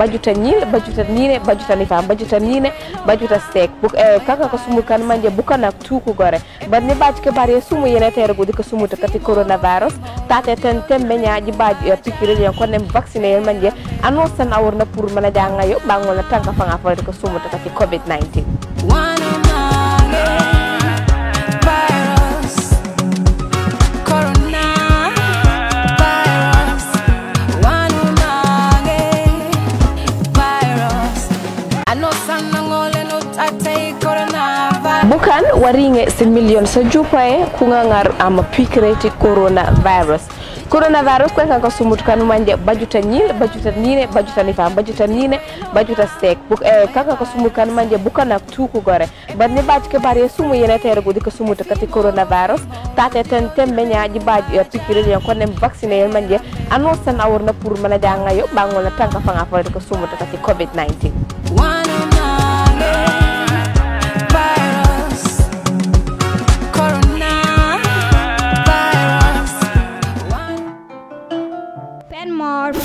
bajuta ñiile a niine bajuta lifa bajuta niine bajuta a eh, kaka ko sumu kan manje bukana tukugore banni baji ke bari sumu yene tere gudi ko sumuta kati coronavirus tate ten tembe ñaaji baji eh, pikire ñen ko nem vacciné en manje annonce tan awurna pour mana janga yo bangol tanka fanga fayta ko kati covid 19 bukan waringe similion sa jupae kungangar ama pikreti coronavirus coronavirus kwe kanko sumut kanu manje bajuta nyil bajuta nine bajuta nifa bajuta nine bajuta sek buk eh, kaka ko sumut kanu manje bukana tu gore but baj ke bari sumu yene tere gudi ko kati coronavirus tate ten tembe di baj ya eh, pikire yon ko nem vaccine manje ano san awurna pour mana janga yo bangol tanka fanga fo ko sumut kati covid 19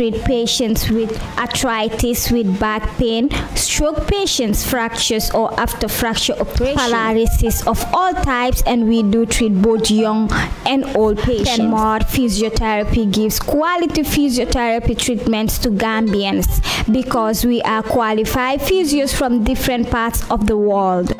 treat patients with arthritis, with back pain, stroke patients, fractures or after fracture operation, paralysis of all types, and we do treat both young and old patients. Penmore Physiotherapy gives quality physiotherapy treatments to Gambians because we are qualified physios from different parts of the world.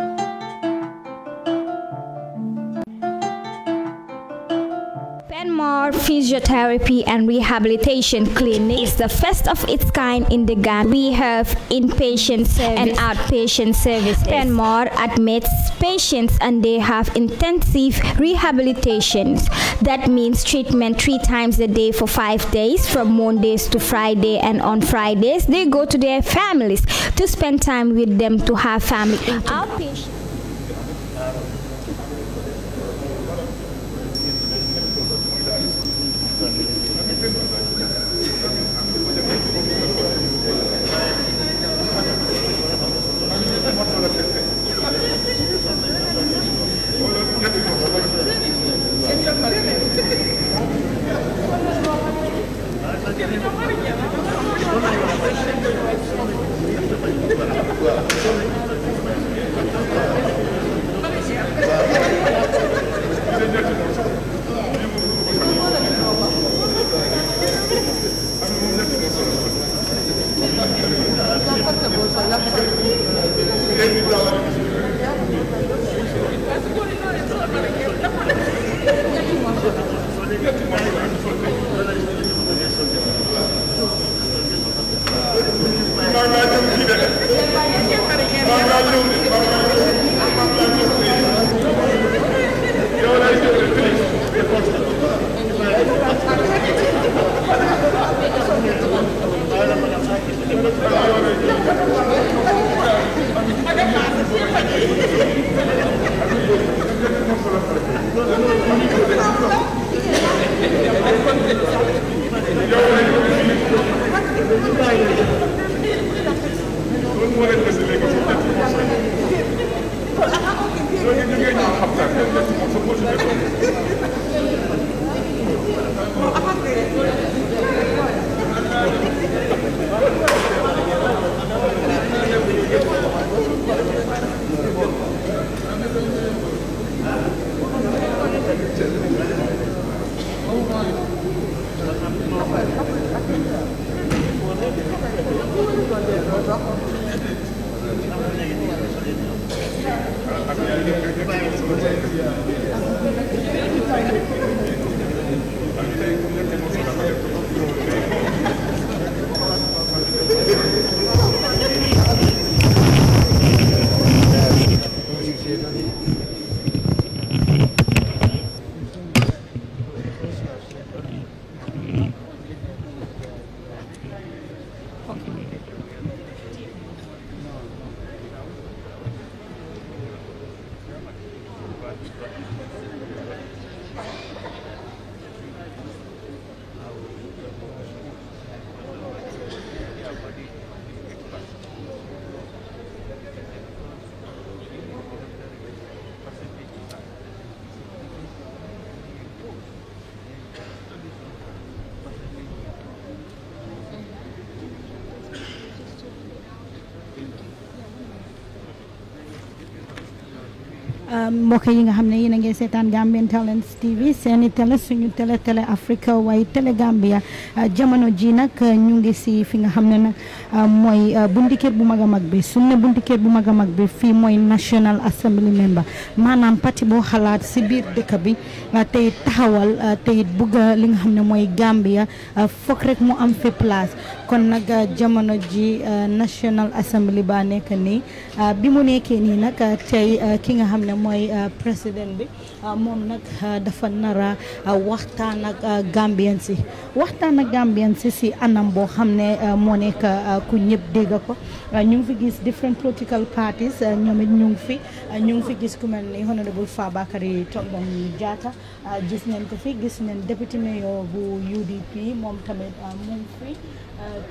Our Physiotherapy and Rehabilitation Clinic is the first of its kind in the Ghana. We have inpatient service and outpatient services. Penmore admits patients and they have intensive rehabilitations. That means treatment three times a day for five days from Mondays to Friday and on Fridays they go to their families to spend time with them to have family. Outpatient. mbokk yi nga xam ne yéen a ngi seetaan Gambian Talents TV seeni télé suñu Africa waaye télé Gambia ah, jamono ji nag ah, ñu ngi si fi nga xam ne nag ah, mooy bunti bu mag a mag bi suñu ne bu mag a mag bi fi mooy National Assembly member maanaam parti boo xalaat si biir dëkk bi tey taxawal tey bugg li nga xam ne mooy Gambia foog rek mu am fi place kon nag jamono ji National Assembly baa nekk nii bi mu nekkee nii nag tey ki nga xam ne mooy mooy euh, président bi euh, moom nag euh, dafa nara waxtaan ak Gambien si waxtaan ak Gambien si si anam boo xam ne moo nekk ku ñëpp dégg ko ñu ngi fi gis different political parties ñoom it ñu ngi fi ñu ngi fi gis ku mel ni honorable Fabakary Tombong Jatta gis nañ ko fi gis nañ député mayor bu UDP moom tamit mu fi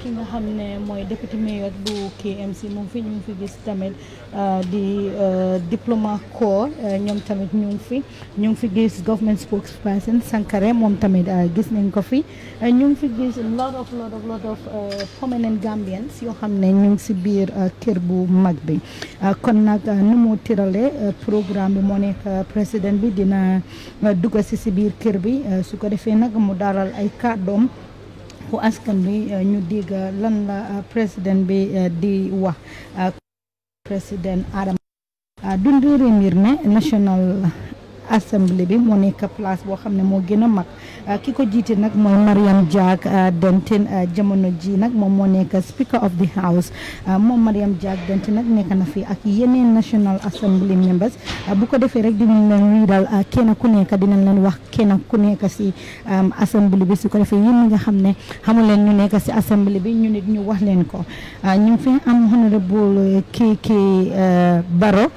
ki nga xam ne mooy député mayor bu KMC mu ngi fi ñu ngi fi gis tamit euh, di euh, diploma corps euh, ñoom tamit ñu fi ñu ngi fi gis government spokesperson Sankare moom tamit gis nañ ko fi ñu ngi fi gis lot of lot of lot of prominent Gambians yoo xam ne ñu ngi si biir kër bu mag bi kon nag nu mu tirale programme bi moo nekk président bi dina dugg si si biir kër bi su ko defee nag mu daral ay kàddoom waxu askan bi euh, ñu dégg lan la euh, président bi euh, di wax président Adama du réew mi ne national assemblée bi moo nekk place boo xam ne moo gën a mag euh, ki ko jiite nag mooy Mariam Jack euh, Denton euh, jamono ji nag moom moo nekk speaker of the house moom Mariam Jack Denton nag nekk na fi ak yeneen national assembly members bu ko defee rek dinañ leen riidal kenn ku nekk dinañ leen wax kenn ku nekk si assemblée bi su ko defee yéen ñi nga xam ne xamu leen ñu nekk si assemblée bi ñu nit ñu wax leen ko ñu ngi fi am honorable KK Barrow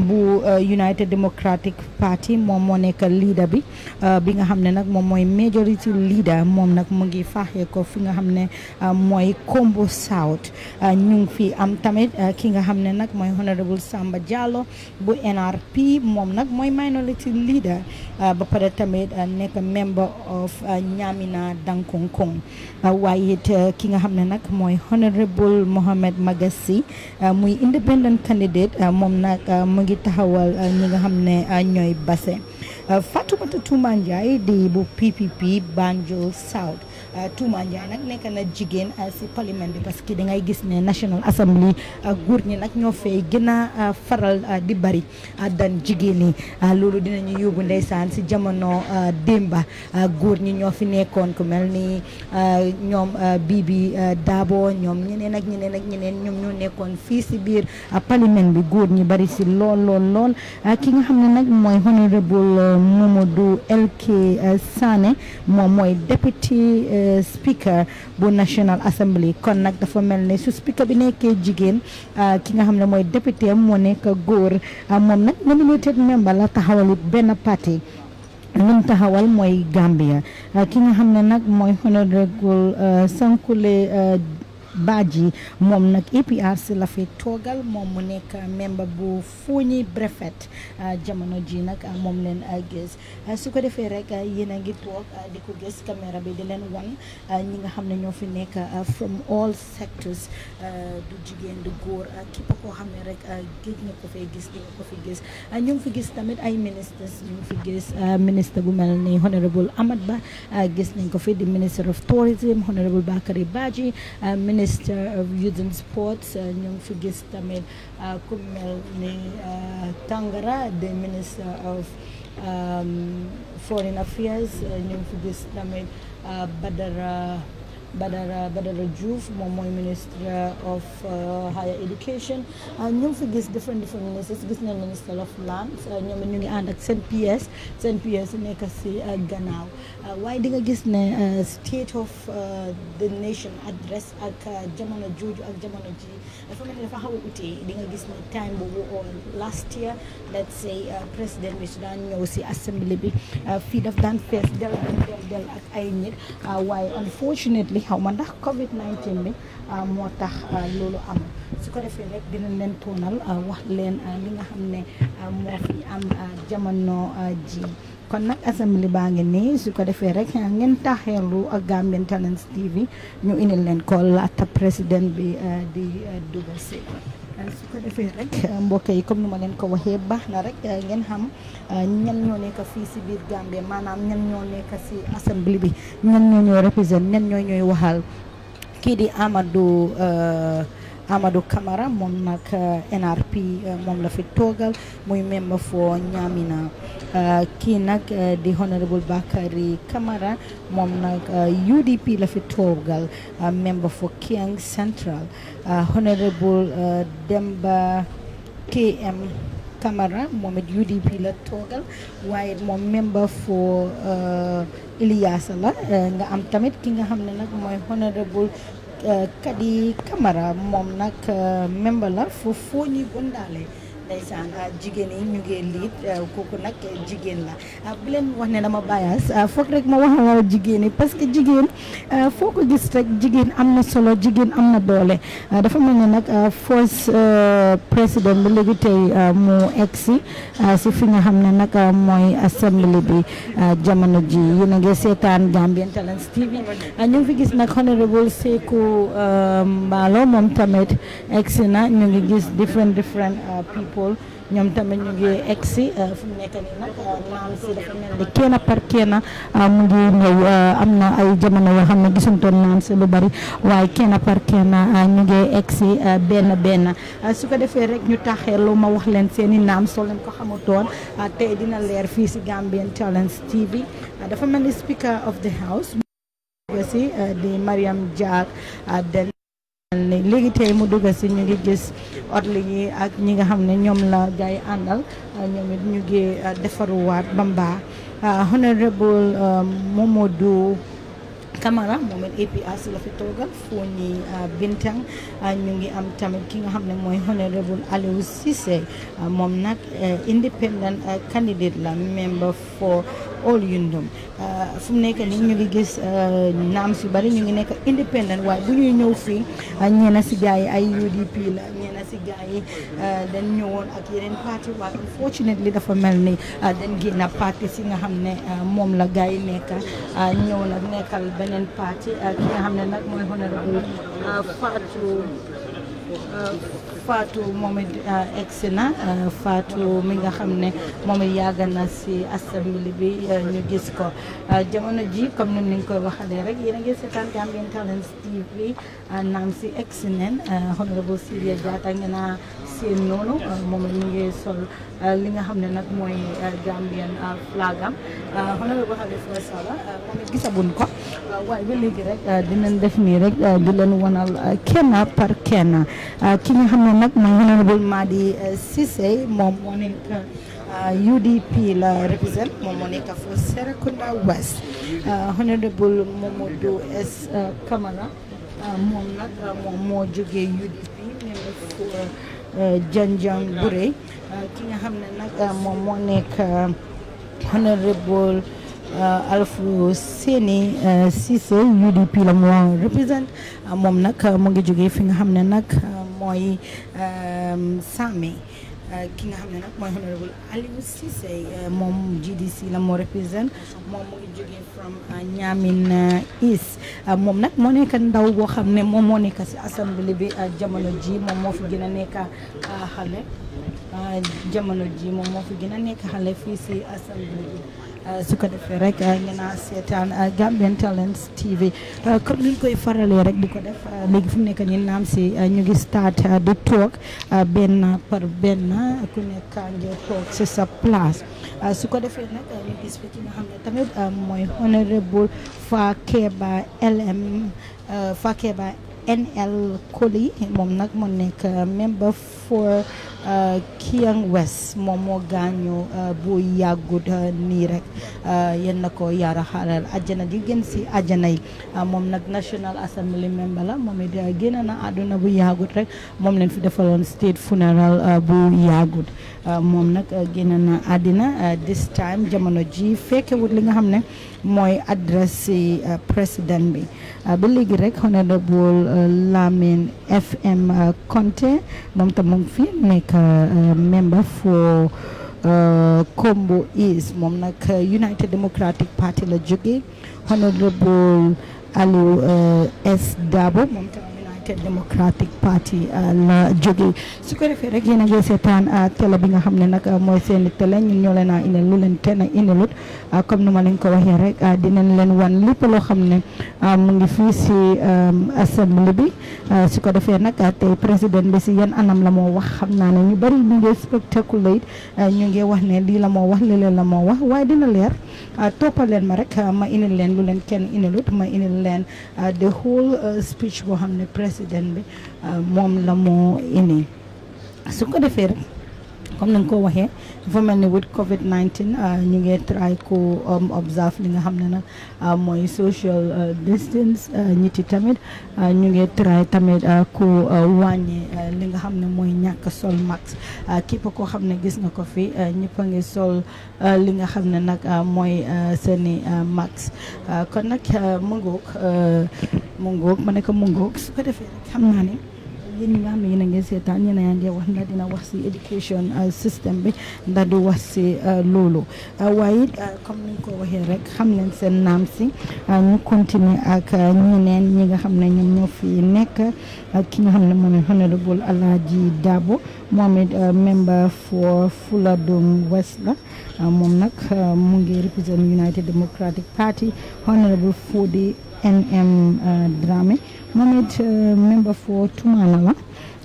bu United Democratic Party moom moo nekk leader bi euh, bi nga xam ne nag moom mooy majority leader moom nag mu ngi faaxee ko fi nga xam ne euh, mooy Kombo South euh, ñu ngi fi am tamit ki nga xam ne nag mooy honorable Samba Diallo bu NRP moom nag mooy minority leader ba pare tamit nekk member of Nyamina Dankonkong Uh, waaye it uh, ki nga xam ne nag mooy honorable Mohamed Magassi uh, muy independent candidate moom nag mu ngi taxawal ñi nga xam ne ñooy base Fatoumata Touma Njie di bu PPP Banjul South Euh, Touma Ndiaye nag nekk na jigéen euh, si parlement bi parce que da ngay gis ne National Assembly euh, góor ñi nag ñoo fay gën a faral di bari dan jigéen yi loolu dinañu yóbbu ndeysaan si jamono démba góor ñi ñoo fi nekkoon ku mel ni ñoom bii Bibi Dabo ñoom ñeneen ak ñeneen ak ñeneen ñoom ñoo nekkoon fii si biir parlement bi góor ñi bari si lool lool ki nga xam ne nag mooy honorable Momodou LK Sané moom mooy député speaker bu National Assembly kon nag dafa mel ne su speaker bi nekkee jigéen ah, ki nga xam ne mooy député moo nekk góor ah, moom nag nominated member la taxawalut benn parti lum taxawal mooy Gambia ah, ki nga xam ne nag mooy honorable Sankule yi moom nag APRC la fi toogal moom mu nekk membre bu Foni Brefet ah, jamono ji nag ah, moom leen ah, gis su ko defee rek yéen a ngi toog di ko gis caméra bi di leen wan ñi nga xam ne ñoo fi nekk from all sectors du jigéen du góor képp koo xam ne rek géej nga ko fee gis di ko fi gis ñu ngi fi gis tamit ay ministres ñu ngi fi gis ministre bu mel ni honorable Amat ba gis nañ ko fi di minister of tourism honorable Bakary Badji Minister of Youth and Sports ñoo ngi fi ni uh, Tangara the Minister of um, Foreign Affairs ñoo ngi fi Badara Badara Badara Diouf moom mooy ministre uh, of uh, higher education uh, ñu ngi fi gis different different ministres gis nañ ministre of lands ñoom ñu ngi ànd ak seen PS seen PS nekk si gannaaw waaye di nga gis ne state of the nation address ak jamono jooju ak jamono ji a utee nga gis ne time boobu last year let's say président bi su daan ñëw si assemblée bi fii daf daan fees del ak ay nit waaye unfortunately bi xaw ma ndax Covid 19 bi ah, moo tax ah, loolu am su ko defee rek dinañ leen tuunal ah, wax leen li nga xam ne moo fi am jamono ji kon nag assemblée baa ngi nii su ko defee rek ngeen taaxeelu ak Gambian Talents TV ñu indil leen ko laata président bi di dugg si. su ko defee rek mbokk yi comme ni ma leen ko waxee baax na rek ngeen xam euh, ñan ñoo nekk fii si biir Gambie maanaam ñan ñoo si assemblée bi ñan ñoo ñooy représent ñan ñoo ñooy waxal kii di Amadou euh, Amadou Camara moom nag euh, NRP moom la fi toogal muy membre foo ñaamina Eh, kii nag eh, di honorable Bakary kamara moom nag eh, UDP la fi toogal member for Kiang Central honorable Demba KM Camara moom it UDP la toogal waaye moom member for Iliasa la nga am tamit ki nga xam ne nag mooy honorable Kadi Camara moom nag member la for Fonyi Bondale ndeysaan ah, jigéen yi ñu ngi liit ah, kooku nag jigéen la ah, bu leen wax ne na dama bias foog rek ma wax jigéen yi parce que jigéen foo ko gis rek jigéen am na solo jigéen am na doole dafa mel ne nag first euh, président bi léegi tey mu egsi si fi nga xam ne nag mooy assemblée bi jamono ji yéen a ngi seetaan Gambian Talents TV ñu ngi fi gis nag honorable Seku Mbalo moom tamit egsi na ñu ngi gis different different people Nyamta ñoom tamit ñu ngi kena si euh, fu mu nekk nii nag euh, naam dafa mel kena par kenn euh, mu ngi ñëw am na ay jamono yoo lu bari waaye kenn par kenn ñu ngi egg si benn su ko defee rek ñu lu ma wax leen seen naam soo leen ko xamutoon tey dina leer fii si Gambian Talents TV dafa mel speaker of the house si di Mariam Jack, del léegi tey mu dugg si ñu ngi gis orly yi ak ñi nga xam ne ñoom la gars yi àndal ñoom it ñu ngi euh, defaruwaat bamba euh, honorable euh, Momodou Camara moom it APRC la fi toogal foo ñi Bintang ñu ngi am tamit ki nga xam ne mooy honorable Aliou Cissé moom nag independent candidate la member for all yundum uh, fu mu nekk nii ñu ngi gis uh, naam si bari ñu ngi nekk independent waaye bu ñuy ñëw fii uh, ñeena si gaay ay UDP la ñeena si gaay dañ ñëwoon ak yeneen parti waaye unfortunately dafa mel ni dañ génn parti si nga xam ne moom la gaa yi nekk ñëw nag nekkal beneen parti ki nga xam ne nag mooy honorable Fatou Fatou moom it euh, egsi na euh, Fatou mi nga xam ne moom it yàgg na si assemblée bi euh, ñu gis ko jamono ji comme ni ñu koy waxalee rek yéen a ngi seetaan Gambian Talents TV naam si egsi neen honorable Siré Jatta ngeen a seen noonu moom it ñu ngi sol li nga xam ne nag mooy Gambian flagam honorable Halifa Sallah moom it gisaguñ ko waaye ba léegi rek dinañ def nii rek di wanal kenn par kenn ki nga xam ne nag mooy honorable Madi euh, Cissé moom nag euh, moom moo jógee UDP euh, Janjang Bure ki nga xam ne nag moom moo nekk honorable Alfu Seni Cissé UDP la moo represent moom nag mu ngi jógee fi nga xam ne nag mooy euh, Samé euh, ki nga xam ne nag mooy honorable Aliou Cissé euh, moom GDC la moo représente moom mu ngi jógee from Niamin East moom nag moo nekk ndaw boo xam ne moom moo nekk si assemblée bi jamono ji moom moo fi gën a nekk xale jamono ji moom moo fi gën a nekk xale fii si assemblée Euh, su ko defee rek euh, ngeen a seetaan euh, Gambian Talents TV comme ni ñu koy faralee rek di ko def léegi fu nekk nii naam si ñu ngi start di toog benn par benn ku nekk nga toog si sa place su ko defee nag ñu gis fi xam ne tamit mooy honorable Fakeba LM Fakeba NL Koli moom nag moo nekk member for Euh, Kiyang West moom moo gaañu euh, bu yàggut euh, nii rek yéen na ko yaara xaaral àjjana di gën si àjjana yi moom nag National Assembly member la moom it génn na àdduna bu yàggut rek moom leen fi defaloon state funeral bu yàggut Euh, moom nag euh, génn na àddina euh, this time jamono ji fekkewut li nga xam ne mooy adresse président bi ba léegi rek honorable Lamin FM Conte moom tam mu ngi fi nekk member for Kombo East moom nag United Democratic Party la jóge honorable Alieu S Dabo united democratic party uh, la jóge su ko defee rek yéen a ngi seetaan télé bi nga uh, xam ne nag mooy seen télé ñun ñoo leen a indil lu leen ten a indilut comme nu ma leen ko waxee rek dinañ leen wan lépp loo xam mu ngi fii si assemblée bi su ko defee nag tey président bi si yan anam la moo wax xam naa ne ñu bari ñu ngi spectaculate ñu uh, ngi wax ne lii la moo wax lii la moo wax waaye dina leer toppal leen ma rek ma indil leen lu leen kenn indilut ma indil leen the whole speech boo xam président bi eh, mom la mu indi su ko defee rek comme nañ ko waxee dafa mel ni with covid 19 euh, ñu ngi try ko um, observe li nga xam ne nag euh, mooy social euh, distance nit tamit ñu ngi try tamit ko wàññi li nga xam ne mooy ñàkk sol max képp koo xam ne gis nga ko fi ñëpp a ngi sol li nga xam ne nag mooy seeni max kon nag mu ngoog mu ngoog ma ne ko mu ngoog su ko defee rek xam naa ni nga yinngam yinange seetaan yinayange wax na dina wax si education uh, system bi ndax du wax si uh, loolu uh, waaye comme niñ ko waxe rek xam nañ seen nam si ñu continue ak ñeneen ñi nga xam ne ñoom ñoo fi nekk ki nga xam ne moom honorable alaji Dabo moom it member for Fulladom West la moom nag mu ngi represent United Democratic Party honorable Fodi NM Dramé moom it euh, membre for Tumana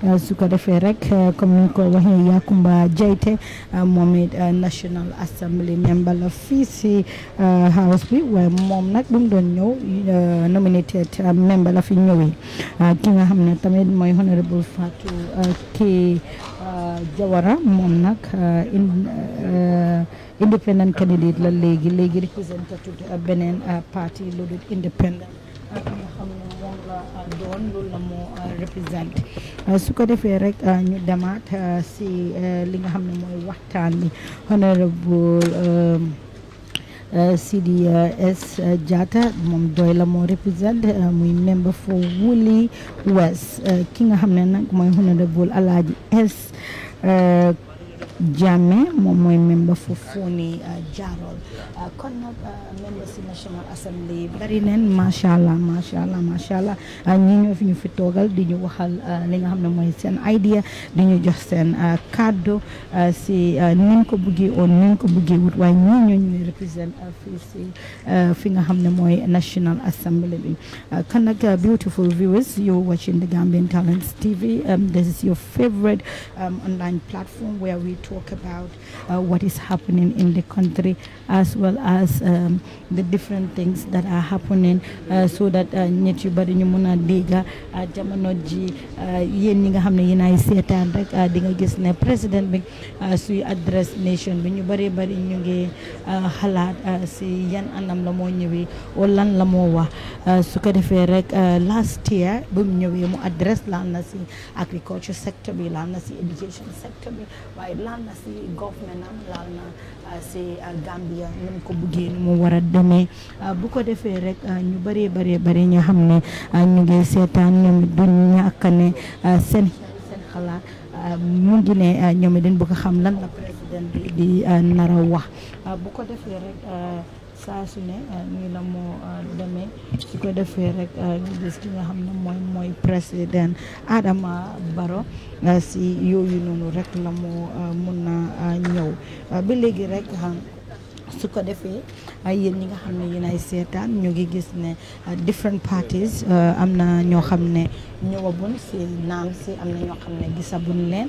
la euh, su ko defee rek euh, comme ko ko waxee Yakumba Jaiteh moom it National Assembly member la fii si house bi waaye moom nag bu mu doon ñëw nominated member la fi ñëwee ki nga xam ne tamit mooy honorable Fatou K Jawara moom nag independent candidate la léegi léegi représentative beneen parti lu dul independent nga doon loolu la moo euh, représenté euh, su ko defee rek euh, ñu demaat si li nga xam ne mooy waxtaan bi honorable Sidi S moom doy la moo représenté muy member for Wuli West ki nga xam ne nag mooy honorable Alaaji S Jame, Momoy member for Funi Jarol, uh, Connab uh, uh member National Assembly, Barinen, mashallah, mashallah, mashallah, and uh, Nino fi ñu fi new di ñu waxal uh, li idea di ñu jox seen kàddu si niñ ko Ninko oon niñ ko bëggee wut represent fii si fi nga National Assembly bi kon beautiful viewers you are watching the Gambian Talents TV um, this is your favorite um, online platform where we talk about uh, what is happening in the country as well as um, the different things that are happening uh, so that ñet uh, yu bari ñu mën a uh, jamono ji uh, yéen ñi nga xam ne yéen ay seetaan rek di nga gis ne président bi suy address nation bi ñu bari bari ñu ngi Ah, xalaat ah, si yan anam la moo ñëwee wala lan la moo wax ah, su ko defee rek last year ba mu ñëwee mu adresse laal na si agriculture sector bi laal na si education waaye laal si government am na si Gambia ni mu ko buggee ni mu war a demee bu ko defee rek ñu bëree bëree bëri ñu xam ne ñu ngi seetaan ñoom duñ ñàkk ne seen xalaat mu ngi ne ñoom it dañ bëgg a xam lan la président di nara wax. Euh, bu ko defee rek euh, saa su ne euh, nii la moo demee su ko defee rek ñu gis ki nga xam ne mooy mooy président Adama baro si yooyu noonu rek la moo mun na ñëw ba léegi rek su ko defee yéen ñi nga xam ne yéen ay seetaan ñu ngi gis ne different parties am na ñoo xam ne ñëwagun si naam si am na ñoo xam ne gisagun leen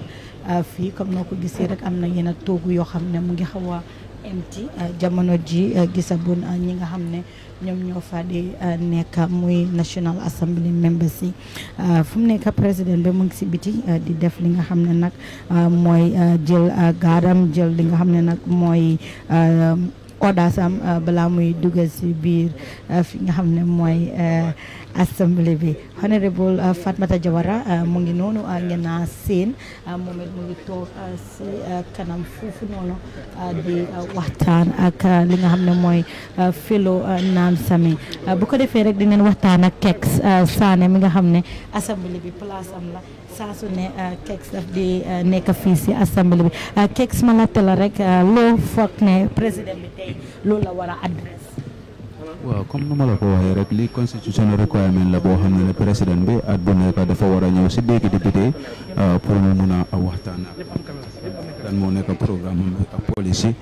fii comme noo ko gisee rek am na yenn toogu yoo xam ne mu ngi xaw a MT euh, jamono ji euh, gisabun euh, ñi nga xam ne ñoom ñoo fa di nekk muy National Assembly members yi fu mu nekk président bi mu ngi si biti di def li nga xam ne nag mooy jël gaaram jël li nga xam ne nag mooy audace am euh, balaa muy dugal si biir euh, fi nga xam ne mooy euh, assemblée bi honorable Fatoumatta Jawara mu ngi noonu ngeen naa seen moom toog si kanam foofu noonu di waxtaan ak li nga xam ne mooy filo Nam Sami bu ko defee rek dinañ waxtaan ak Keks Saane mi nga xam ne assemblée bi place la. saa su ne eh, Keks daf di eh, nekk fii si assemblée bi eh, Keks ma laajte la rek loo foog ne président bi tey loolu la war a adresse. waaw comme nu ma la ko waxee rek li constitution requirement la boo xam ne président bi at bu nekk dafa war a ñëw si dégg député pour mu mun waxtaan dan moo nekk programme bi ak policy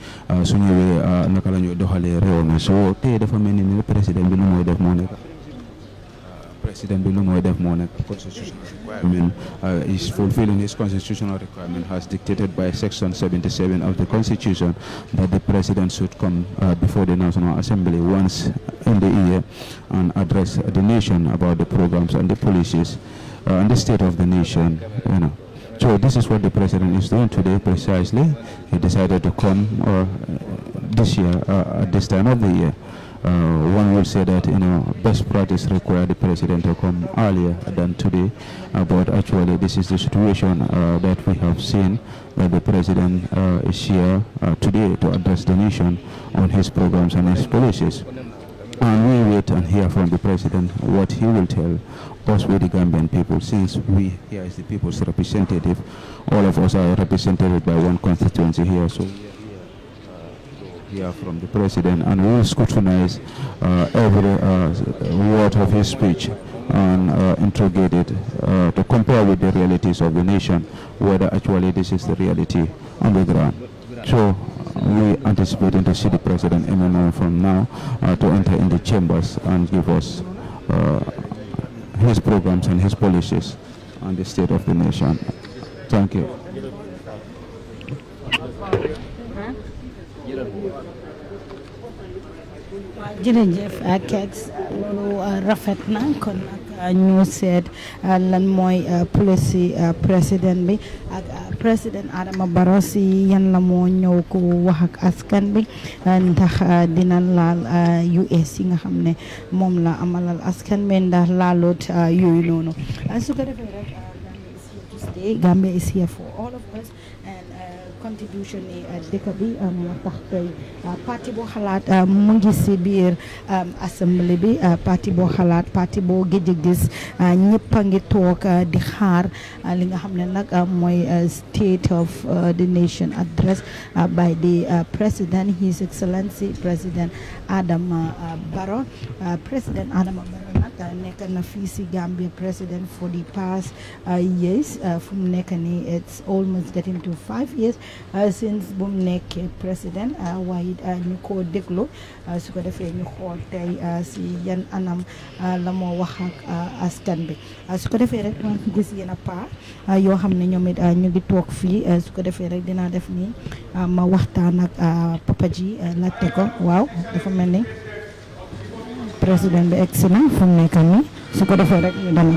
su ñëwee naka la ñuy doxalee réew mi soo tey dafa mel ni président bi lu mooy def moo nekk. president bi lu mooy constitutional requirement uh, is fulfilling his constitutional requirement as dictated by section 77 of the constitution that the president should come uh, before the National Assembly once in the year and address the nation about the programs and the policies uh, and the state of the nation, you know. So this is what the president is doing today precisely. He decided to come uh, this year, uh, at this time of the year. Uh, one would say that you know best practice required the president to come earlier than today uh, but actually this is the situation uh, that we have seen that the president uh, is here uh, today to address the nation on his programs and his policies and we wait and hear from the president what he will tell us with the Gambian people since we here is the people's representative all of us are represented by one constituency here so hear from the president and we will scrutinize uh, every uh, word of his speech and uh, interrogate it uh, to compare with the realities of the nation, whether actually this is the reality on the ground. So we anticipating to see the president in from now uh, to enter in the chambers and give us uh, his programs and his policies on the state of the nation. Thank you. jërëjëf Keks lu euh, rafet na kon ak euh, ñu seet euh, lan mooy policy président bi ak président Adama Barrow si yan la moo ñëw ko waxak askan bi ndax dina laal US yi nga xam ne moom la amalal askan bi ndax laaloot yooyu noonu contribution yi eh, dëkk bi eh, moo tax tey eh, parti boo xalaat mu ngi si biir assemblée bi parti boo xalaat parti boo gëj gis ñëpp a ngi di xaar li nga xam ne nag state of the nation address by the president his excellency president Adama Barrow president Adama Barrow uh, nekk na Gambia president for the past uh, years uh, fu mu nekk it's almost getting to five years uh, since bu mu president waaye ñu ko déglu su ko defee ñu xool tey si yan anam la moo wax ak askan bi su rek dinañ gis yéen a paa yoo xam ne ñoom it ñu ngi toog fii su ko defee rek dinaa def nii ma waxtaan ak papa ji laajte ko waaw dafa président bi egg si na fu mu nekk nii su ko defee rek ñu dem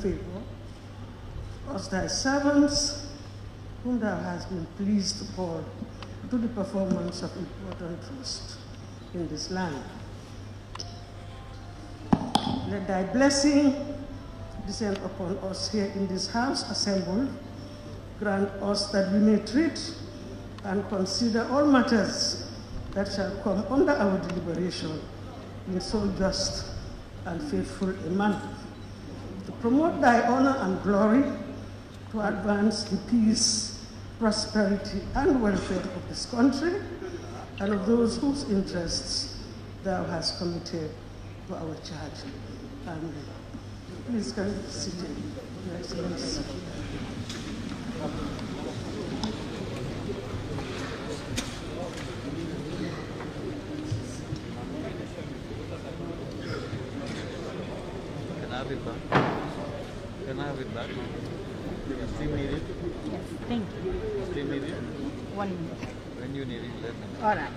favor as thy servants, whom thou hast been pleased to call to the performance of important trust in this land. Let thy blessing descend upon us here in this house assembled. Grant us that we may treat and consider all matters that shall come under our deliberation in so just and faithful a manner. Promote thy honor and glory to advance the peace, prosperity, and welfare of this country and of those whose interests thou hast committed to our charge. Amen. Please come sit in. Your Excellency can I have it back now? Still need it? Yes, thank you. Still need it? One minute. When you need it, let me know. All right.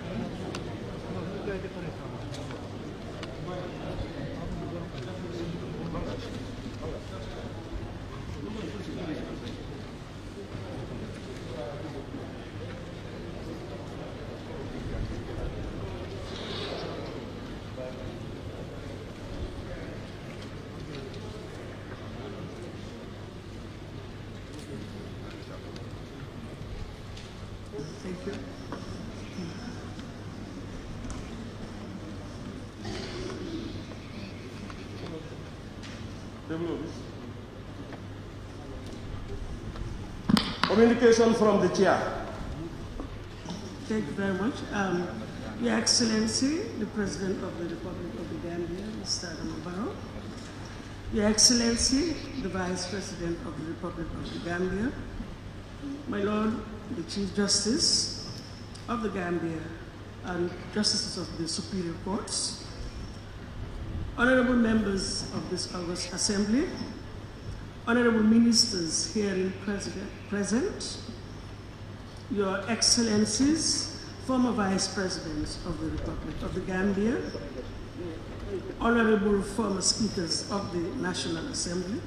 Communication from the chair. Thank you very much. Um, Your Excellency, the President of the Republic of the Gambia, Mr. Adamabaro. Your Excellency, the Vice President of the Republic of the Gambia. My Lord, the Chief Justice of the Gambia and Justices of the Superior Courts. Honorable members of this August Assembly, Honorable Ministers here in present, Your Excellencies, former Vice Presidents of the Republic of the Gambia, Honorable former Speakers of the National Assembly,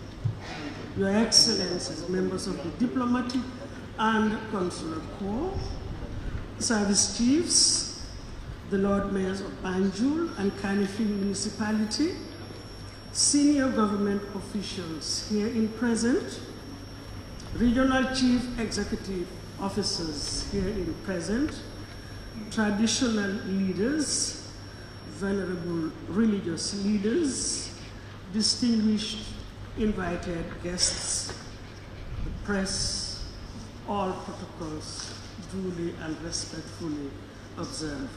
Your Excellencies, members of the Diplomatic and Consular Corps, Service Chiefs, the Lord Mayors of Banjul and Kanifing Municipality, senior government officials here in present, regional chief executive officers here in present, traditional leaders, venerable religious leaders, distinguished invited guests, the press, all protocols duly and respectfully observed.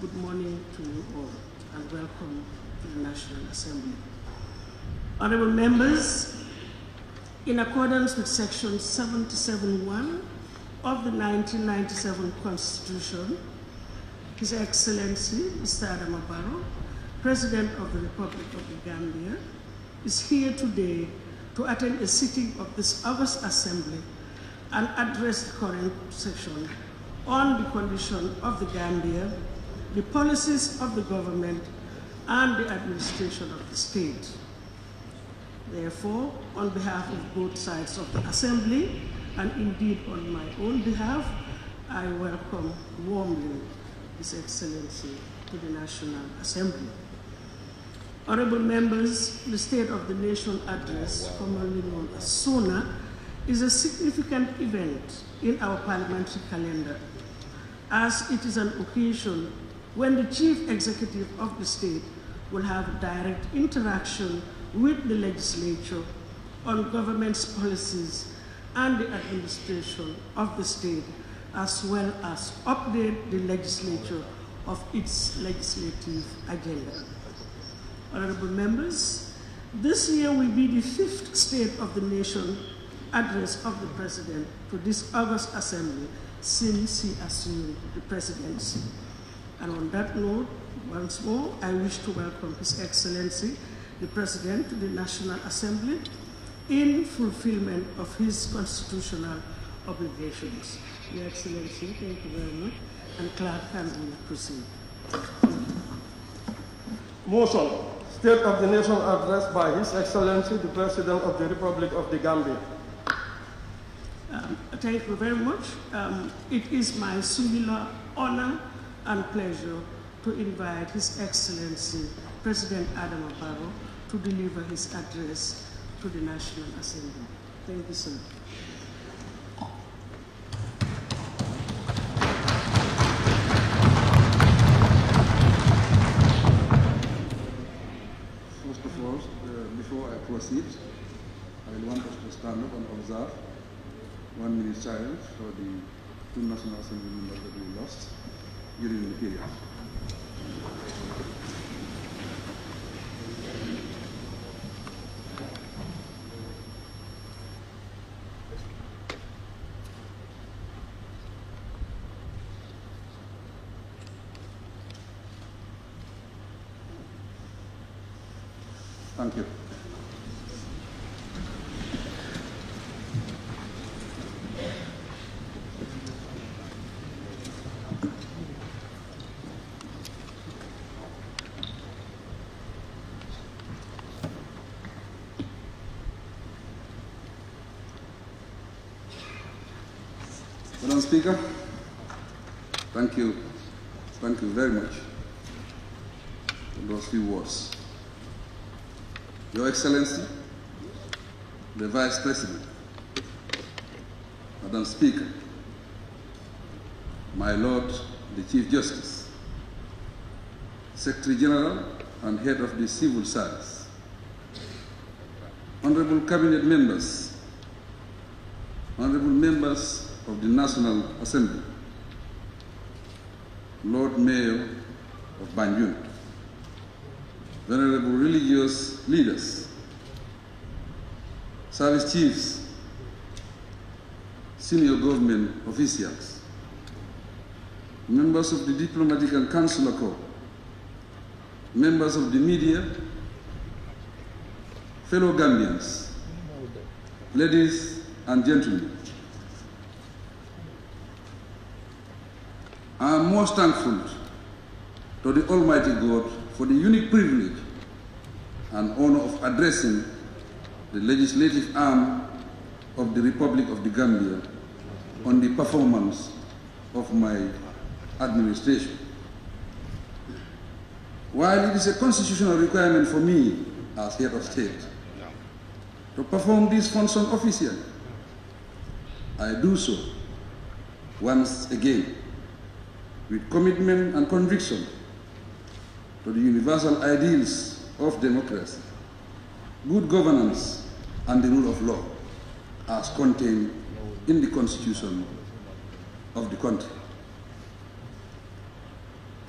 Good morning to you all and welcome to the National Assembly. Honourable members, in accordance with section 771 of the 1997 Constitution, His Excellency Mr. Adam President of the Republic of the Gambia, is here today to attend a sitting of this August Assembly and address the current session on the condition of the Gambia, the policies of the government, and the administration of the state. Therefore, on behalf of both sides of the Assembly, and indeed on my own behalf, I welcome warmly His Excellency to the National Assembly. Honorable members, the State of the Nation Address, commonly known as SONA, is a significant event in our parliamentary calendar, as it is an occasion when the Chief Executive of the state will have direct interaction with the legislature on government's policies and the administration of the state, as well as update the legislature of its legislative agenda. Honorable members, this year will be the fifth State of the Nation address of the President to this August Assembly since he assumed the presidency. And on that note, once more, I wish to welcome His Excellency the President the National Assembly in fulfillment of his constitutional obligations. Your Excellency, thank you very much. And Clerk, can we proceed? Motion. State of the Nation address by His Excellency the President of the Republic of the Gambia. Um, thank you very much. Um, it is my singular honor and pleasure to invite His Excellency President Adam Barrow to deliver his address to the National Assembly. Thank you, sir. First of all, uh, before I proceed, I will want us to stand up and observe one minute silence for the two National Assembly members that we lost during the period. Thank you. Madam Speaker, thank you. Thank you very much for those few words. Your Excellency, the Vice President, Madam Speaker, my Lord, the Chief Justice, Secretary General and Head of the Civil Service, Honorable Cabinet Members, Honorable Members of the National Assembly, Lord Mayor of Banjul, venerable religious leaders, service chiefs, senior government officials, members of the diplomatic and consular corps, members of the media, fellow Gambians, ladies and gentlemen. I am most thankful to the Almighty God for the unique privilege and honor of addressing the legislative arm of the Republic of the Gambia on the performance of my administration. While it is a constitutional requirement for me as head of state to perform this function officially, I do so once again with commitment and conviction to the universal ideals of democracy, good governance, and the rule of law as contained in the constitution of the country.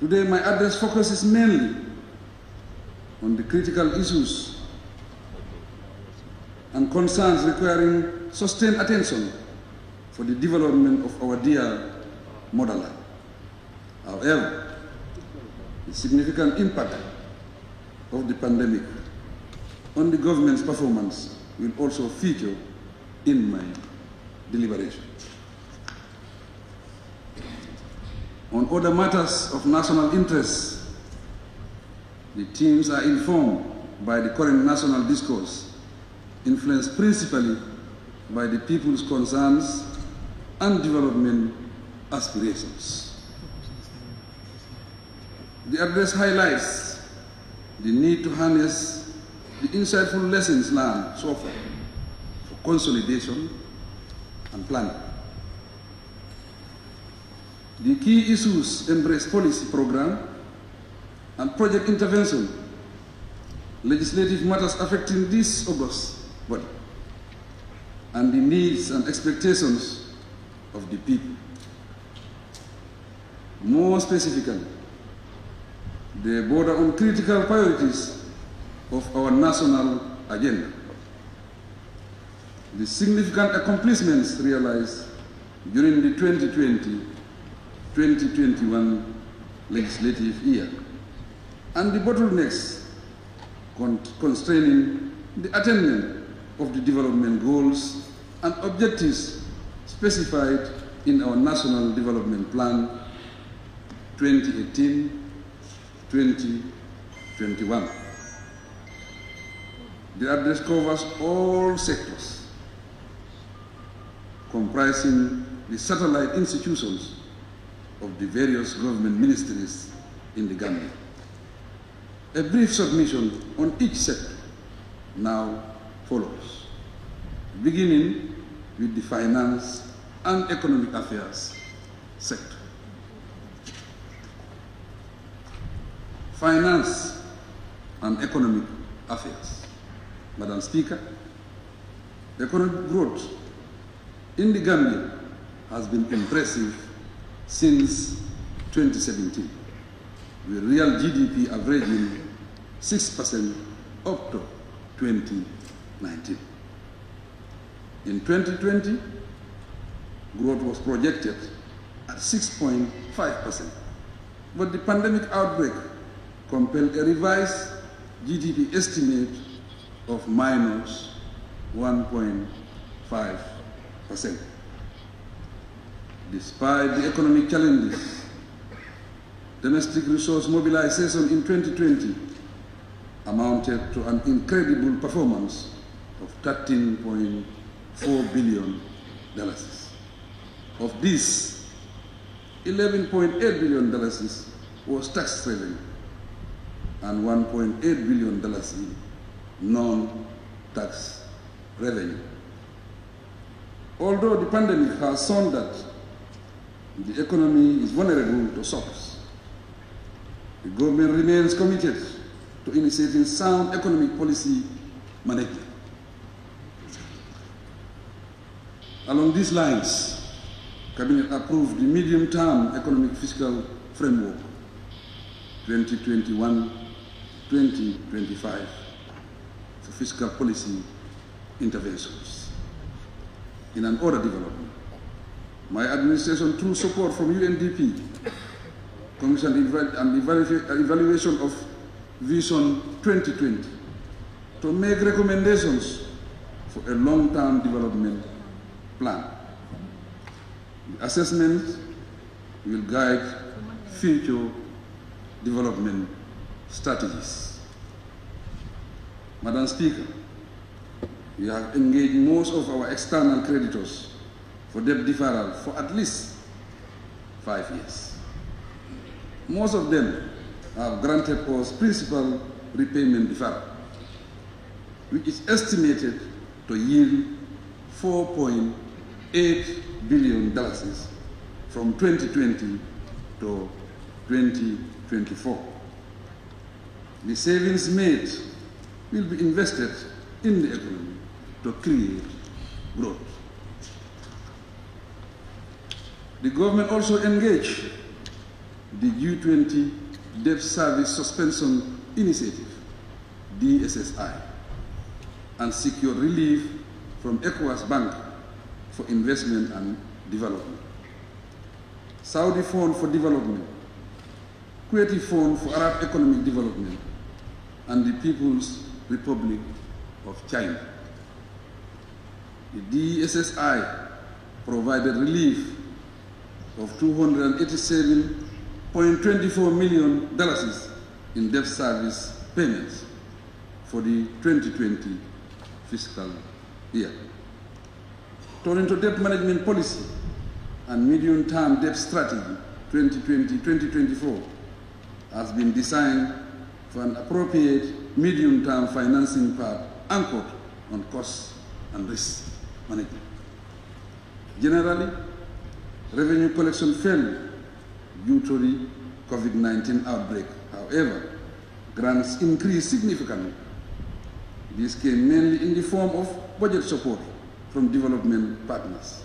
Today my address focuses mainly on the critical issues and concerns requiring sustained attention for the development of our dear motherland. However, the significant impact of the pandemic on the government's performance will also feature in my deliberation. On other matters of national interest, the teams are informed by the current national discourse, influenced principally by the people's concerns and development aspirations. The address highlights the need to harness the insightful lessons learned so far for consolidation and planning. The key issues embrace policy program and project intervention, legislative matters affecting this August body, and the needs and expectations of the people. More specifically, they border on critical priorities of our national agenda. The significant accomplishments realized during the 2020-2021 legislative year and the bottlenecks constraining the attainment of the development goals and objectives specified in our National Development Plan 2018 2021. The address covers all sectors comprising the satellite institutions of the various government ministries in the Gambia. A brief submission on each sector now follows, beginning with the finance and economic affairs sector. Finance and Economic Affairs. Madam Speaker, economic growth in the Gambia has been impressive since 2017, with real GDP averaging 6% up to 2019. In 2020, growth was projected at 6.5%, but the pandemic outbreak compel a revised GDP estimate of minus 1.5%. Despite the economic challenges, domestic resource mobilization in 2020 amounted to an incredible performance of $13.4 billion. Of this, $11.8 billion was tax revenue and $1.8 billion in non-tax revenue. Although the pandemic has shown that the economy is vulnerable to shocks, the government remains committed to initiating sound economic policy management. Along these lines, Cabinet approved the medium-term economic fiscal framework 2021 2025 for fiscal policy interventions. In an order development, my administration, through support from UNDP, commissioned an evaluation of Vision 2020 to make recommendations for a long-term development plan. The assessment will guide future development strategies. Madam Speaker, we have engaged most of our external creditors for debt deferral for at least five years. Most of them have granted us principal repayment deferral, which is estimated to yield 4.8 billion dollars from 2020 to 2024. The savings made will be invested in the economy to create growth. The government also engaged the u 20 Debt Service Suspension Initiative, DSSI, and secured relief from ECOWAS Bank for investment and development. Saudi Fund for Development, Creative Fund for Arab Economic Development, and the People's Republic of China. The DSSI provided relief of 287.24 million dollars in debt service payments for the 2020 fiscal year. Turning to debt management policy and medium-term debt strategy 2020-2024 has been designed for an appropriate medium-term financing part anchored on cost and risk management. Generally, revenue collection fell due to the COVID-19 outbreak. However, grants increased significantly. This came mainly in the form of budget support from development partners,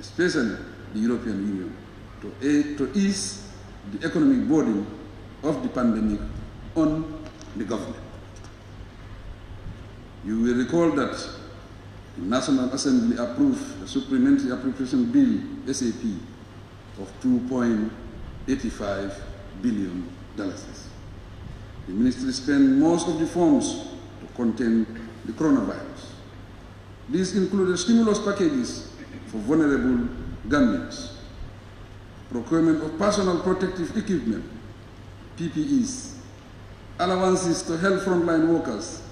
especially the European Union, to, aid, to ease the economic burden of the pandemic on the government. You will recall that the National Assembly approved the Supplementary Appropriation Bill, SAP, of $2.85 billion. The ministry spent most of the funds to contain the coronavirus. These included stimulus packages for vulnerable Gambians, procurement of personal protective equipment, PPEs, allowances to help frontline workers,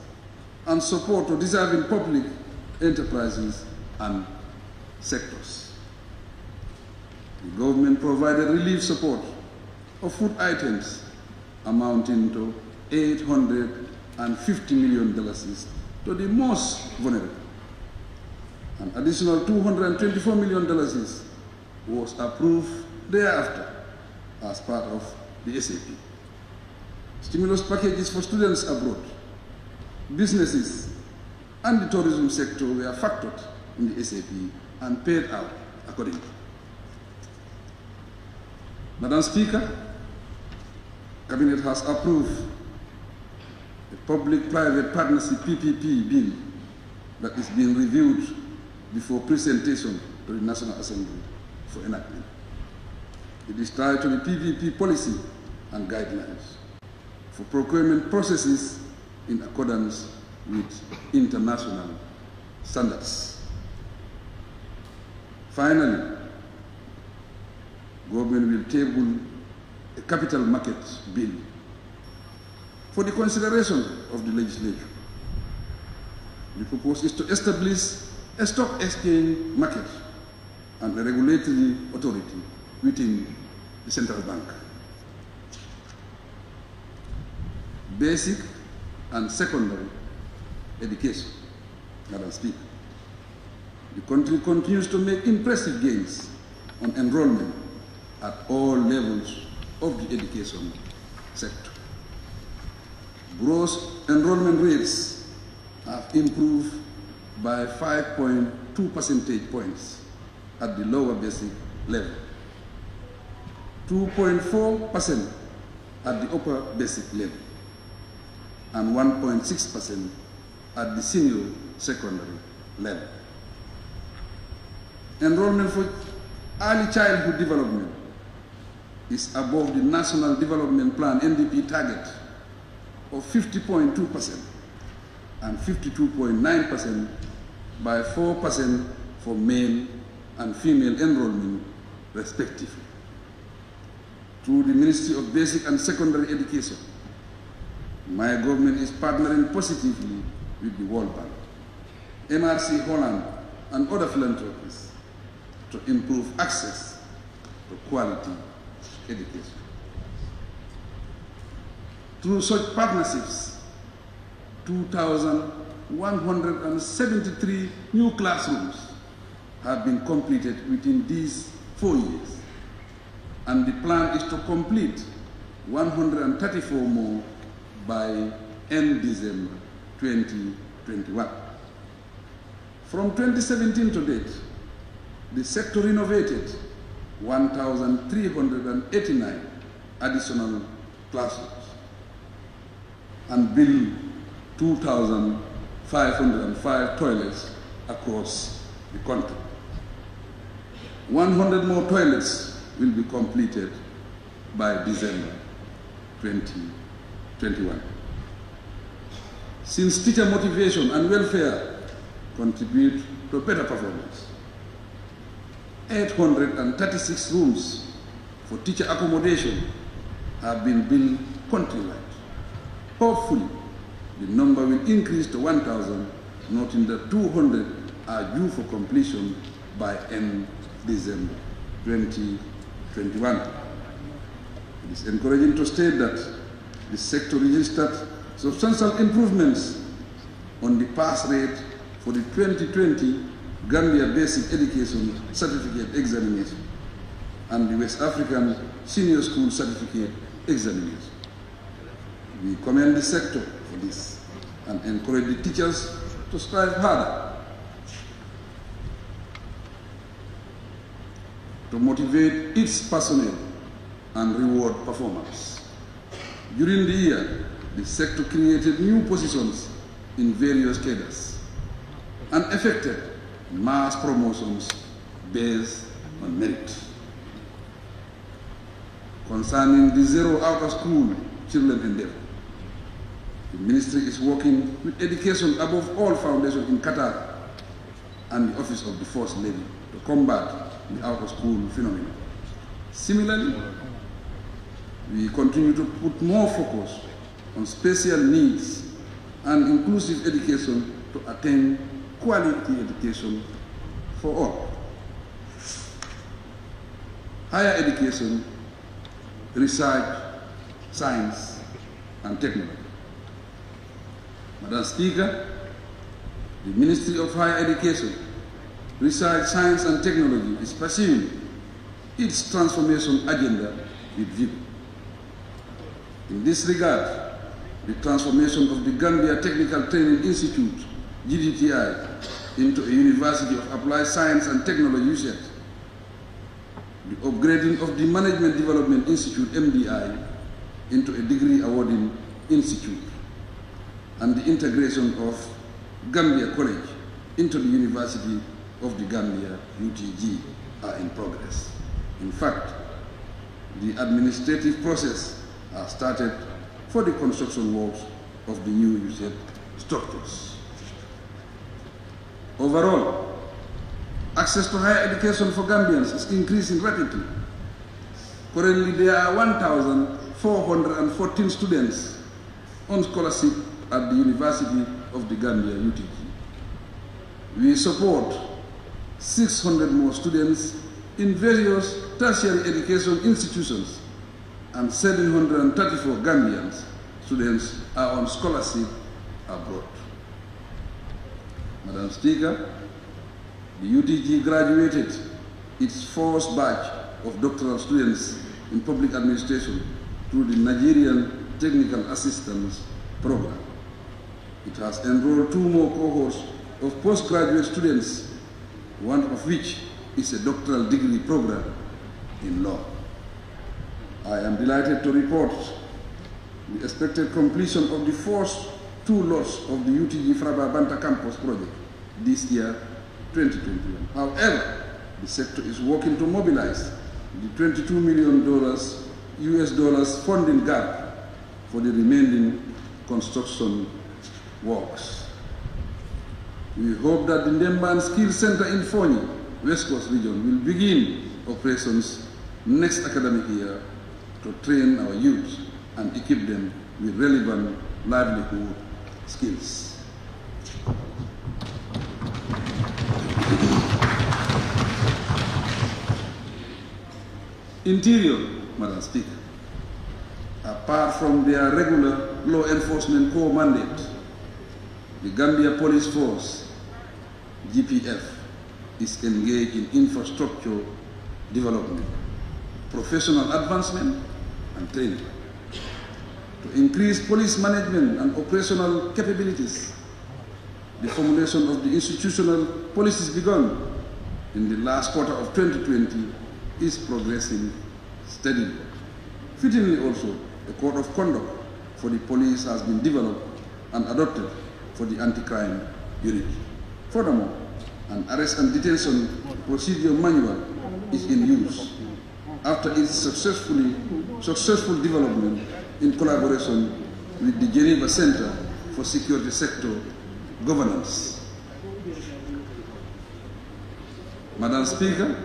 and support to deserving public enterprises and sectors. The government provided relief support of food items amounting to 850 million dollars to the most vulnerable. An additional 224 million dollars was approved thereafter as part of the SAP stimulus packages for students abroad, businesses, and the tourism sector were factored in the SAP and paid out accordingly. Madam Speaker, Cabinet has approved the Public-Private Partnership PPP bill that is being reviewed before presentation to the National Assembly for enactment. It is tied to the PPP policy and guidelines for procurement processes in accordance with international standards. Finally, government will table a capital market bill for the consideration of the legislature. The proposal is to establish a stock exchange market and a regulatory authority within the central bank. basic and secondary education, Madam Speaker. The country continues to make impressive gains on enrollment at all levels of the education sector. Gross enrollment rates have improved by 5.2 percentage points at the lower basic level, 2.4% at the upper basic level and 1.6% at the senior secondary level. Enrollment for early childhood development is above the National Development Plan NDP target of 50.2% and 52.9% by 4% for male and female enrollment respectively. Through the Ministry of Basic and Secondary Education, my government is partnering positively with the World Bank, MRC Holland, and other philanthropies to improve access to quality education. Through such partnerships, 2,173 new classrooms have been completed within these four years, and the plan is to complete 134 more by end December 2021. From 2017 to date, the sector renovated 1,389 additional classrooms and built 2,505 toilets across the country. 100 more toilets will be completed by December 2021. 21. Since teacher motivation and welfare contribute to better performance, 836 rooms for teacher accommodation have been built countrywide. Hopefully, the number will increase to 1,000, noting that 200 are due for completion by end December 2021. It is encouraging to state that the sector registered substantial improvements on the pass rate for the 2020 Gambia Basic Education Certificate Examination and the West African Senior School Certificate Examination. We commend the sector for this and encourage the teachers to strive harder to motivate its personnel and reward performance. During the year, the sector created new positions in various cadres and effected mass promotions based on merit. Concerning the zero out of school children endeavor, the ministry is working with education above all foundations in Qatar and the office of the first lady to combat the out of school phenomenon. Similarly, we continue to put more focus on special needs and inclusive education to attain quality education for all. Higher education, research, science, and technology. Madam Speaker, the Ministry of Higher Education, Research, Science and Technology is pursuing its transformation agenda with vigor. In this regard, the transformation of the Gambia Technical Training Institute, GDTI, into a University of Applied Science and Technology USET, the upgrading of the Management Development Institute, MDI, into a degree awarding institute, and the integration of Gambia College into the University of the Gambia, UTG, are in progress. In fact, the administrative process are started for the construction works of the new UCED structures. Overall, access to higher education for Gambians is increasing rapidly. Currently, there are 1,414 students on scholarship at the University of the Gambia, UTG. We support 600 more students in various tertiary education institutions and 734 Gambian students are on scholarship abroad. Madam Speaker, the UTG graduated its first batch of doctoral students in public administration through the Nigerian Technical Assistance Program. It has enrolled two more cohorts of postgraduate students, one of which is a doctoral degree program in law. I am delighted to report the expected completion of the first two lots of the UTG Fraba Banta campus project this year, 2021. However, the sector is working to mobilize the 22 million dollars US dollars funding gap for the remaining construction works. We hope that the Nemban Skills Center in Foni, West Coast Region, will begin operations next academic year to train our youth and equip them with relevant livelihood skills. Interior, Madam Speaker, apart from their regular law enforcement core mandate, the Gambia Police Force, GPF, is engaged in infrastructure development, professional advancement, and training, to increase police management and operational capabilities. The formulation of the institutional policies begun in the last quarter of 2020 is progressing steadily. Fittingly also, a code of conduct for the police has been developed and adopted for the anti-crime unit. Furthermore, an arrest and detention procedure manual is in use after its successfully, successful development in collaboration with the Geneva Center for Security Sector Governance. Madam Speaker,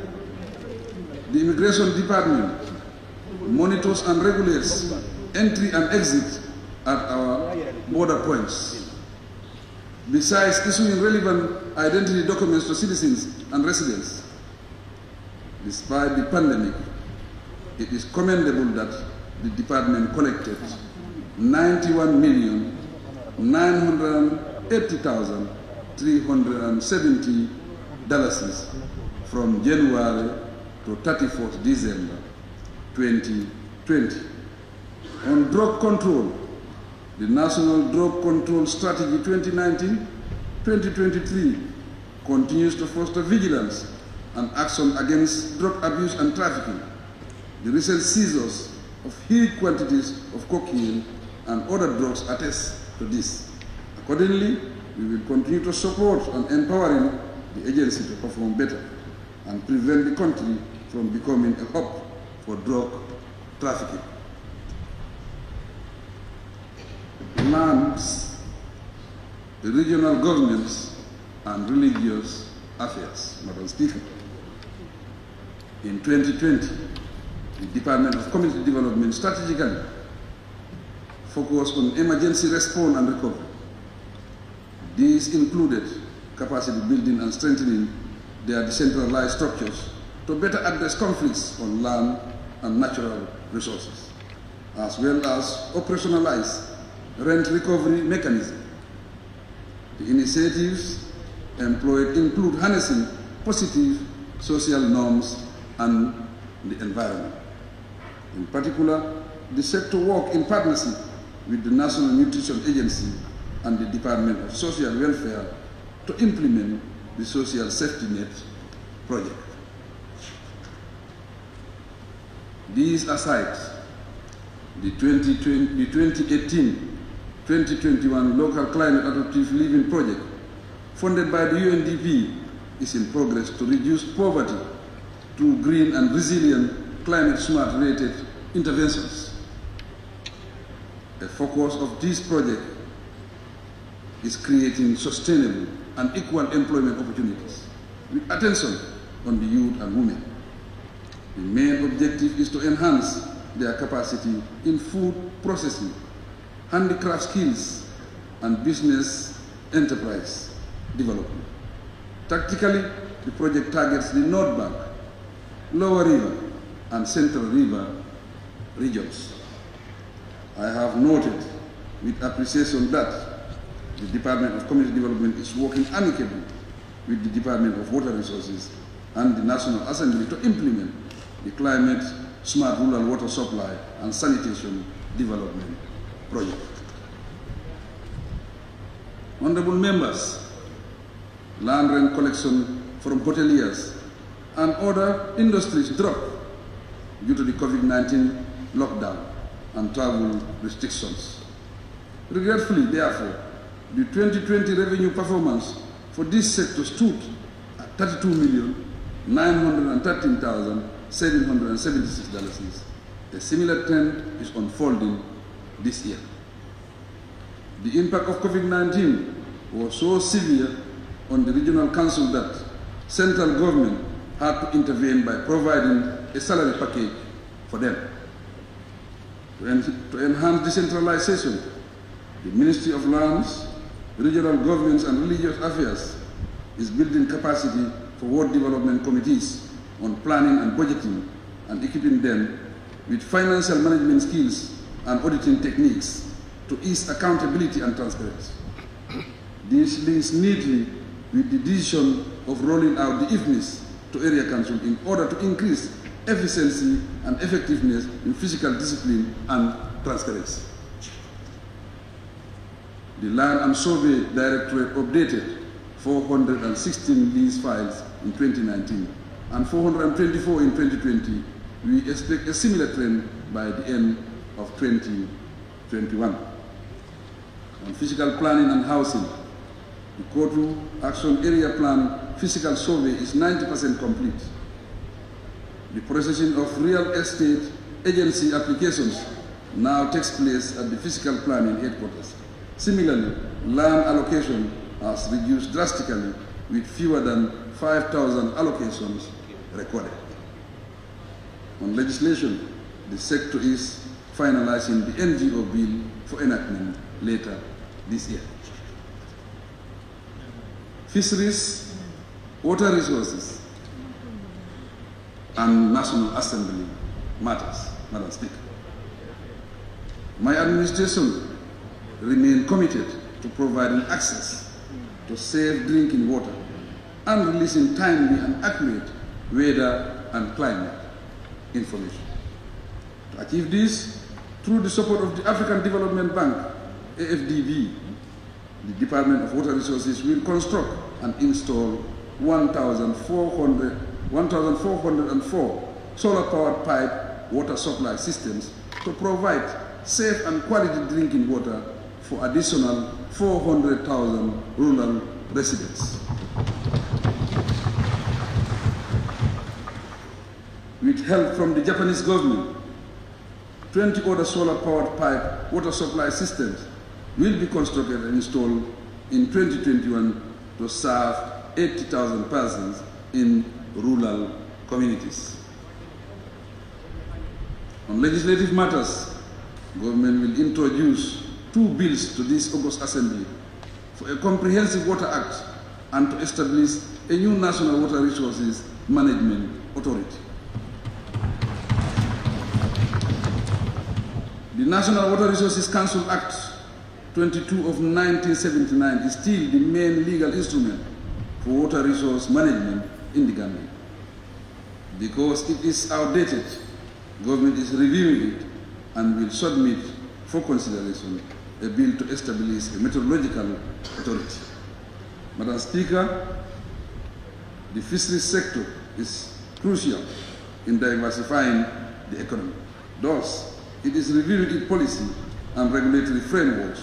the Immigration Department monitors and regulates entry and exit at our border points. Besides issuing relevant identity documents to citizens and residents, despite the pandemic, it is commendable that the department collected 91,980,370 dollars from January to 34th December 2020. On drug control, the National Drug Control Strategy 2019-2023 continues to foster vigilance and action against drug abuse and trafficking the recent seizures of huge quantities of cocaine and other drugs attest to this. Accordingly, we will continue to support and empowering the agency to perform better and prevent the country from becoming a hub for drug trafficking. Lands, the regional governments, and religious affairs. Madam Speaker, in 2020, the Department of Community Development strategically focus on emergency response and recovery. This included capacity building and strengthening their decentralized structures to better address conflicts on land and natural resources, as well as operationalize rent recovery mechanism. The initiatives employed include harnessing positive social norms and the environment. In particular, the sector work in partnership with the National Nutrition Agency and the Department of Social Welfare to implement the Social Safety Net project. These aside, the 2018-2021 Local Climate Adaptive Living Project, funded by the UNDP, is in progress to reduce poverty through green and resilient climate-smart related interventions. The focus of this project is creating sustainable and equal employment opportunities with attention on the youth and women. The main objective is to enhance their capacity in food processing, handicraft skills, and business enterprise development. Tactically, the project targets the North Bank, Lower River, and Central River regions. I have noted with appreciation that the Department of Community Development is working amicably with the Department of Water Resources and the National Assembly to implement the Climate Smart Rural Water Supply and Sanitation Development Project. Honorable members, land rent collection from hoteliers and other industries dropped due to the COVID-19 lockdown and travel restrictions. Regretfully, therefore, the 2020 revenue performance for this sector stood at $32,913,776. A similar trend is unfolding this year. The impact of COVID-19 was so severe on the regional council that central government had to intervene by providing a salary package for them to, en to enhance decentralization, the Ministry of Lands, Regional Governments and Religious Affairs is building capacity for ward development committees on planning and budgeting and equipping them with financial management skills and auditing techniques to ease accountability and transparency. This links neatly with the decision of rolling out the IFNIS to area council in order to increase efficiency and effectiveness in physical discipline and transparency. The Land and Survey Directorate updated 416 lease files in 2019 and 424 in 2020. We expect a similar trend by the end of 2021. On physical planning and housing, the Kotu Action Area Plan physical survey is 90% complete the processing of real estate agency applications now takes place at the physical planning headquarters. Similarly, land allocation has reduced drastically with fewer than 5,000 allocations recorded. On legislation, the sector is finalizing the NGO bill for enactment later this year. Fisheries, water resources, and National Assembly matters, Madam Speaker. My administration remains committed to providing access to safe drinking water and releasing timely and accurate weather and climate information. To achieve this, through the support of the African Development Bank, AFDB, the Department of Water Resources will construct and install 1,400 1,404 solar-powered pipe water supply systems to provide safe and quality drinking water for additional 400,000 rural residents. With help from the Japanese government, 20 other solar-powered pipe water supply systems will be constructed and installed in 2021 to serve 80,000 persons in rural communities. On legislative matters, government will introduce two bills to this August Assembly for a comprehensive water act and to establish a new national water resources management authority. The National Water Resources Council Act 22 of 1979 is still the main legal instrument for water resource management in the Gambia. Because it is outdated, government is reviewing it and will submit for consideration a bill to establish a meteorological authority. Madam Speaker, the fisheries sector is crucial in diversifying the economy. Thus, it is reviewing its policy and regulatory frameworks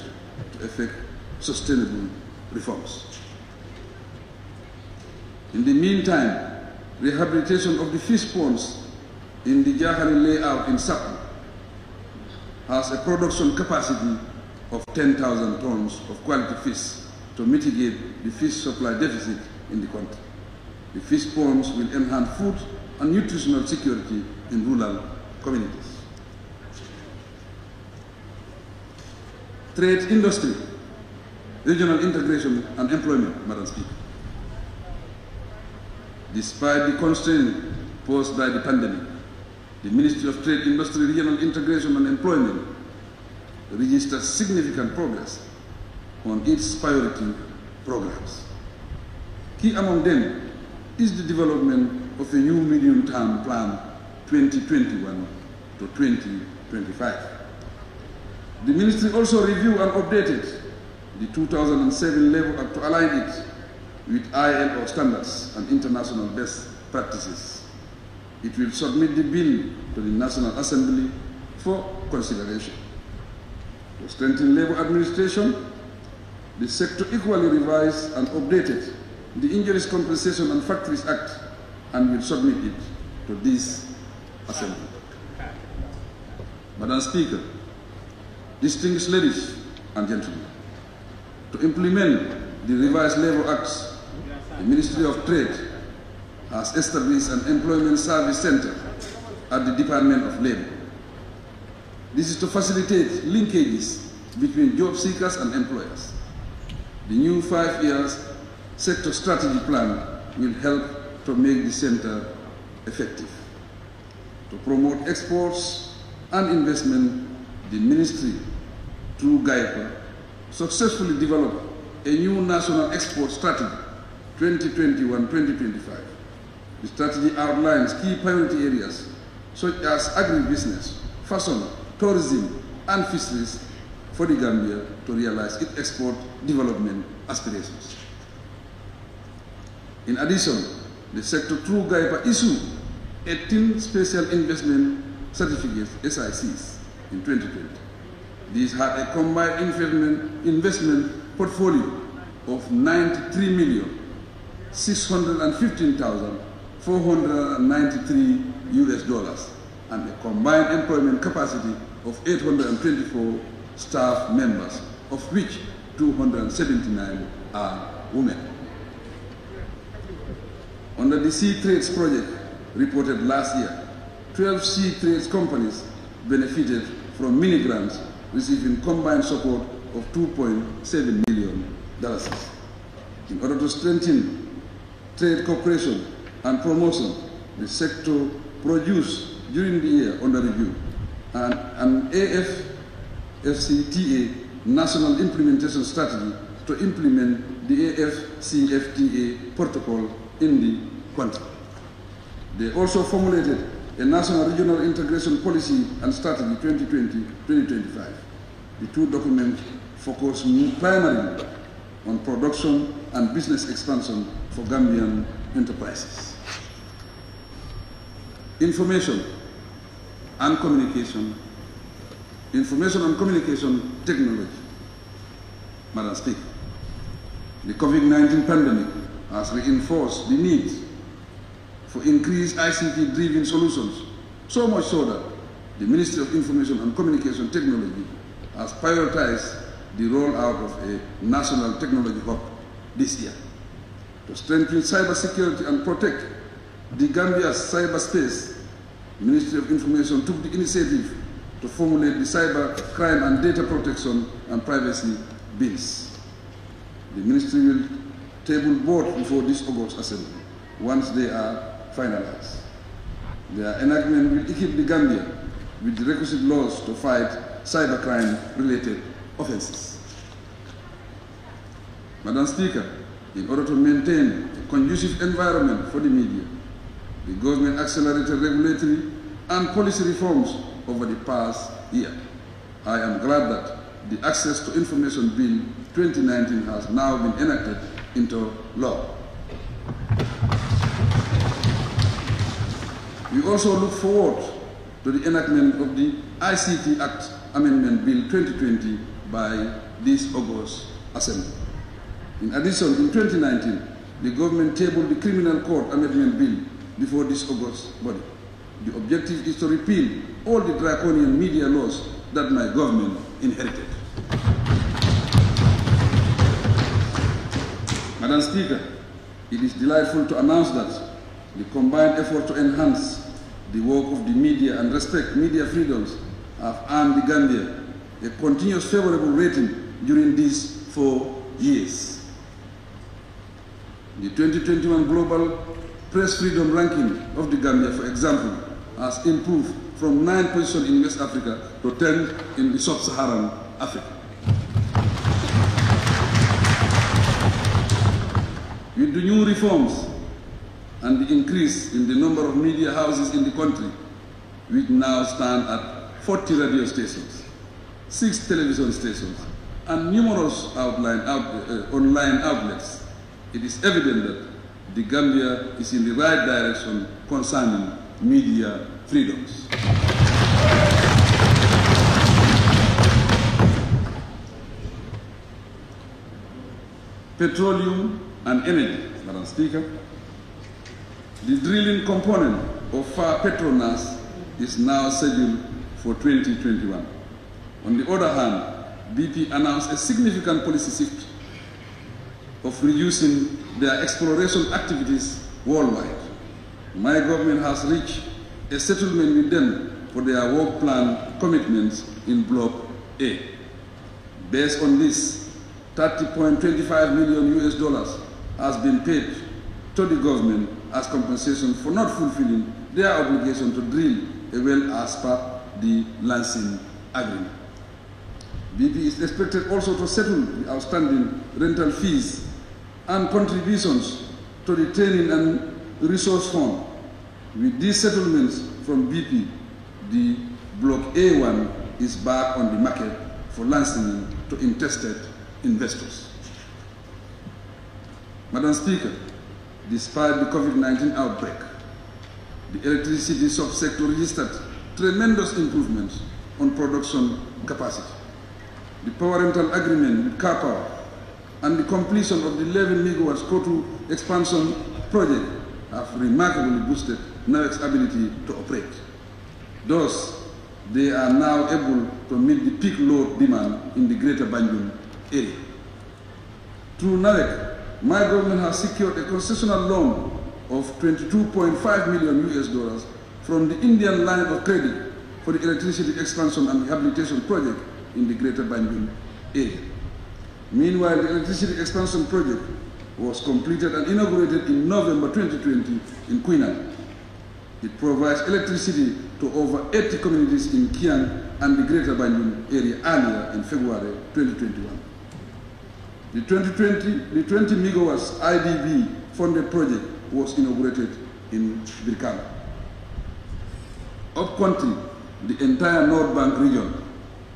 to effect sustainable reforms. In the meantime, rehabilitation of the fish ponds in the Jahari layout in Sapu has a production capacity of 10,000 tons of quality fish to mitigate the fish supply deficit in the country. The fish ponds will enhance food and nutritional security in rural communities. Trade industry, regional integration and employment, Madam Speaker. Despite the constraints posed by the pandemic, the Ministry of Trade, Industry, Regional Integration and Employment registered significant progress on its priority programs. Key among them is the development of a new medium-term plan 2021 to 2025. The ministry also reviewed and updated the 2007 level act to align it with ILO standards and international best practices. It will submit the bill to the National Assembly for consideration. To strengthen labor administration, the sector equally revised and updated the Injuries Compensation and Factories Act and will submit it to this Assembly. Madam Speaker, distinguished ladies and gentlemen, to implement the revised Labour Acts the Ministry of Trade has established an employment service center at the Department of Labor. This is to facilitate linkages between job seekers and employers. The new five years sector strategy plan will help to make the center effective. To promote exports and investment, the ministry, through GAIPA, successfully developed a new national export strategy 2021-2025. The strategy outlines key priority areas such as agribusiness, fashion, tourism, and fisheries for the Gambia to realize its export development aspirations. In addition, the sector through GAIPA issued 18 Special Investment Certificates, SICs, in 2020. These had a combined investment, investment portfolio of 93 million 615,493 US dollars and a combined employment capacity of 824 staff members, of which 279 are women. Under the Sea Trades project reported last year, 12 sea trades companies benefited from mini grants receiving combined support of $2.7 million. In order to strengthen trade cooperation and promotion, the sector produced during the year under review, and an AFCTA national implementation strategy to implement the AFCFTA protocol in the country. They also formulated a National Regional Integration Policy and Strategy 2020-2025. The two documents focus primarily on production and business expansion for Gambian enterprises. Information and communication, information and communication technology. Madam Speaker, the COVID-19 pandemic has reinforced the need for increased ICT-driven solutions, so much so that the Ministry of Information and Communication Technology has prioritized the rollout of a national technology hub this year to strengthen cybersecurity and protect the Gambia's cyberspace, the Ministry of Information took the initiative to formulate the Cyber Crime and Data Protection and Privacy Bills. The Ministry will table both before this August Assembly once they are finalized. Their enactment will equip the Gambia with the requisite laws to fight cybercrime related offences. Madam Speaker, in order to maintain a conducive environment for the media, the government accelerated regulatory and policy reforms over the past year. I am glad that the Access to Information Bill 2019 has now been enacted into law. We also look forward to the enactment of the ICT Act Amendment Bill 2020 by this August Assembly. In addition, in 2019, the government tabled the Criminal Code Amendment Bill before this August body. The objective is to repeal all the draconian media laws that my government inherited. Madam Speaker, it is delightful to announce that the combined effort to enhance the work of the media and respect media freedoms have earned the Gambia a continuous favorable rating during these four years. The 2021 Global Press Freedom Ranking of the Gambia, for example, has improved from nineth position in West Africa to tenth in the Sub-Saharan Africa. With the new reforms and the increase in the number of media houses in the country, which now stand at 40 radio stations, 6 television stations, and numerous outline, out, uh, online outlets, it is evident that the Gambia is in the right direction concerning media freedoms. Petroleum and energy, Madam Speaker. The drilling component of Petronas is now scheduled for 2021. On the other hand, BP announced a significant policy shift of reducing their exploration activities worldwide. My government has reached a settlement with them for their work plan commitments in Block A. Based on this, 30.25 million US dollars has been paid to the government as compensation for not fulfilling their obligation to drill a well as per the Lansing Agreement. BP is expected also to settle the outstanding rental fees and contributions to the training and resource fund. With these settlements from BP, the Block A1 is back on the market for licensing to interested investors. Madam Speaker, despite the COVID-19 outbreak, the electricity subsector registered tremendous improvements on production capacity. The power rental agreement with Kapa and the completion of the 11 megawatts Kotu expansion project have remarkably boosted NAVEC's ability to operate. Thus, they are now able to meet the peak load demand in the greater Banjul area. Through NAVEC, my government has secured a concessional loan of 22.5 million US dollars from the Indian line of credit for the electricity expansion and rehabilitation project in the greater Banjul area. Meanwhile, the electricity expansion project was completed and inaugurated in November 2020 in Queenan. It provides electricity to over 80 communities in Kiang and the Greater Banjul area earlier in February 2021. The 2020, the 20 megawatts IDB funded project was inaugurated in Birkama. Upcountry, the entire North Bank region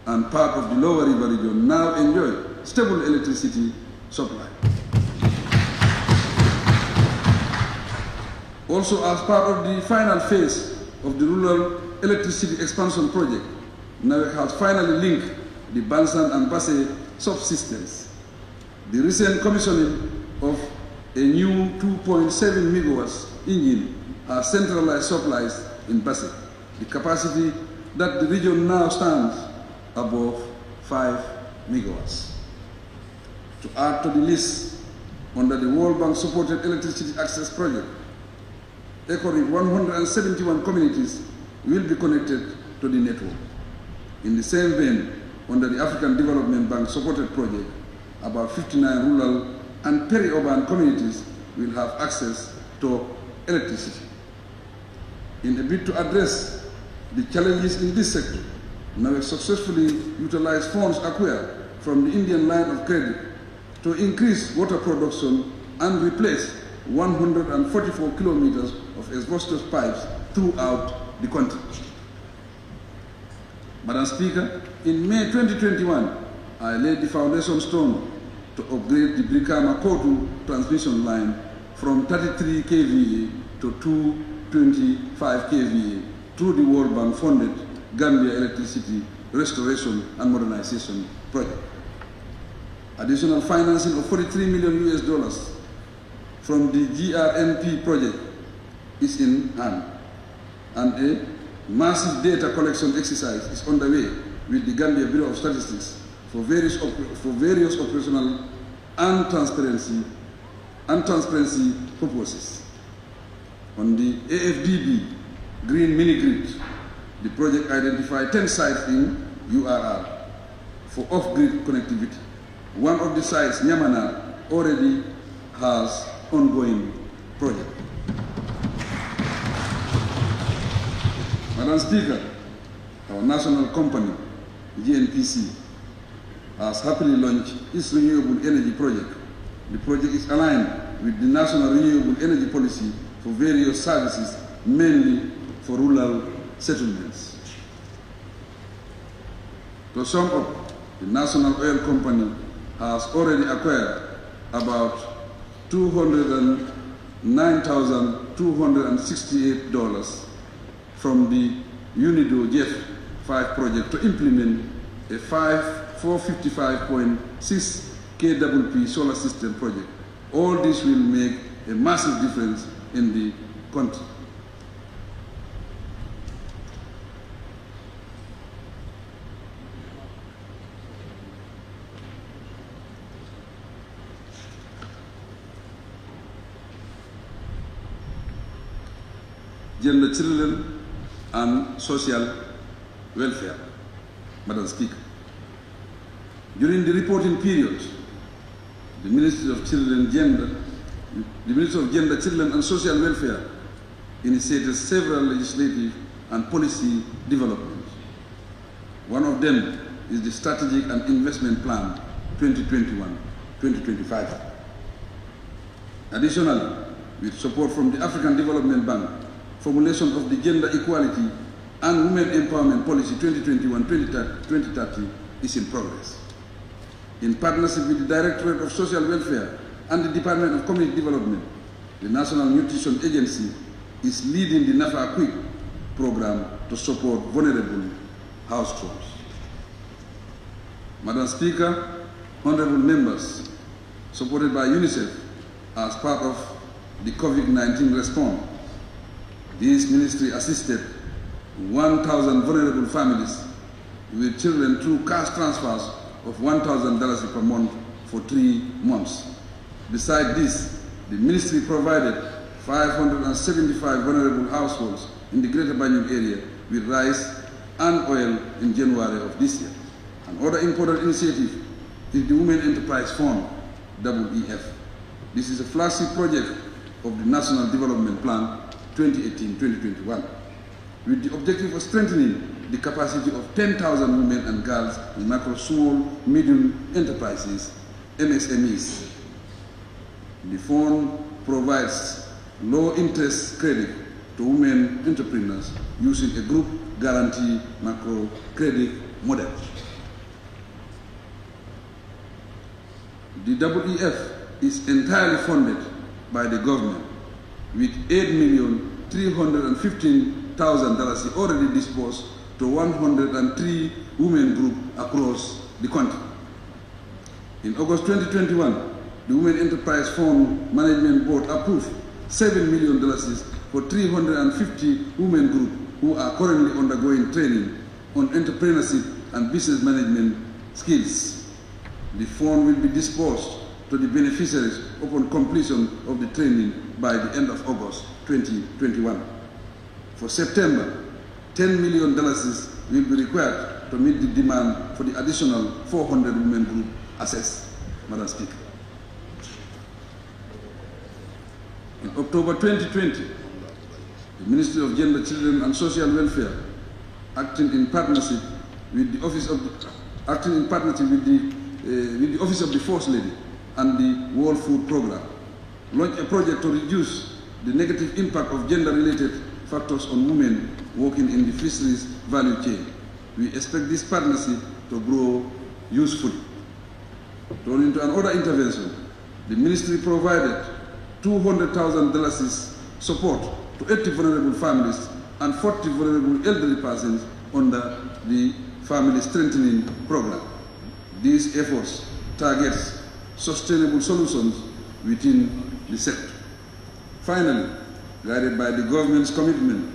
and part of the Lower River region now enjoy stable electricity supply. Also, as part of the final phase of the rural electricity expansion project, NAWEC has finally linked the Bansan and Basse subsystems. The recent commissioning of a new 2.7 megawatts engine has centralized supplies in Basse, the capacity that the region now stands above 5 megawatts to add to the list under the World Bank supported electricity access project. ECORIG 171 communities will be connected to the network. In the same vein, under the African Development Bank supported project, about 59 rural and peri-urban communities will have access to electricity. In a bid to address the challenges in this sector, have successfully utilized funds acquired from the Indian line of credit to increase water production and replace 144 kilometers of asbestos pipes throughout the country. Madam Speaker, in May 2021, I laid the foundation stone to upgrade the Brikama-Kotu transmission line from 33 kVA to 225 kVA through the World Bank-funded Gambia Electricity Restoration and Modernization Project additional financing of 43 million US dollars from the GRNP project is in hand, and a massive data collection exercise is underway with the Gambia Bureau of Statistics for various, for various operational and transparency, and transparency purposes. On the AFDB Green Mini Grid, the project identified 10 sites in URR for off-grid connectivity. One of the sites, Nyamana, already has ongoing project. Madam Speaker, our national company, GNPC, has happily launched its renewable energy project. The project is aligned with the national renewable energy policy for various services, mainly for rural settlements. To sum up, the National Oil Company has already acquired about $209,268 from the UNIDO GEF5 project to implement a 5, 455.6 KWP solar system project. All this will make a massive difference in the country. the children and social welfare, Madam Speaker. During the reporting period, the Ministry of Children, Gender, the Ministry of Gender, Children and Social Welfare initiated several legislative and policy developments. One of them is the Strategic and Investment Plan 2021-2025. Additionally, with support from the African Development Bank, formulation of the gender equality and women empowerment policy 2021-2030 is in progress. In partnership with the Directorate of Social Welfare and the Department of Community Development, the National Nutrition Agency is leading the NAFA Quick program to support vulnerable households. Madam Speaker, honorable members, supported by UNICEF as part of the COVID-19 response, this ministry assisted 1,000 vulnerable families with children through cash transfers of $1,000 per month for three months. Besides this, the ministry provided 575 vulnerable households in the Greater Banjul area with rice and oil in January of this year. Another important initiative is the Women Enterprise Fund, WEF. This is a flagship project of the National Development Plan 2018-2021 with the objective of strengthening the capacity of 10,000 women and girls in micro, small, medium enterprises, MSMEs. The fund provides low-interest credit to women entrepreneurs using a group guarantee macro credit model. The WEF is entirely funded by the government with $8,315,000 already disposed to 103 women groups across the country. In August 2021, the Women Enterprise Fund Management Board approved $7 million for 350 women groups who are currently undergoing training on entrepreneurship and business management skills. The fund will be disbursed to the beneficiaries upon completion of the training by the end of August 2021. For September, 10 million dollars will be required to meet the demand for the additional 400 women group assets, Madam Speaker. In October 2020, the Ministry of Gender, Children and Social Welfare, acting in partnership with the Office of the, acting in partnership with the, uh, with the Office of the First Lady and the World Food Programme, launch a project to reduce the negative impact of gender-related factors on women working in the fisheries value chain. We expect this partnership to grow useful. Turning to another intervention, the ministry provided 200,000 dollars support to 80 vulnerable families and 40 vulnerable elderly persons under the Family Strengthening Program. These efforts target sustainable solutions within the sector. Finally, guided by the government's commitment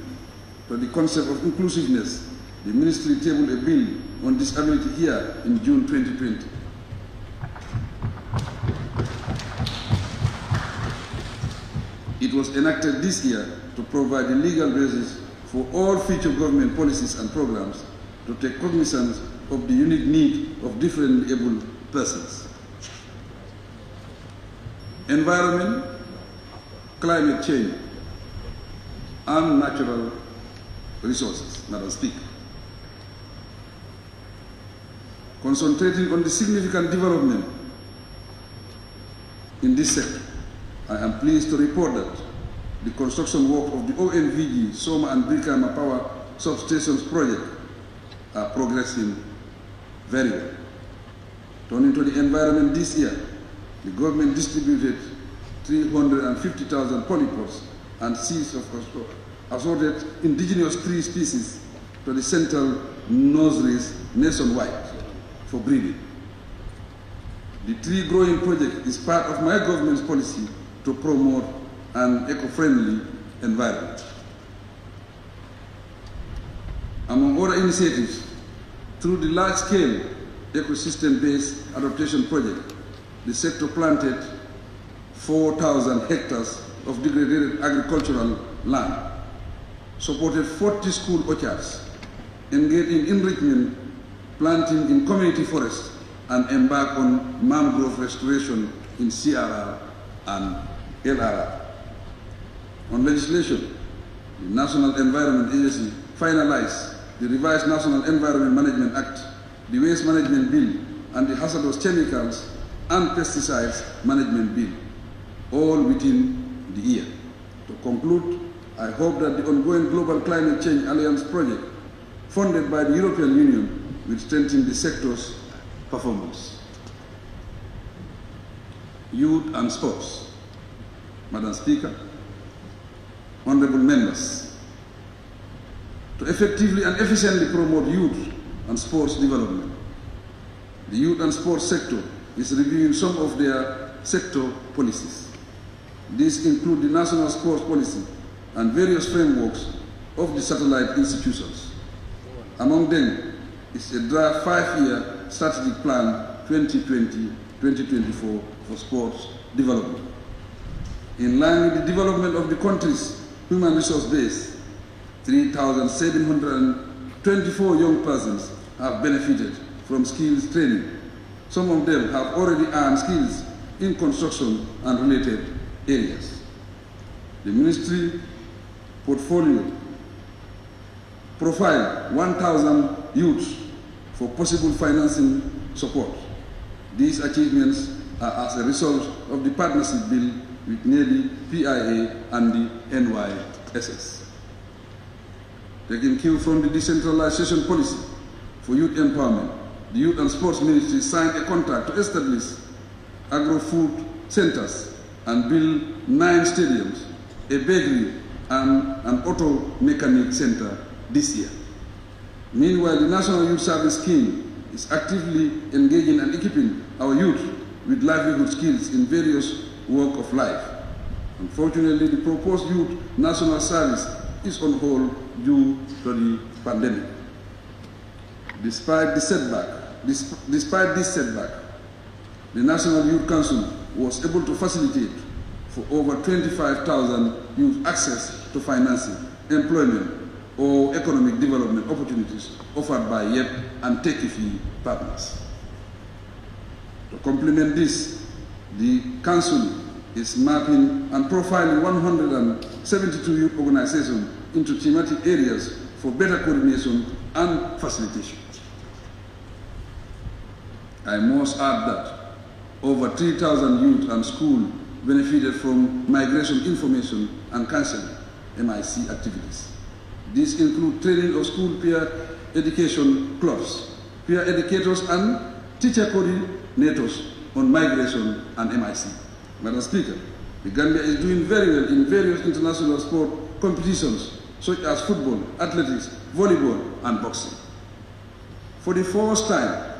to the concept of inclusiveness, the ministry tabled a bill on disability here in June 2020. It was enacted this year to provide the legal basis for all future government policies and programs to take cognizance of the unique need of different able persons environment, climate change, and natural resources, not as speak. Concentrating on the significant development in this sector, I am pleased to report that the construction work of the ONVG, Soma and Brikama Power Substations project are progressing very well. Turning to the environment this year, the government distributed 350,000 polypods and seeds of assorted indigenous tree species to the central nurseries nationwide for breeding. The tree growing project is part of my government's policy to promote an eco-friendly environment. Among other initiatives, through the large-scale ecosystem-based adaptation project, the sector planted 4,000 hectares of degraded agricultural land, supported 40 school orchards, engaged in enrichment, planting in community forests, and embarked on mangrove restoration in Sierra and LRR. On legislation, the National Environment Agency finalized the revised National Environment Management Act, the Waste Management Bill, and the Hazardous Chemicals and pesticides management bill, all within the year. To conclude, I hope that the ongoing Global Climate Change Alliance project, funded by the European Union, will strengthen the sector's performance. Youth and sports. Madam Speaker, honorable members, to effectively and efficiently promote youth and sports development, the youth and sports sector is reviewing some of their sector policies. These include the national sports policy and various frameworks of the satellite institutions. Among them is a draft five-year strategic plan 2020-2024 for sports development. In line with the development of the country's human resource base, 3,724 young persons have benefited from skills training some of them have already earned skills in construction and related areas. The ministry portfolio profile 1,000 youths for possible financing support. These achievements are as a result of the partnership bill with NEDI, PIA, and the NYSS. Taking cue from the decentralization policy for youth empowerment, the Youth and Sports Ministry signed a contract to establish agro-food centers and build nine stadiums, a bakery, and an auto mechanic center this year. Meanwhile, the National Youth Service Scheme is actively engaging and equipping our youth with livelihood skills in various walk of life. Unfortunately, the proposed youth national service is on hold due to the pandemic. Despite the setback, Despite this setback, the National Youth Council was able to facilitate for over 25,000 youth access to financing, employment, or economic development opportunities offered by YEP and TECIFI partners. To complement this, the Council is mapping and profiling 172 youth organizations into thematic areas for better coordination and facilitation. I must add that over 3,000 youth and school benefited from migration information and counseling MIC activities. These include training of school peer education clubs, peer educators and teacher coordinators on migration and MIC. Madam Speaker, the Gambia is doing very well in various international sport competitions such as football, athletics, volleyball and boxing. For the first time,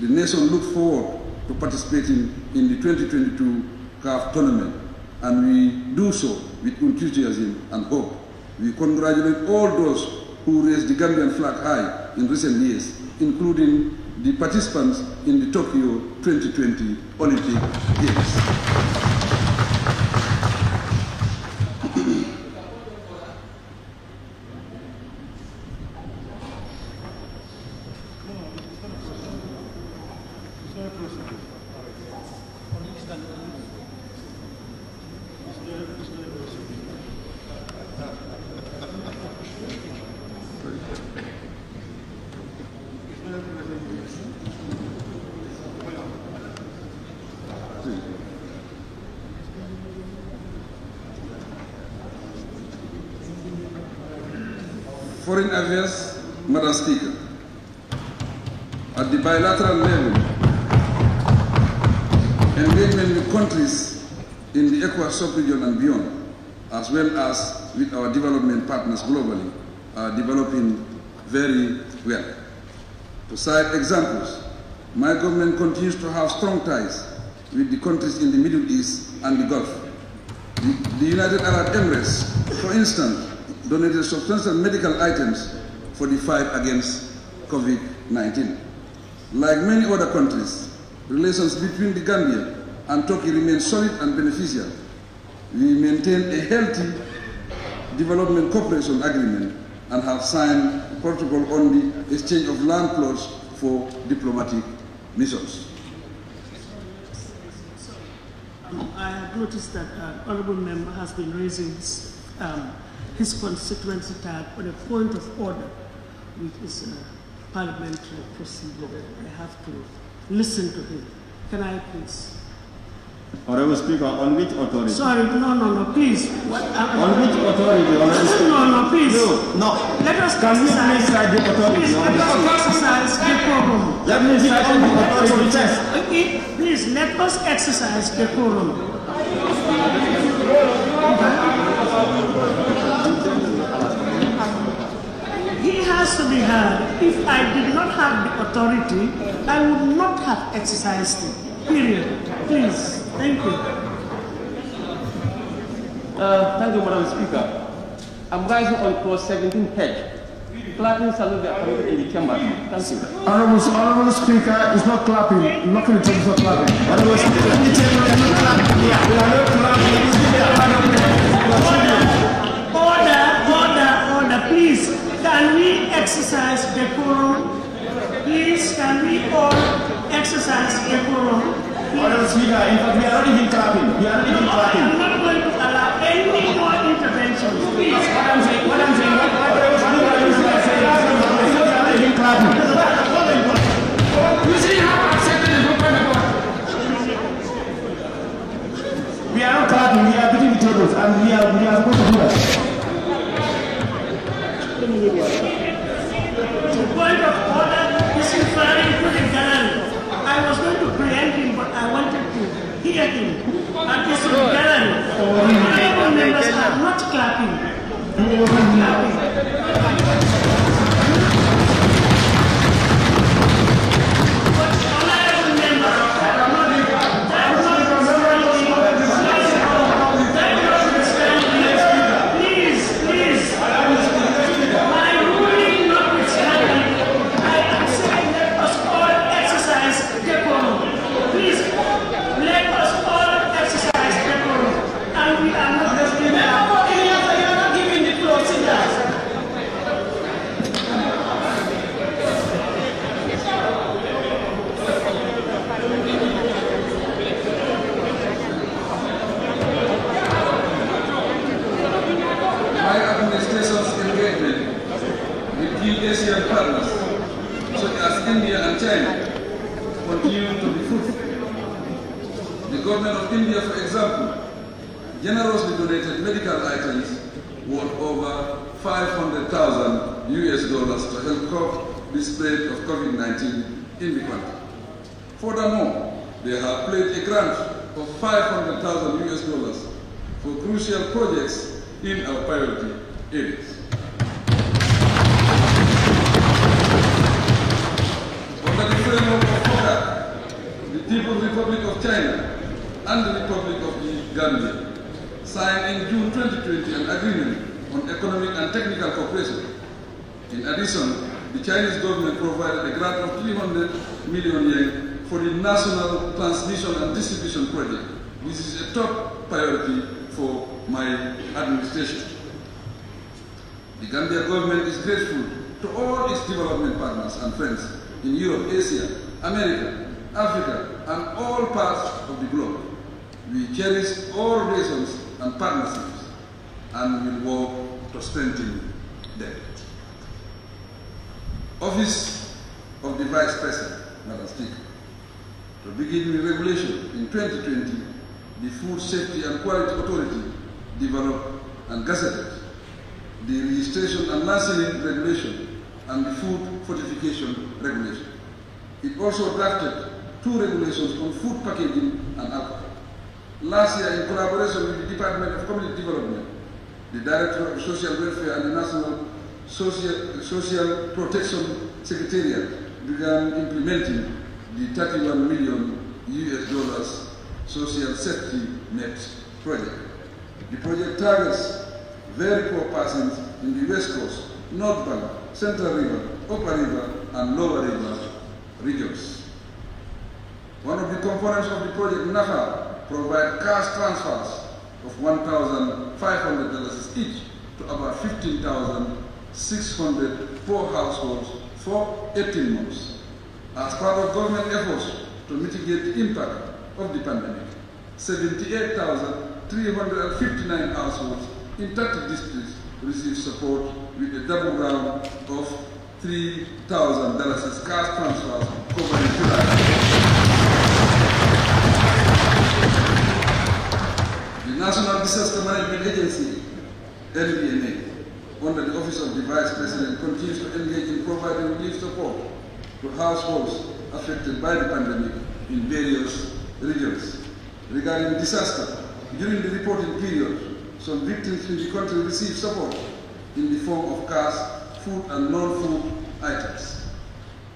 the nation looks forward to participating in the 2022 CAF tournament, and we do so with enthusiasm and hope. We congratulate all those who raised the Gambian flag high in recent years, including the participants in the Tokyo 2020 Olympic Games. areas, Madam Speaker. At the bilateral level, engagement with countries in the ECOWAS sub-region and beyond, as well as with our development partners globally, are developing very well. To cite examples, my government continues to have strong ties with the countries in the Middle East and the Gulf. The, the United Arab Emirates, for instance, donated substantial medical items for the fight against COVID-19. Like many other countries, relations between the Gambia and Turkey remain solid and beneficial. We maintain a healthy development cooperation agreement and have signed a protocol on the exchange of land plots for diplomatic missions. I have noticed that uh, honourable member has been raising um, his constituency tab on a point of order, which is a parliamentary procedure that I have to listen to him. Can I please? Honorable Speaker, on which authority? Sorry, no, no, no, please. What, uh, on which authority, Honorable Speaker? No, no, please. No, no. Let us Can we please cite the authority? Please, let us exercise the decorum. Let me cite the authority. Yes. Please, let us exercise the decorum. has to be heard. If I did not have the authority, I would not have exercised it. Period. Please. Thank you. Uh, thank you, Madam Speaker. I'm rising on clause 17 head. Clapping salute the appointed in the chamber. Thank you. Honorable, Honorable Speaker, it's not clapping. Knocking the table is not clapping. Honorable Speaker, in the chamber we are not clapping. We are not clapping. can we exercise decorum? Please, can we all exercise decorum? Honorable Speaker, in fact, we are already been clapping. We are already been clapping. I'm not going to allow any more interventions. Please. What I'm saying, what I'm saying, what, what, what, what, what, what, what I'm saying, we are already been clapping. You see how upset the department was? We are not clapping, we are beating the tables, and we are, we are supposed to do that. The point of order is referring to the I was going to prevent him, but I wanted to hear him. Honorable members are not clapping. They are not clapping. medical items worth over 500,000 US dollars to help curb the spread of COVID-19 in the country. Furthermore, they have pledged a grant of 500,000 US dollars for crucial projects in our priority areas. Under the framework of FOCA, the People's Republic of China and the Republic of the Gambia signed in June 2020 an agreement on economic and technical cooperation. In addition, the Chinese government provided a grant of 300 million yen for the National Transmission and Distribution Project, which is a top priority for my administration. The Gambia government is grateful to all its development partners and friends in Europe, Asia, America, Africa, and all parts of the globe. We cherish all reasons and partnerships and will work to strengthen them. Office of the Vice President, Madam Speaker, to begin with regulation in 2020, the Food Safety and Quality Authority developed and gazetted the registration and licensing regulation and the food fortification regulation. It also drafted two regulations on food packaging and alcohol. Last year, in collaboration with the Department of Community Development, the Director of Social Welfare and the National Social, Social Protection Secretariat began implementing the 31 million US dollars social safety net project. The project targets very poor persons in the West Coast, North Bank, Central River, Upper River, and Lower River regions. One of the components of the project, NAHA, provide cash transfers of $1,500 each to about 15,600 poor households for 18 months. As part of government efforts to mitigate the impact of the pandemic, 78,359 households in 30 districts received support with a double round of $3,000 cash transfers covering July. National Disaster Management Agency, LDNA, under the Office of the Vice President, continues to engage in providing relief support to households affected by the pandemic in various regions. Regarding disaster, during the reporting period, some victims in the country received support in the form of cars, food and non-food items.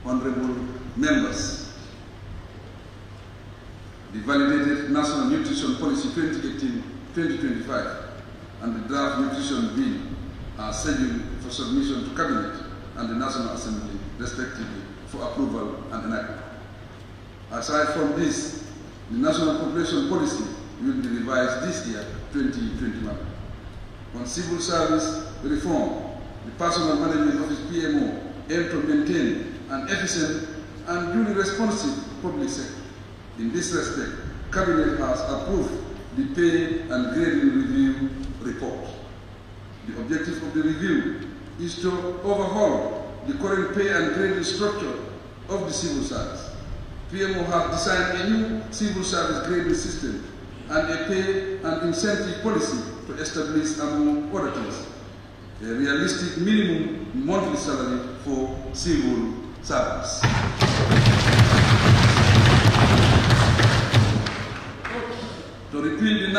Honorable members, the validated National Nutrition Policy 2018 2025 and the draft nutrition bill are scheduled for submission to Cabinet and the National Assembly, respectively, for approval and enactment. Aside from this, the National Population Policy will be revised this year, 2021. On civil service reform, the Personal Management Office PMO aims to maintain an efficient and duly responsive public sector. In this respect, Cabinet has approved the pay and grading review report. The objective of the review is to overhaul the current pay and grading structure of the civil service. PMO have designed a new civil service grading system and a pay and incentive policy to establish, among other things, a realistic minimum monthly salary for civil servants.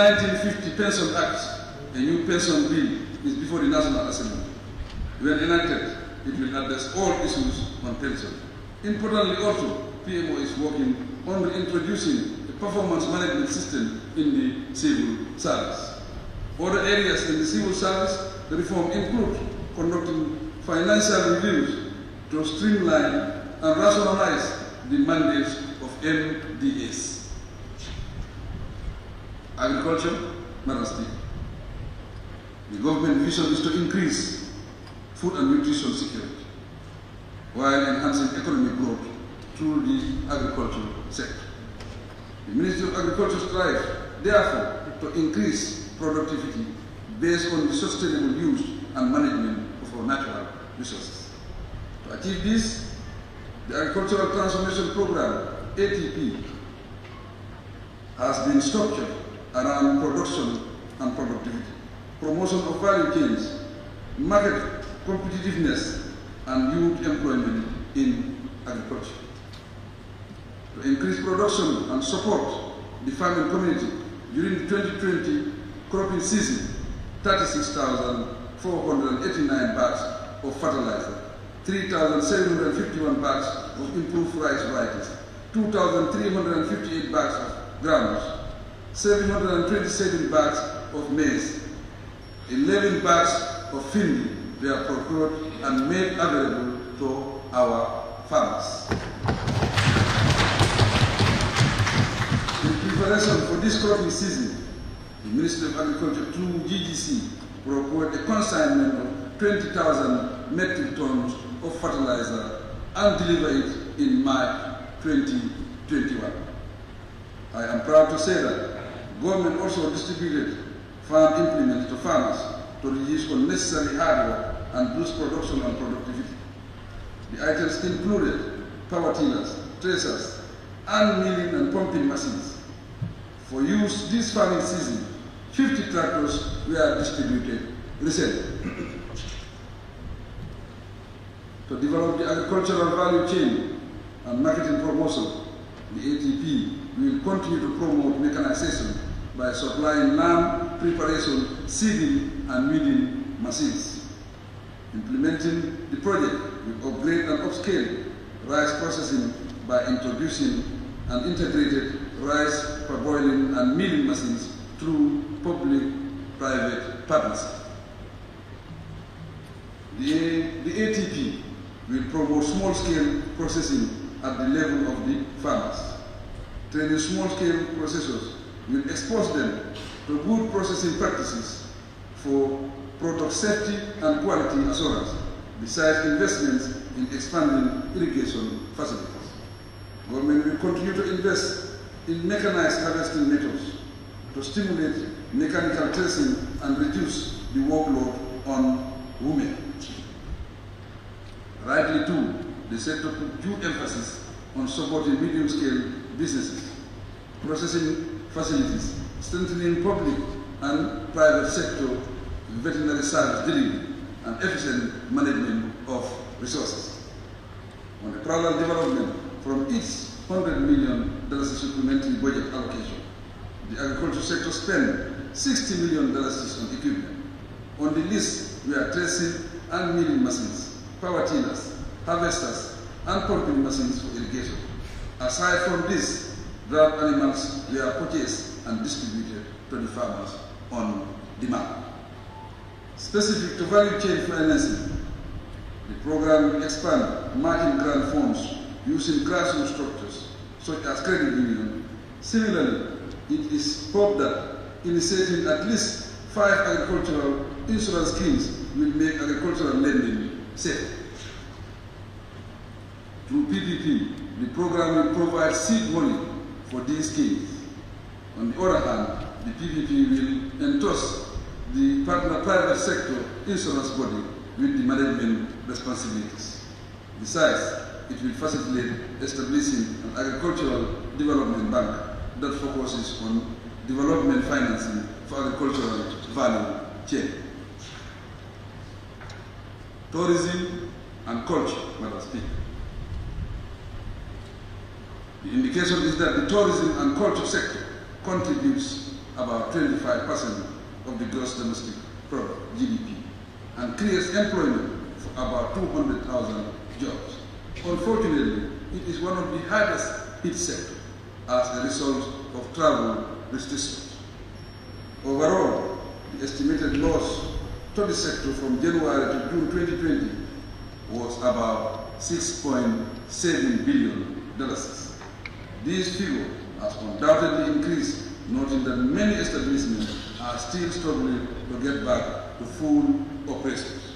1950 Pension Act, a new pension bill, is before the National Assembly. When enacted, it will address all issues on pension. Importantly also, PMO is working on introducing a performance management system in the civil service. Other areas in the civil service, the reform include conducting financial reviews to streamline and rationalize the mandates of MDS agriculture, Manasli. The government vision is to increase food and nutrition security while enhancing economic growth through the agricultural sector. The Ministry of Agriculture strives, therefore, to increase productivity based on the sustainable use and management of our natural resources. To achieve this, the Agricultural Transformation Program, ATP, has been structured around production and productivity, promotion of value chains, market competitiveness, and youth employment in agriculture. To increase production and support the farming community during the 2020 cropping season, 36,489 bags of fertilizer, 3,751 bags of improved rice varieties, 2,358 bags of granules, 727 bags of maize, 11 bags of finley were procured and made available to our farmers. In preparation for this cropping season, the Ministry of Agriculture through GDC procured a consignment of 20,000 metric tons of fertilizer and delivered it in March 2021. I am proud to say that Government also distributed farm implements to farmers to reduce unnecessary hard work and boost production and productivity. The items included power tillers, tracers, and milling and pumping machines. For use this farming season, 50 tractors were distributed recently. to develop the agricultural value chain and marketing promotion, the ATP will continue to promote mechanization by supplying land preparation, seeding, and weeding machines. Implementing the project will upgrade and upscale rice processing by introducing an integrated rice parboiling and milling machines through public-private partnership. The, the ATP will promote small-scale processing at the level of the farmers, training small-scale processors will expose them to good processing practices for product safety and quality assurance, besides investments in expanding irrigation facilities. Government will continue to invest in mechanized harvesting methods to stimulate mechanical testing and reduce the workload on women. Rightly too, the sector put due emphasis on supporting medium-scale businesses, processing facilities, strengthening public and private sector veterinary service delivery, and efficient management of resources. On the parallel development from its $100 million supplementary budget allocation, the agriculture sector spent $60 million on equipment. On the list we are tracing and milling machines, power tillers, harvesters, and pumping machines for irrigation. Aside from this, dried animals were purchased and distributed to the farmers on demand. Specific to value chain financing, the program expanded margin grant funds using grassroots structures such as credit union. Similarly, it is hoped that initiating at least five agricultural insurance schemes will make agricultural lending safe. Through PPP, the program will provide seed money for these schemes. On the other hand, the PVP will entrust the partner private sector insurance body with the management responsibilities. Besides, it will facilitate establishing an agricultural development bank that focuses on development financing for agricultural value chain. Tourism and culture, Madam Speaker. The indication is that the tourism and culture sector contributes about 25% of the gross domestic product, GDP, and creates employment for about 200,000 jobs. Unfortunately, it is one of the hardest hit sectors as a result of travel restrictions. Overall, the estimated loss to the sector from January to June 2020 was about 6.7 billion dollars. These figures have undoubtedly increased, noting that many establishments are still struggling to get back to full operations.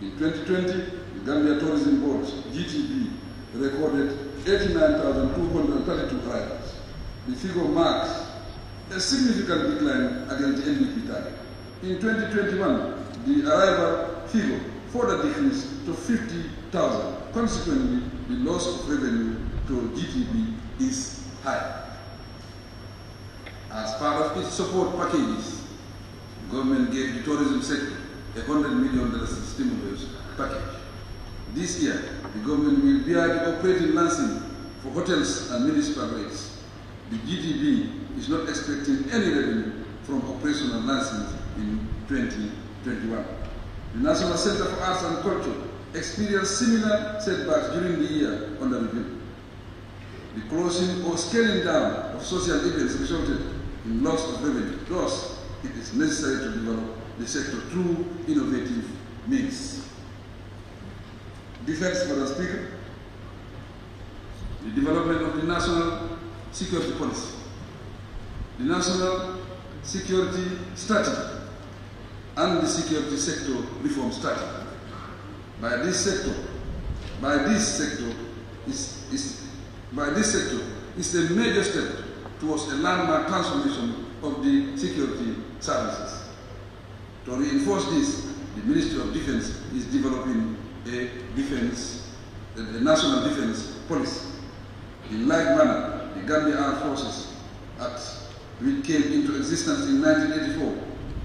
In 2020, the Gambia Tourism Board, GTB, recorded 89,232 arrivals. The figure marks a significant decline against the NDP target. In 2021, the arrival figure further decreased to 50,000. Consequently, the loss of revenue to GDP is high. As part of its support packages, government gave the tourism sector a $100 million stimulus package. This year, the government will be operating lancing for hotels and municipal rates. The GTB is not expecting any revenue from operational licensing in 2021. The National Center for Arts and Culture experienced similar setbacks during the year under review the closing or scaling down of social events resulted in loss of revenue. Thus, it is necessary to develop the sector through innovative means. Defense, Madam Speaker, the development of the national security policy, the national security strategy, and the security sector reform strategy. By this sector, by this sector, is, is by this sector is a major step towards a landmark transformation of the security services. To reinforce this, the Ministry of Defense is developing a defense, a, national defense policy. In like manner, the Gambia Armed Forces Act, which came into existence in 1984,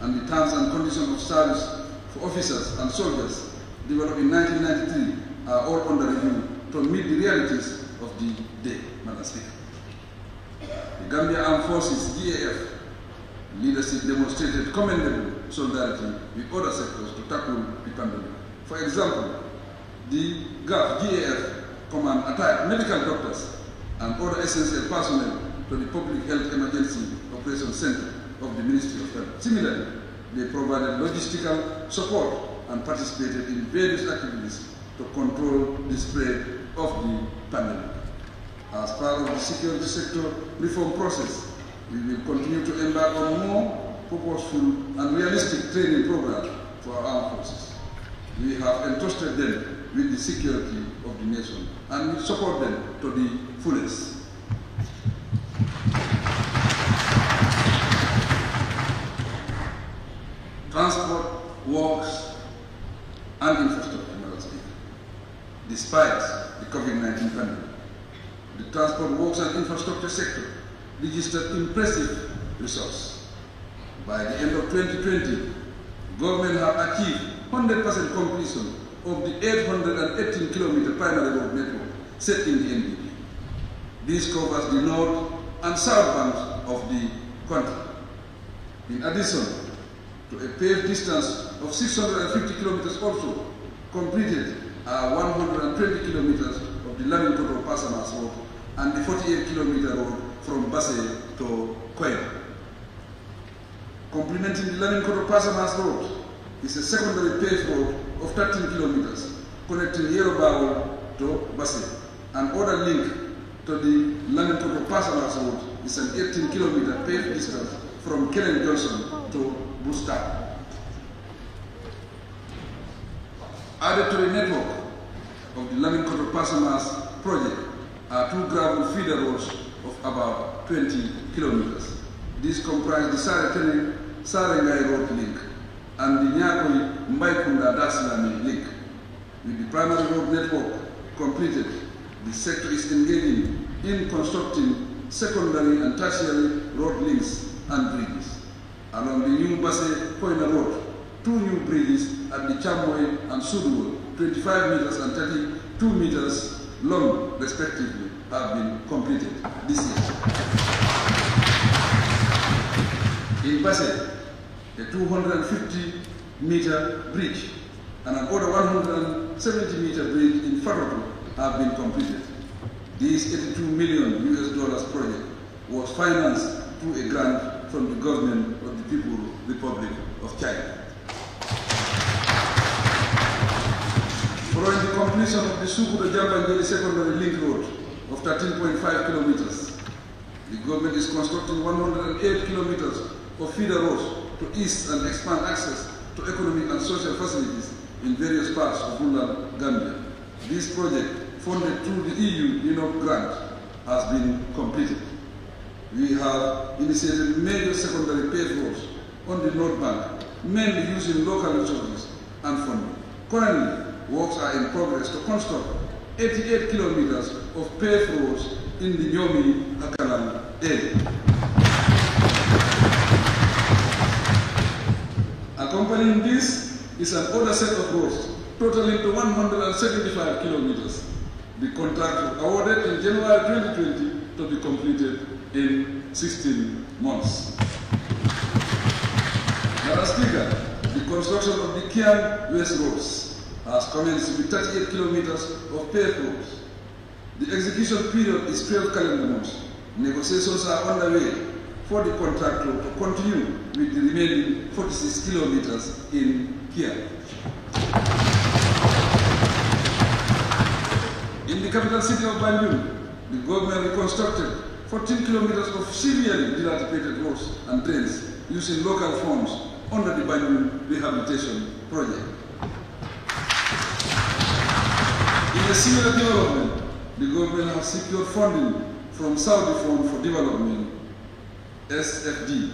and the terms and conditions of service for officers and soldiers developed in 1993 are all under review to meet the realities of the Day, Madam Speaker. The Gambia Armed Forces, GAF, leadership demonstrated commendable solidarity with other sectors to tackle the pandemic. For example, the GAF, GAF command attacked medical doctors and other essential personnel to the Public Health Emergency Operations Center of the Ministry of Health. Similarly, they provided logistical support and participated in various activities to control the spread of the pandemic. As part of the security sector reform process, we will continue to embark on more purposeful and realistic training programs for our armed forces. We have entrusted them with the security of the nation and we support them to the fullest. Transport, works, and infrastructure, despite the COVID-19 pandemic the transport works and infrastructure sector registered impressive results. By the end of 2020, government have achieved 100% completion of the 818 kilometer primary road network set in the NDP. This covers the north and south banks of the country. In addition to a paved distance of 650 kilometers also, completed are uh, 120 kilometers of the Lamin Koto Pasamas road and the 48 kilometer road from Basse to Quail. Complementing the Laminkoto Mass Road is a secondary paved road of 13 kilometers connecting Yerobao to Basse. An other link to the Laminkoto Pasamas Road is an 18 kilometer paved distance from Kellen Johnson to Busta. Added to the network of the Laminkoto Pasamas project are two gravel feeder roads of about 20 kilometers. These comprise the sarateni Sarengai Road link and the Nyakoi Mbaikunda Daslami link. With the primary road network completed, the sector is engaging in constructing secondary and tertiary road links and bridges. Along the new Basse Koina Road, two new bridges at the Chamoy and Sudwo, 25 meters and 32 meters long respectively have been completed this year. In Basel, a 250 meter bridge and an another 170 meter bridge in Faroto have been completed. This 82 million US dollars project was financed through a grant from the government of the People's Republic of China. Following completion of the and Jambangeli Secondary Link Road of 13.5 kilometers. The government is constructing 108 kilometers of feeder roads to ease and expand access to economic and social facilities in various parts of rural Gambia. This project, funded through the EU INOP grant, has been completed. We have initiated major secondary paved roads on the North Bank, mainly using local resources and funding. Currently, works are in progress to construct 88 kilometers of paved roads in the Nyomi Akalan area. Accompanying this is an other set of roads totaling to 175 kilometers. The contract was awarded in January 2020 to be completed in 16 months. Madam Speaker, the construction of the Kian West Roads has commenced with 38 kilometers of paved roads. The execution period is 12 calendar months. Negotiations are underway for the contractor to continue with the remaining 46 kilometers in Kia. In the capital city of Banjul, the government reconstructed 14 kilometers of severely dilapidated roads and drains using local funds under the Banjul Rehabilitation Project. In a similar development, the government has secured funding from Saudi Fund for Development, SFD,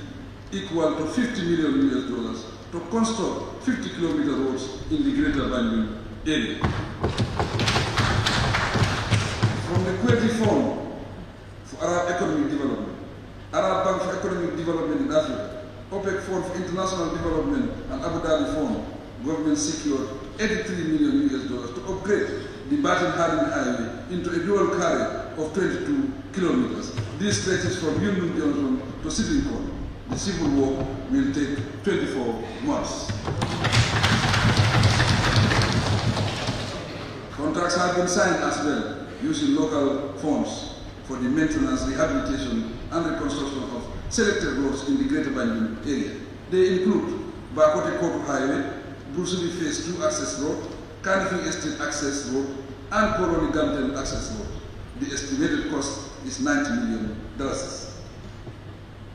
equal to 50 million US dollars to construct 50 kilometer roads in the greater Banjul area. From the Kuwaiti Fund for Arab Economic Development, Arab Bank for Economic Development in Africa, OPEC Fund for International Development and Abu Dhabi Fund, government secured 83 million US dollars to upgrade the Barton Harding Highway into a dual carriage of 22 kilometers. This stretches from Union Johnson to Sittingbourne. The civil war will take 24 months. Contracts have been signed as well using local funds for the maintenance, rehabilitation, and reconstruction of selected roads in the Greater Banjul area. They include Bakote Kotu Highway, Brusubi Phase 2 Access Road, Cargill Estate Access Road, and Koroni Gamden Access Road. The estimated cost is $90 million.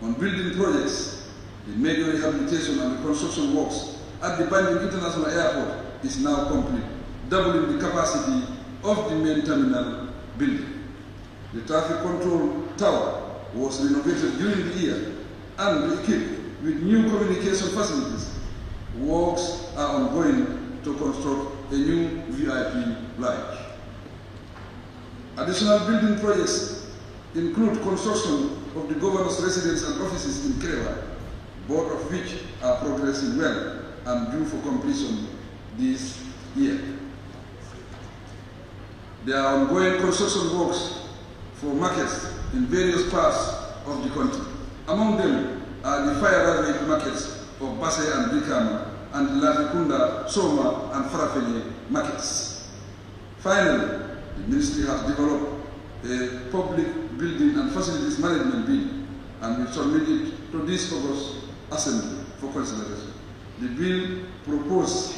On building projects, the major rehabilitation and reconstruction works at the Bandung International Airport is now complete, doubling the capacity of the main terminal building. The traffic control tower was renovated during the year and equipped with new communication facilities. Works are ongoing to construct a new VIP lodge. Additional building projects include construction of the governor's residence and offices in Kreva, both of which are progressing well and due for completion this year. There are ongoing construction works for markets in various parts of the country. Among them are the fire markets of Basay and Bikama, and Lavikunda, Soma, and Farafenye markets. Finally, the ministry has developed a public building and facilities management bill, and we submit it to this August Assembly for consideration. The bill proposes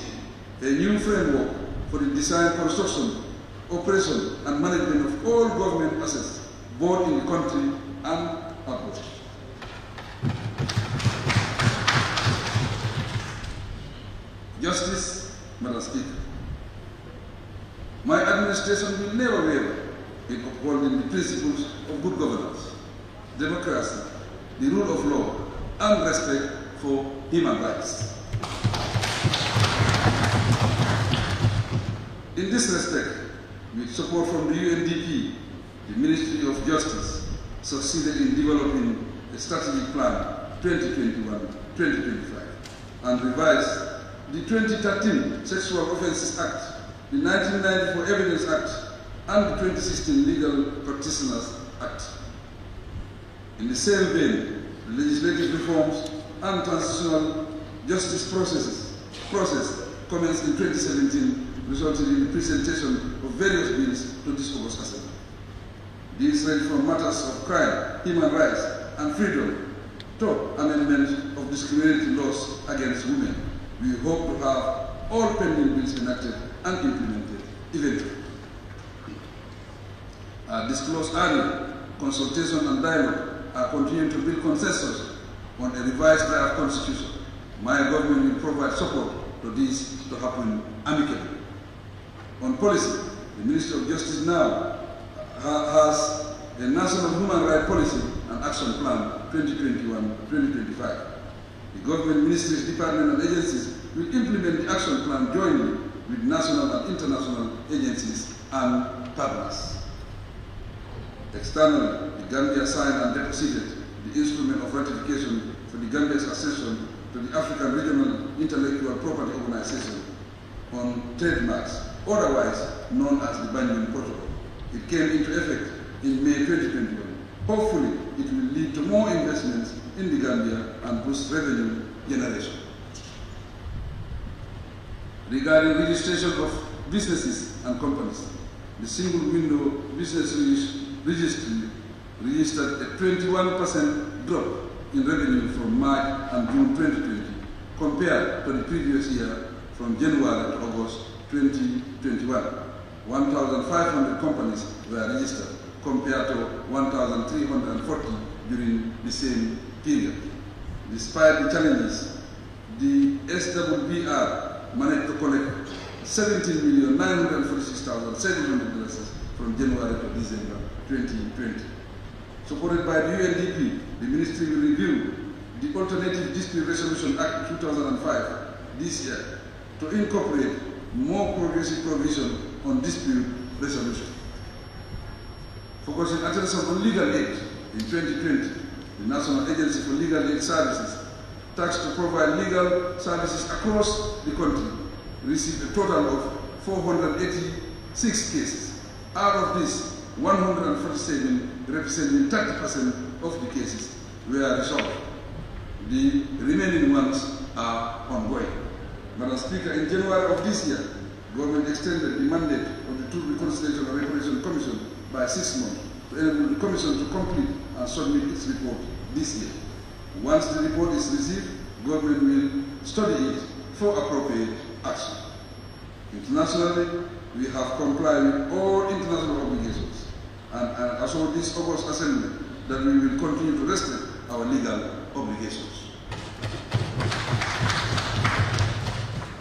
a new framework for the design, construction, operation, and management of all government assets, both in the country and abroad. Justice Maraskita. My administration will never waver in upholding the principles of good governance, democracy, the rule of law, and respect for human rights. In this respect, with support from the UNDP, the Ministry of Justice succeeded in developing a strategic plan 2021-2025 and revised the 2013 Sexual Offences Act, the 1994 Evidence Act, and the 2016 Legal Practitioners Act. In the same vein, legislative reforms and transitional justice processes process commenced in 2017, resulting in the presentation of various bills to this August Assembly. These range from matters of crime, human rights, and freedom to amendment of discriminatory laws against women we hope to have all pending bills enacted and implemented eventually. Uh, disclosed earlier, consultation and dialogue are continuing to build consensus on a revised draft constitution. My government will provide support to this to happen amicably. On policy, the Ministry of Justice now has a National Human Rights Policy and Action Plan 2021-2025. The government ministries, departmental and agencies will implement the action plan jointly with national and international agencies and partners. Externally, the Gambia signed and deposited the instrument of ratification for the Gambia's accession to the African Regional Intellectual Property Organization on trademarks, otherwise known as the Banyan Protocol. It came into effect in May 2021. Hopefully, it will lead to more investments in the Gambia and boost revenue generation. Regarding registration of businesses and companies, the single window business registry registered a 21% drop in revenue from March and June 2020 compared to the previous year from January to August 2021. 1,500 companies were registered compared to 1,340 during the same period. Despite the challenges, the SWBR managed to collect $17,946,700 from January to December 2020. Supported by the UNDP, the ministry will review the Alternative Dispute Resolution Act 2005 this year to incorporate more progressive provision on dispute resolution. Focusing attention on legal aid in 2020, the National Agency for Legal Aid Services, tasked to provide legal services across the country, received a total of 486 cases. Out of this, 147, representing 30% of the cases, were resolved. The remaining ones are ongoing. Madam Speaker, in January of this year, government extended the mandate of the two Reconciliation and Reparation Commission by six months to enable the Commission to complete and submit its report this year. Once the report is received, government will study it for appropriate action. Internationally, we have complied with all international obligations and, and assure this August assembly that we will continue to respect our legal obligations.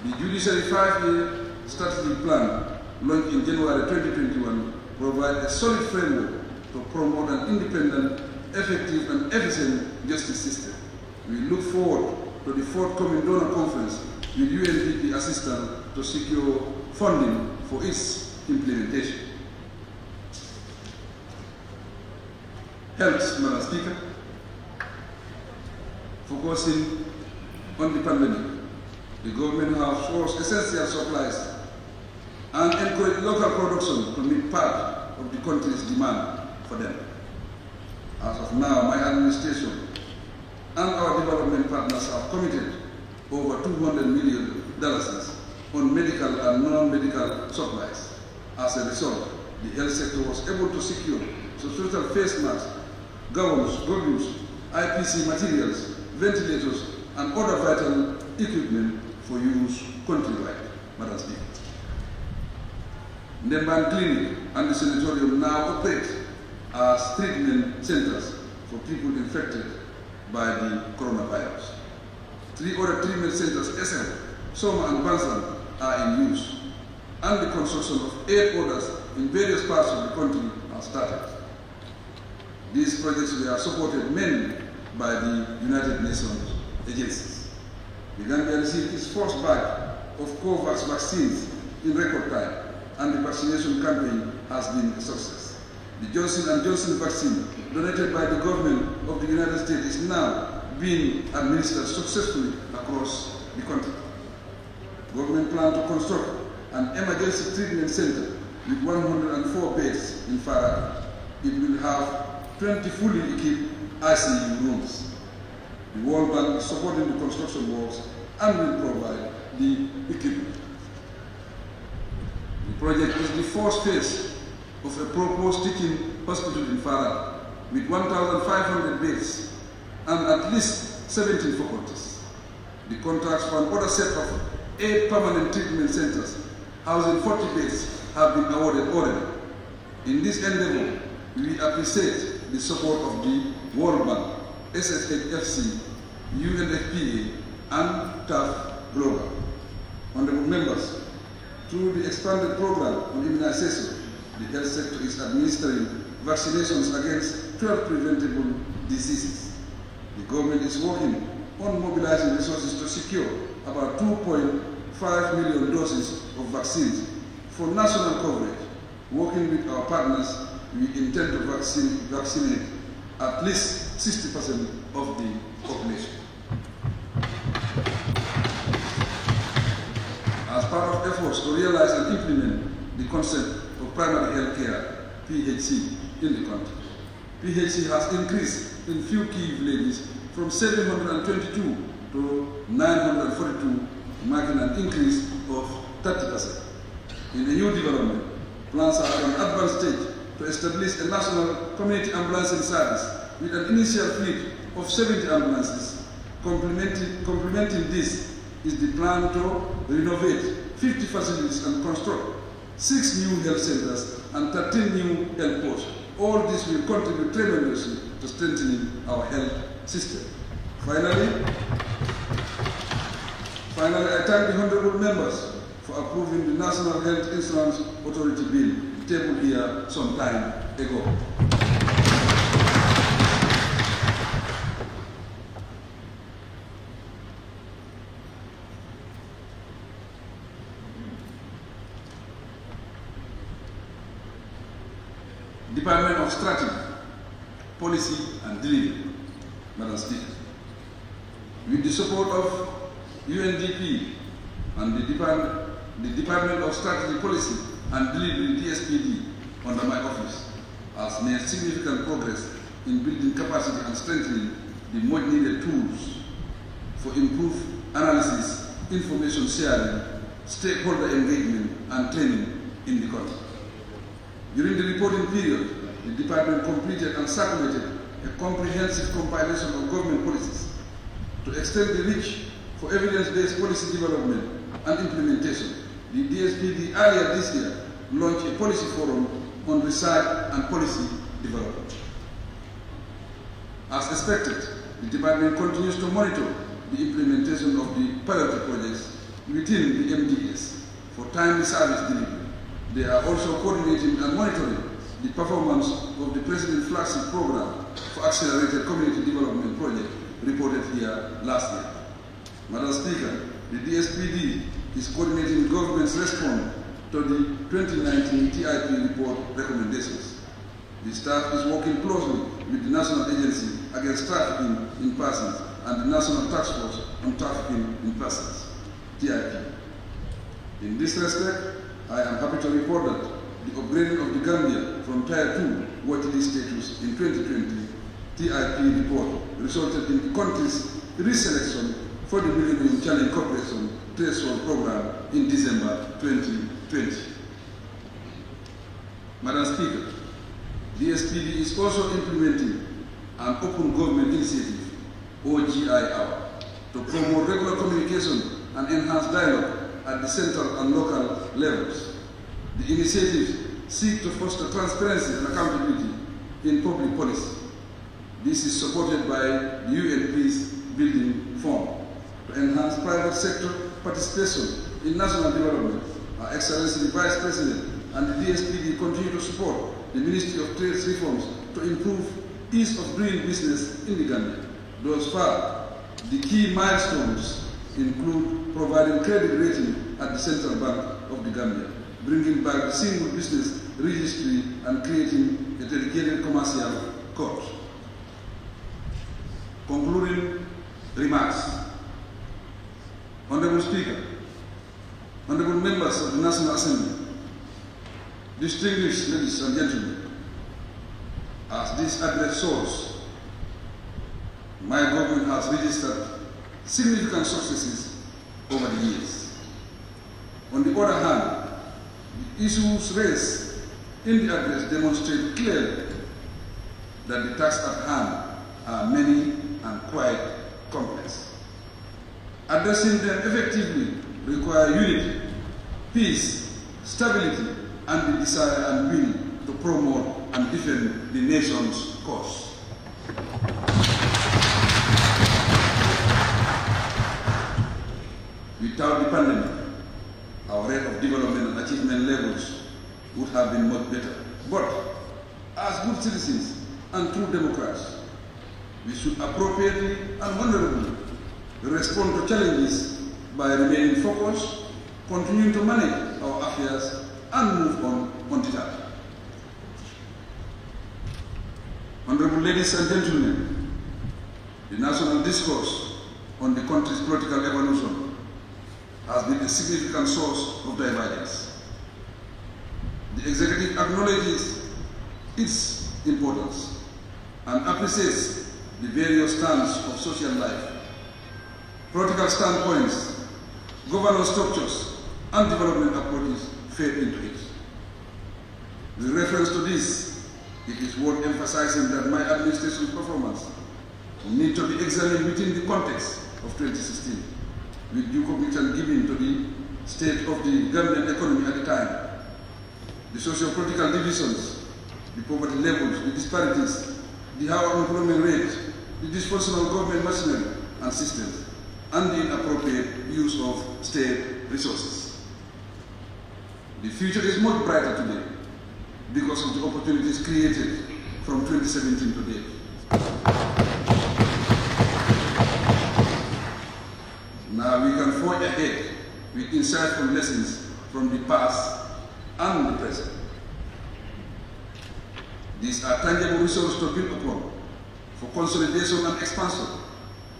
The Judiciary Five-Year Strategic Plan, launched in January 2021, provides a solid framework to promote an independent effective and efficient justice system. We look forward to the forthcoming donor conference with UNDP assistance to secure funding for its implementation. Helps, Madam Speaker, focusing on the pandemic. The government has sourced essential supplies and encouraged local production to meet part of the country's demand for them. As of now, my administration and our development partners have committed over 200 million dollars on medical and non-medical supplies. As a result, the health sector was able to secure substantial face masks, gowns, goggles, IPC materials, ventilators, and other vital equipment for use countrywide, Madam Speaker. Nemban Clinic and the sanatorium now operate as treatment centers for people infected by the coronavirus. Three other treatment centers, Essen, Soma and Bansan, are in use, and the construction of eight others in various parts of the country are started. These projects were supported mainly by the United Nations agencies. The Gambia received its first back of COVAX vaccines in record time, and the vaccination campaign has been a success. The Johnson & Johnson vaccine donated by the government of the United States is now being administered successfully across the country. Government plan to construct an emergency treatment center with 104 beds in Farah. It will have 20 fully equipped ICU rooms. The World Bank is supporting the construction works and will provide the equipment. The project is the fourth phase of a proposed teaching hospital in Farah with 1,500 beds and at least 17 faculties. The contracts for order set of eight permanent treatment centers housing 40 beds have been awarded already. In this endeavor, we appreciate the support of the World Bank, SSHFC, UNFPA, and TAF Global. Honorable members, through the expanded program on immunization, the health sector is administering vaccinations against 12 preventable diseases. The government is working on mobilizing resources to secure about 2.5 million doses of vaccines for national coverage. Working with our partners, we intend to vaccine, vaccinate at least 60% of the population. As part of efforts to realize and implement the concept primary health care, PHC, in the country. PHC has increased in few key villages from 722 to 942, marking an increase of 30%. In the new development, plans are at an advanced stage to establish a national community ambulance service with an initial fleet of 70 ambulances. Complementing, complementing this is the plan to renovate 50 facilities and construct six new health centers, and 13 new health posts. All this will contribute tremendously to strengthening our health system. Finally, finally, I thank the honorable members for approving the National Health Insurance Authority Bill tabled here some time ago. Department of Strategy, Policy and Delivery, Madam Speaker. With the support of UNDP and the Department, the Department of Strategy, Policy and Delivery, DSPD, under my office, has made significant progress in building capacity and strengthening the much needed tools for improved analysis, information sharing, stakeholder engagement, and training in the country. During the reporting period, the department completed and circulated a comprehensive compilation of government policies to extend the reach for evidence-based policy development and implementation. The DSPD earlier this year launched a policy forum on research and policy development. As expected, the department continues to monitor the implementation of the pilot projects within the MDS for timely service delivery they are also coordinating and monitoring the performance of the President Flagship Program for Accelerated Community Development Project reported here last year. Madam Speaker, the DSPD is coordinating government's response to the 2019 TIP report recommendations. The staff is working closely with the National Agency Against Trafficking in Persons and the National Task Force on Trafficking in Persons, TIP. In this respect, I am happy to report that the upgrading of the Gambia from Tier 2 watch list status in 2020 TIP report resulted in the country's reselection for the Millennium Challenge Corporation Threshold Program in December 2020. Madam Speaker, the SPD is also implementing an Open Government Initiative, OGI Hour, to promote regular communication and enhance dialogue at the central and local levels. The initiatives seek to foster transparency and accountability in public policy. This is supported by the UN Peace Building Fund to enhance private sector participation in national development. Our Excellency the Vice President and the DSPD continue to support the Ministry of Trade reforms to improve ease of doing business in the Gambia. Thus far, the key milestones include providing credit rating at the Central Bank of the Gambia, bringing back the single business registry and creating a dedicated commercial court. Concluding remarks. Honorable Speaker, Honorable Members of the National Assembly, distinguished ladies and gentlemen, as this address source, my government has registered significant successes over the years. On the other hand, the issues raised in the address demonstrate clearly that the tasks at hand are many and quite complex. Addressing them effectively requires unity, peace, stability, and the desire and will to promote and defend the nation's cause. Without the pandemic, our rate of development and achievement levels would have been much better. But as good citizens and true democrats, we should appropriately and honorably respond to challenges by remaining focused, continuing to manage our affairs, and move on undeterred. Honorable ladies and gentlemen, the national discourse on the country's political evolution has been a significant source of divergence. The executive acknowledges its importance and appreciates the various strands of social life, political standpoints, governance structures, and development approaches fed into it. With reference to this, it is worth emphasizing that my administration's performance need to be examined within the context of 2016 with due consideration given to the state of the Gambian economy at the time, the socio-political divisions, the poverty levels, the disparities, the high unemployment rate, the dysfunctional government machinery and systems, and the inappropriate use of state resources. The future is much brighter today because of the opportunities created from 2017 to date. with insightful lessons from the past and the present. These are tangible resources to build upon for consolidation and expansion.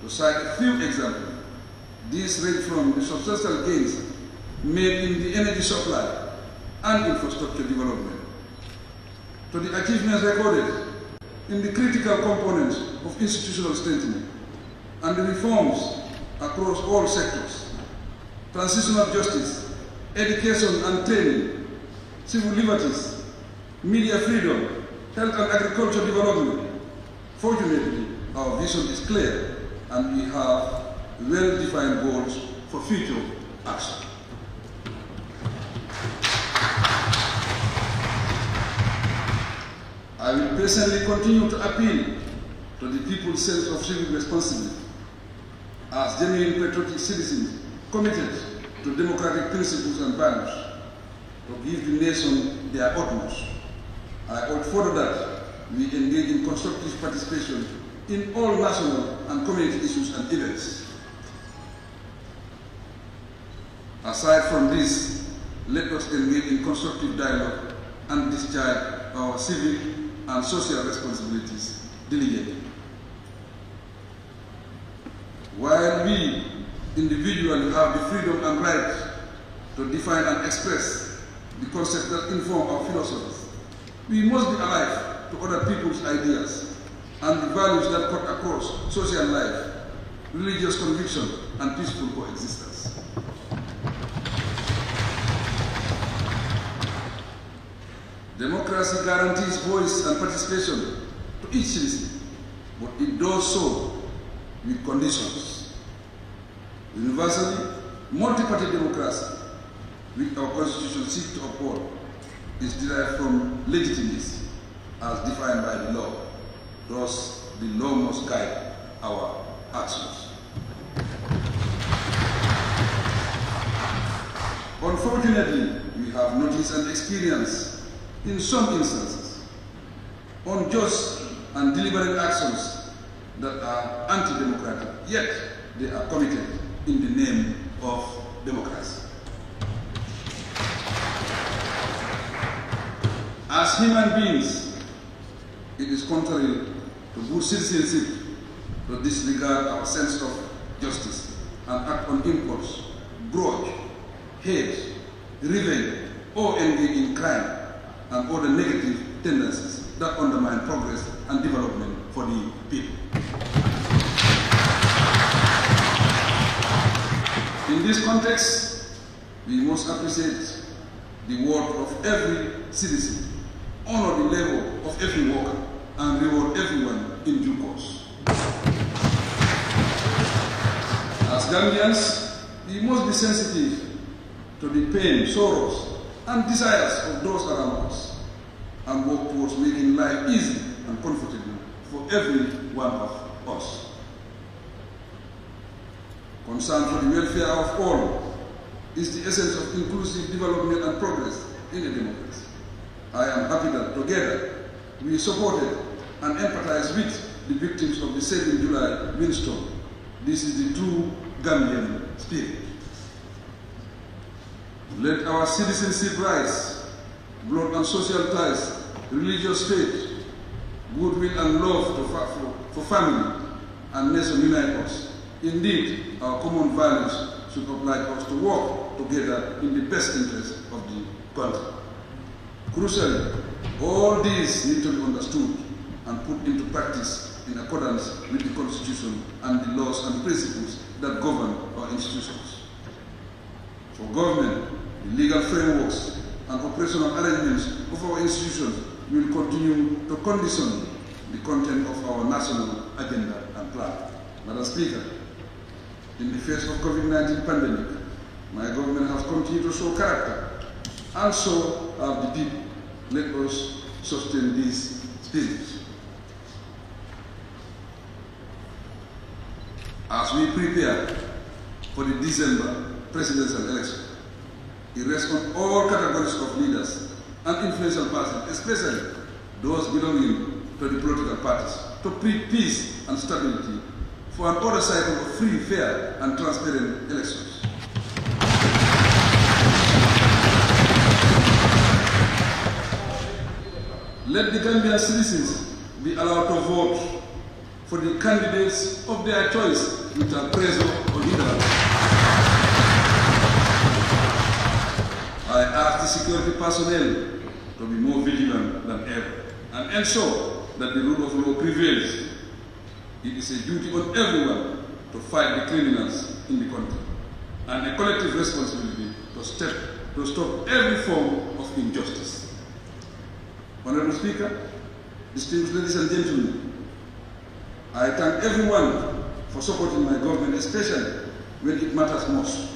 To cite a few examples, these range from the substantial gains made in the energy supply and infrastructure development, to the achievements recorded in the critical components of institutional strengthening and the reforms across all sectors transitional justice, education and training, civil liberties, media freedom, health and agriculture development. Fortunately, our vision is clear and we have well-defined goals for future action. I will personally continue to appeal to the people's sense of civic responsibility as genuine patriotic citizens committed to democratic principles and values, to give the nation their utmost. I hope further that we engage in constructive participation in all national and community issues and events. Aside from this, let us engage in constructive dialogue and discharge our civic and social responsibilities diligently. While we individual, you have the freedom and right to define and express the concepts that inform our philosophies. We must be alive to other people's ideas and the values that cut across social life, religious conviction, and peaceful coexistence. Democracy guarantees voice and participation to each citizen, but it does so with conditions. Universally, multi-party democracy, which our constitution seeks to uphold, is derived from legitimacy as defined by the law. Thus, the law must guide our actions. Unfortunately, we have noticed and experienced, in some instances, unjust and deliberate actions that are anti-democratic, yet they are committed in the name of democracy. As human beings, it is contrary to good citizenship to disregard our sense of justice and act on impulse, grudge, hate, revenge, or envy in crime and other negative tendencies that undermine progress and development for the people. In this context, we must appreciate the work of every citizen, honor the labor of every worker, and reward everyone in due course. As Gambians, we must be sensitive to the pain, sorrows, and desires of those around us, and work towards making life easy and comfortable for every one of us. Concern for the welfare of all is the essence of inclusive development and progress in a democracy. I am happy that together we supported and empathized with the victims of the 7 July windstorm. This is the true Gambian spirit. Let our citizenship rise, blood and social ties, religious faith, goodwill and love for, for, for family and nation unite us. Indeed, our common values should oblige us to work together in the best interest of the country. Crucially, all these need to be understood and put into practice in accordance with the Constitution and the laws and principles that govern our institutions. For government, the legal frameworks and operational arrangements of our institutions will continue to condition the content of our national agenda and plan. Madam Speaker, in the face of COVID-19 pandemic. My government has continued to show character, and so have the people. Let us sustain these spirits. As we prepare for the December presidential election, it rests on all categories of leaders and influential persons, especially those belonging to the political parties, to bring peace and stability for an order cycle of free, fair, and transparent elections. Let the Gambian citizens be allowed to vote for the candidates of their choice without pressure or hindrance. I ask the security personnel to be more vigilant than ever and ensure that the rule of law prevails it is a duty on everyone to fight the criminals in the country and a collective responsibility to, step, to stop every form of injustice. Honorable Speaker, distinguished ladies and gentlemen, I thank everyone for supporting my government, especially when it matters most.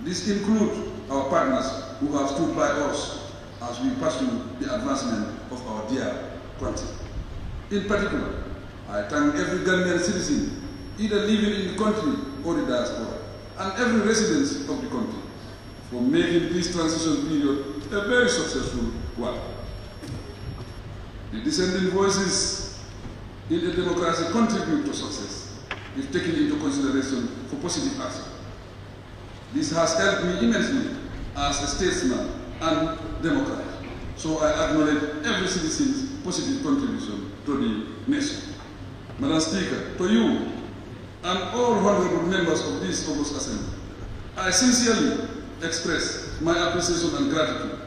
This includes our partners who have stood by us as we pursue the advancement of our dear country. In particular, I thank every Gambian citizen, either living in the country or the diaspora, and every resident of the country for making this transition period a very successful one. The dissenting voices in a democracy contribute to success if taken into consideration for positive action. This has helped me immensely as a statesman and democrat. So I acknowledge every citizen's positive contribution to the nation. Madam Speaker, to you and all honorable members of this August Assembly, I sincerely express my appreciation and gratitude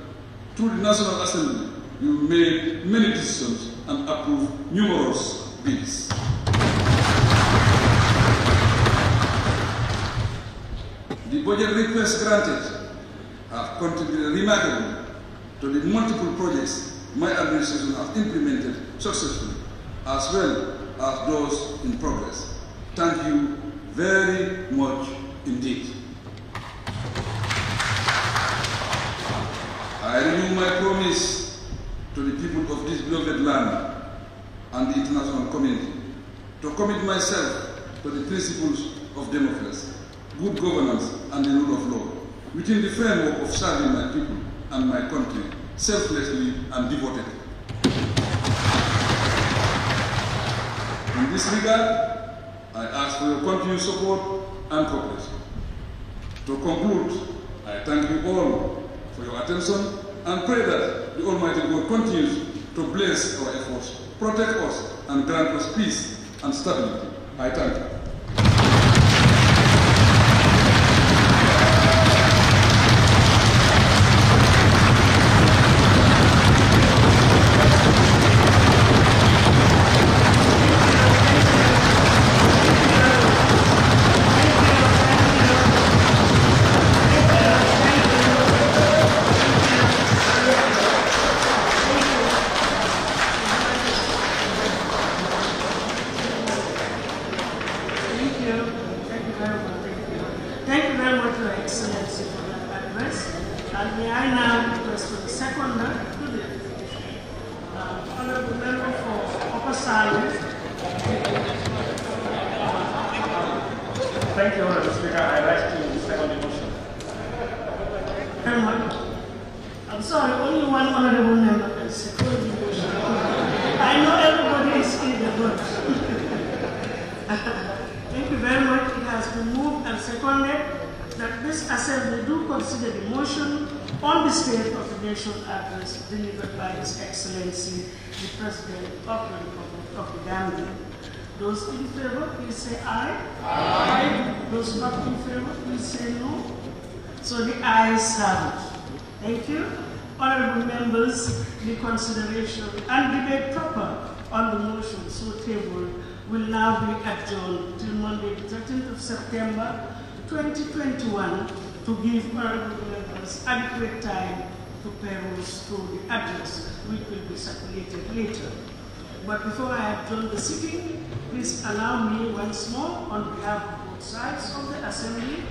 Through the National Assembly. You made many decisions and approved numerous bills. The budget requests granted have contributed remarkably to the multiple projects my administration has implemented successfully, as well as those in progress. Thank you very much indeed. I renew my promise to the people of this beloved land and the international community to commit myself to the principles of democracy, good governance, and the rule of law within the framework of serving my people and my country selflessly and devotedly. In this regard, I ask for your continued support and cooperation. To conclude, I thank you all for your attention and pray that the Almighty God continues to bless our efforts, protect us, and grant us peace and stability. I thank you. through the address, which will be circulated later. But before I adjourn the sitting, please allow me once more, on behalf of both sides of the Assembly,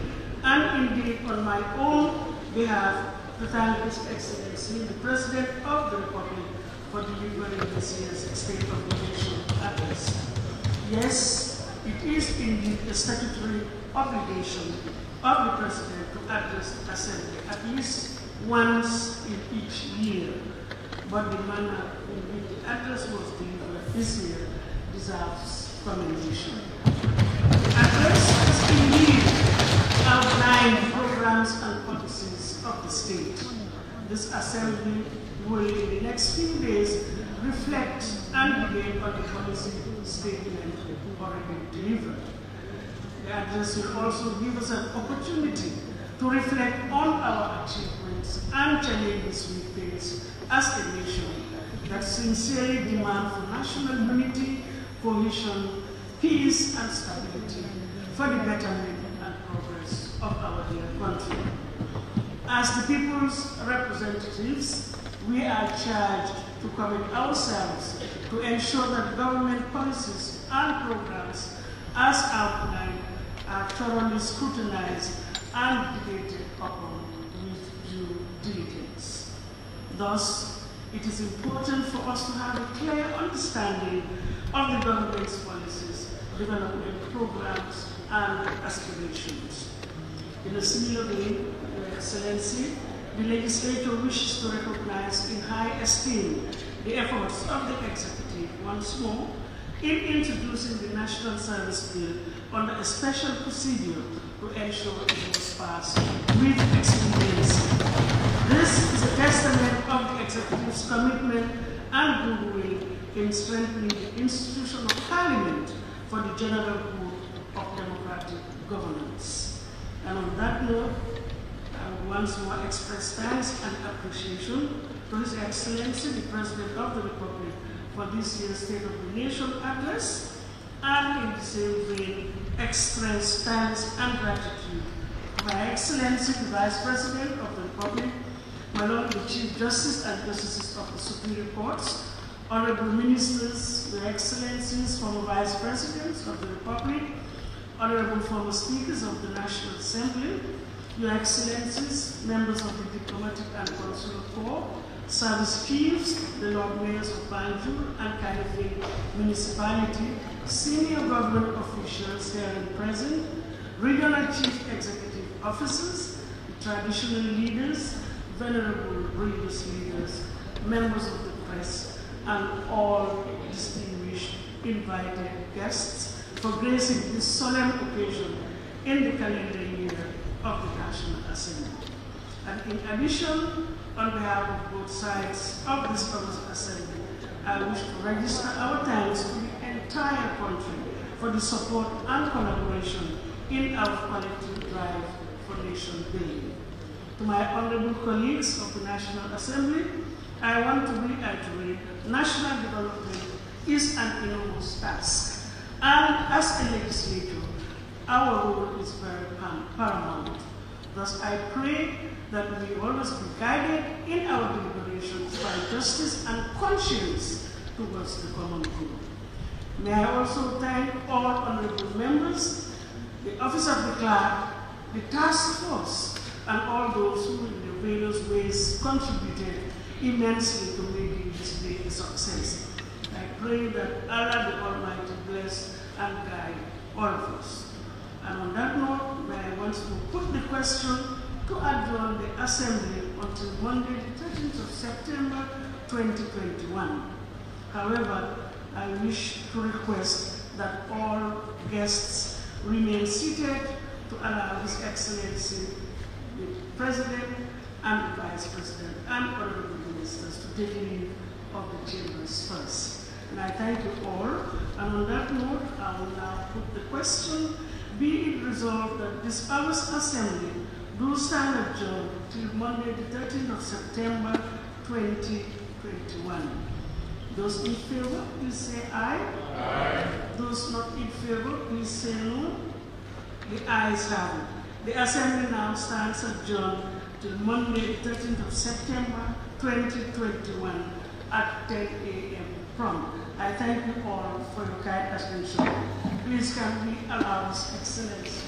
and indeed on my own behalf, to thank His Excellency, the President of the Republic, for delivering this year's State of the Nation address. Yes, it is indeed a statutory obligation of the President to address the Assembly, at least once in each year, but the manner in which the address was delivered this year deserves commendation. The address has indeed outlined programs and policies of the state. This assembly will in the next few days reflect and debate on the policy statement already delivered. The address will also give us an opportunity to reflect on our achievements and challenges we face as a nation that sincerely demand for national unity, cohesion, peace and stability for the betterment and progress of our dear country. As the people's representatives, we are charged to commit ourselves to ensure that government policies and programs as outlined are thoroughly scrutinized unrelated upon with due diligence. Thus, it is important for us to have a clear understanding of the government's policies, development programs, and aspirations. In a similar way, Your Excellency, the legislature wishes to recognize in high esteem the efforts of the executive once more in introducing the National Service Bill under a special procedure to ensure it was passed with expediency. This is a testament of the Executive's commitment and goodwill in strengthening the institution of Parliament for the general good of democratic governance. And on that note, I once more express thanks and appreciation to His Excellency the President of the Republic for this year's State of the Nation address and in the same vein express thanks and gratitude to my Excellency the Vice President of the Republic, my Lord the Chief Justice and Justices of the Superior Courts, Honorable Ministers, Your Excellencies, former Vice Presidents of the Republic, Honorable former Speakers of the National Assembly, Your Excellencies, members of the Diplomatic and Consular Corps, service chiefs, the Lord Mayors of Banjul and Kalife Municipality, senior government officials here in present, regional chief executive officers, traditional leaders, venerable religious leaders, members of the press, and all distinguished invited guests for gracing this solemn occasion in the calendar year of the National Assembly. And in addition, on behalf of both sides of this House Assembly, I wish to register our thanks to the entire country for the support and collaboration in our collective drive for nation building. To my honorable colleagues of the National Assembly, I want to reiterate that national development is an enormous task. And as a legislator, our role is very paramount. Thus, I pray that we always be guided in our deliberations by justice and conscience towards the common good. May I also thank all honorable members, the Office of the Clerk, the task force, and all those who in various ways contributed immensely to making this day a success. I pray that Allah the Almighty bless and guide all of us. And on that note, may I want to put the question to adjourn the Assembly until Monday, the 13th of September, 2021. However, I wish to request that all guests remain seated to allow His Excellency the President and the Vice President and honorable ministers to take leave of the chambers first. And I thank you all. And on that note, I will now put the question, be it resolved that this August Assembly do stand adjourned till Monday the 13th of September 2021. Those in favor, please say aye. Aye. Those not in favor, please say no. The ayes have it. The assembly now stands adjourned till Monday, 13th of September, 2021 at 10 a.m. From. I thank you all for your kind attention. Please can we allow His Excellency.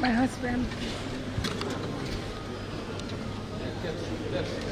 My husband. Yes.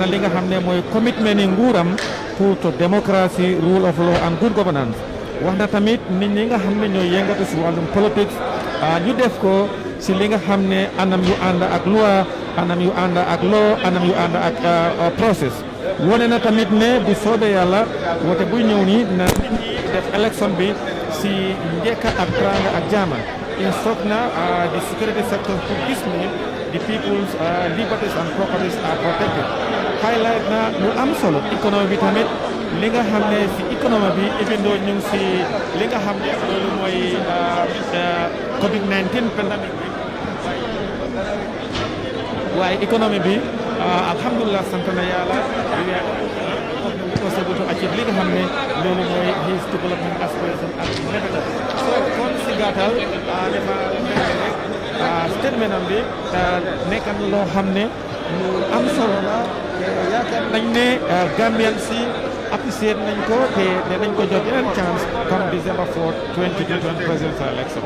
na li nga xam ne mooy commitment ni nguuram pour to democracy rule of law and good governance wax na tamit nit ñi nga xam ne ñooy yëngatu si wàllum politique ah, ñu def ko si li nga xam ne anam yu ànd ak loi anam yu ànd ak law anam yu ànd ak ah, ah, process wone na tamit ne bu soobee yàlla wote buy ñëw nii na nit ñi def élection bi si njekka ak tranga ak jaama instruct na the security sector pour gis ne the people's liberties and properties are protected highlight na lu am solo économie bi tamit li nga xam ne si économie bi even though ñu ngi si li nga xam ne loolu mooy euh, euh, Covid 19 pandemic bi waaye économie bi euh, alhamdulilah sant na yàlla possible to achieve li nga xam ne loolu mooy his development aspiration ak mébétam so kon si gàttal dafa rek statement am bi nekkan loo xam ne lu am solo la yaakaar ne euh, Gambian si apprécié nañ ko te dinañ ko jox yeneen chance comme December 4 2021 presidential election.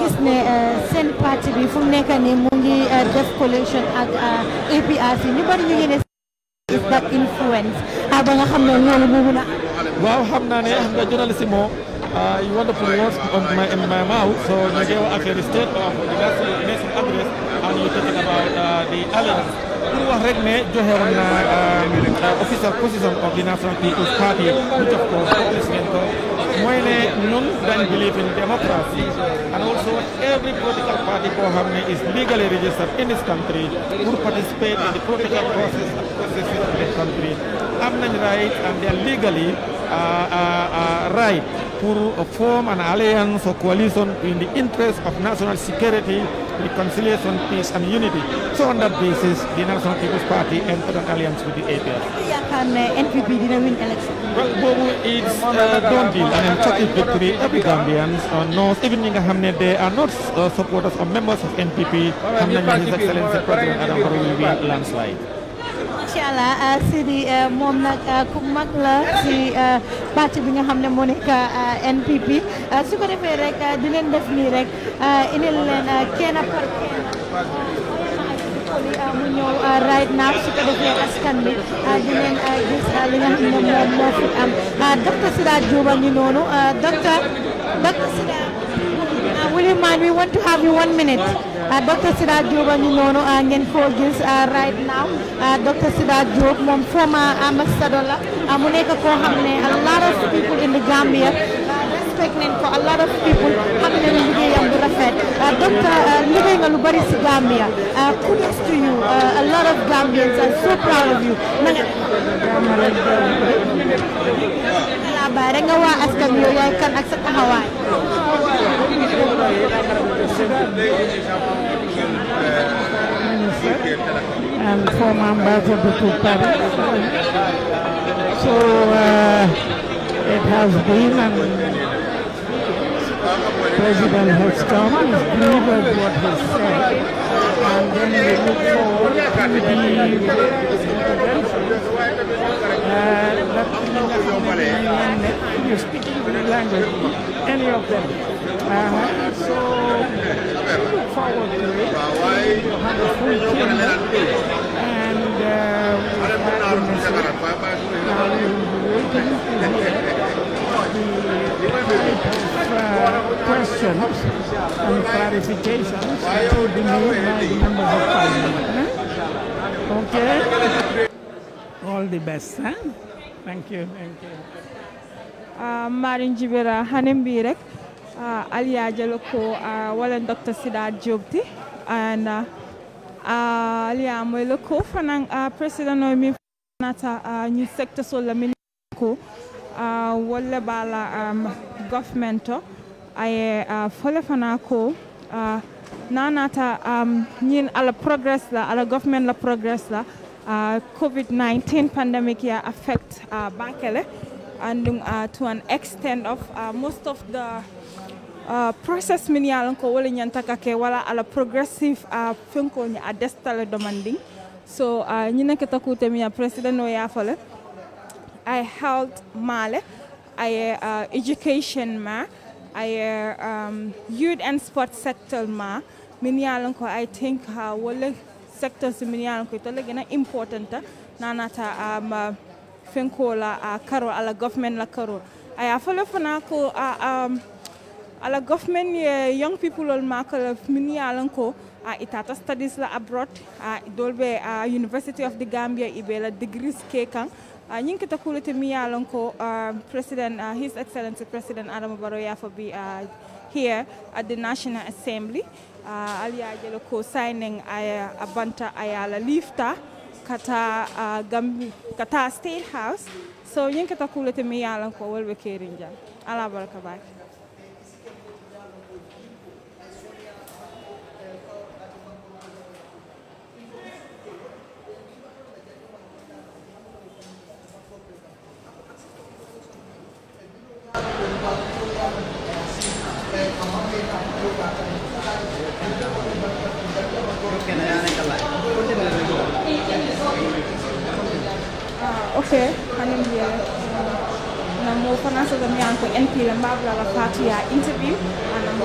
gis ne euh, seen parti bi fu mu nekk nii mu ngi euh, def collection ak APRC ñu bari ñu ngi ne that ah, ba nga xam ne loolu mu mun a. waaw xam naa ne xam nga journaliste moo. Uh, you on my, mouth, so you gave a state of the national address and about the alliance doon wax rek ne joxe woon na eh, eh, official position of the National People's Party which of course gis ngeen ko mooy ne ñun dañ believe in democracy and also every political party boo xam ne is legally registered in this country pour participate in the political process and processes of this country am nañ uh, uh, uh, right and they are legally right pour form an alliance or coalition in the interest of national security reconciliation, peace and unity. So on that basis, the National People's Party entered an alliance with the APS. Can iya, uh, eh, NPP didn't win election? Well, Bobu, it's uh, don't deal and an emphatic victory. Every Gambians uh, knows, even Ninga Hamne, they are not uh, supporters or members of NPP. Hamne, His Excellency President Adam Barrow will be landslide. Masya Allah, uh, si di, uh, mom nak uh, kumak lah si uh, parti bi nga xam ne moo nekk euh, NPP euh, su ko defee rek euh, di leen rek indil leen kenn par kenn mu ñëw right now su ko defee askan bi di leen gis li moo fi am docteur Sida Diop a ngi noonu docteur docteur Sida Williman we want to have you one minute Ah, Dr. Sidat Diop a ngi noonu ah, ngeen koo gis ah, right now Dr. Sidat Diop moom former ambassador la mu nekk koo xam a lot of people in the Gambia fekk a lot of people xam nañ liggéeyam bu rafet euh, docteur liggéey nga lu bari euh, kudos to you euh, a lot of Gambians are so proud of you and former ambassador to Paris. So uh, it has been president has come, he's delivered what he said, and then we look forward to the intervention. Uh, you speak the language, any of them. Uh, so we look forward to it. We have a full and uh, we have message. Now we waiting the uh, questions and clarifications to be made the members of parliament. Huh? Okay? All the best. Huh? Thank you. Thank you. Uh, Marin Jibera Hanembirek, uh, Alia Jaloko, uh, Wallen Dr. Siddharth Jobti, and uh, uh Alia Mweloko, Fanang, uh, President Noemi Fanata, uh, New Sector Solar Minister. uh, wolle bala um, governmento aye uh, fole fana ko uh, nanata um, nyin ala progress la ala government la progress la uh, covid-19 pandemic ya affect uh, bankele and uh, to an extent of uh, most of the Uh, process min ye ko wala ñantaka ke wala ala progressive uh, fenko ñi a destale demanding so uh, ñi nekk takute mi ya no ya fole I health male I uh, education ma I uh, um, youth and sports sector ma min yalan ko i think ha uh, wala sectors min yalan ko to lagi na important nanata um, uh, fenko la a uh, karo ala government la karo follow for na ko a uh, um, ala government ye uh, young people ol makala min yalan ko a itata studies la abroad a dolbe a university of the gambia ibela degrees ke kan uh, ñi ngi takuliti mi yalon uh, president uh, his excellency president Adam Baroya for bi uh, here at the national assembly uh, aliyajelo ko signing aya uh, abanta ayala lifta kata uh, gambi kata state house so ñi ngi takuliti mi yalon ko wolbe kerinja ala baraka À, okay hanim je na mo fana so gam yan ko NP lamba bla la party ya interview à, ana mo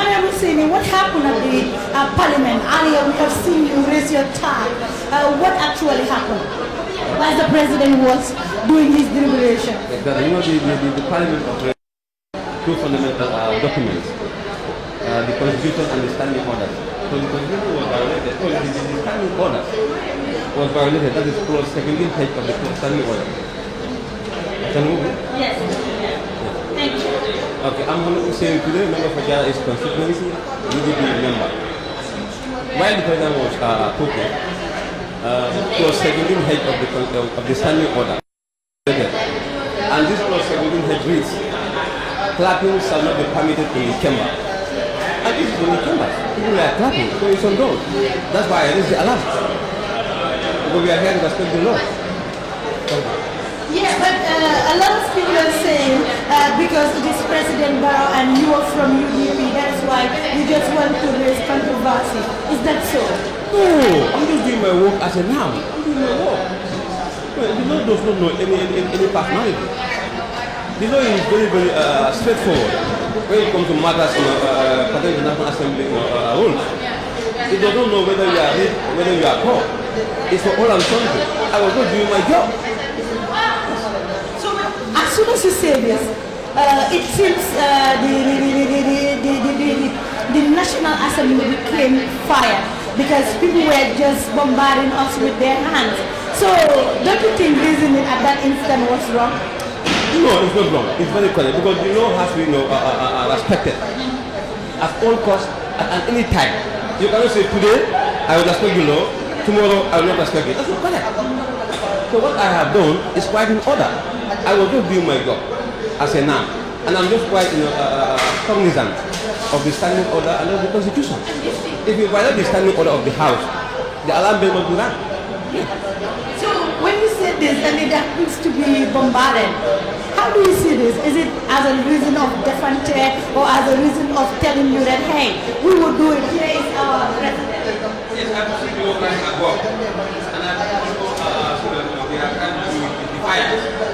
I'm saying, what happened at the uh, parliament earlier? We have seen you raise your hand. Uh, what actually happened? Why the president was doing his deliberation. Exactly. You know, the, the, the parliament operates two fundamental uh, documents. Uh, the constitution and the standing orders. So the constitution was violated. Oh, the, the standing orders was violated. That is clause 17 of the standing orders. Can move? Yes. Okay, I'm going Hamid Hussein today. member for Jara is Constituency, UDP member. While the president was uh, talking, uh, it was seconding head of the, uh, of the standing order. And this was seconding head reads, clapping shall not be permitted in the chamber. And this is in the chamber. People are clapping, so it's on road. That's why it is the alarm. Because we are here to respect the law. Yeah, uh, a lot of people are saying uh, because it is President Barrow and you are from UDP, that's why you just want to raise controversy. Is that so? No, I'm just doing my work as a now. I'm doing my work. Well, the law does not know any, any, any personality. The law is very, very uh, straightforward when it comes to matters in you uh, National Assembly or uh, rules. It does not know whether you are rich or whether you are poor. It's for all I'm something. I was not doing my job soon as you say this, uh, it seems uh, the, the, the, the, the, the, National Assembly became fire because people were just bombarding us with their hands. So don't you think this it at that instant was wrong? No, it's not wrong. It's very correct because you know has to be you know, uh, uh, respected uh, uh, at all costs at, at any time. You cannot say today I will respect you law, tomorrow I will not respect it. That's not correct. So what I have done is quite in order. I was just doing my job as a man, and I'm just quite you know, uh, uh, uh, cognizant of the standing order and of the constitution. If you violate the standing order of the house, the alarm bell will be rang. So when you say this and it happens to be bombarded, how do you see this? Is it as a reason of defante or as a reason of telling you that, hey, we will do it, here is our president. Yes, I'm And I'm uh, are trying to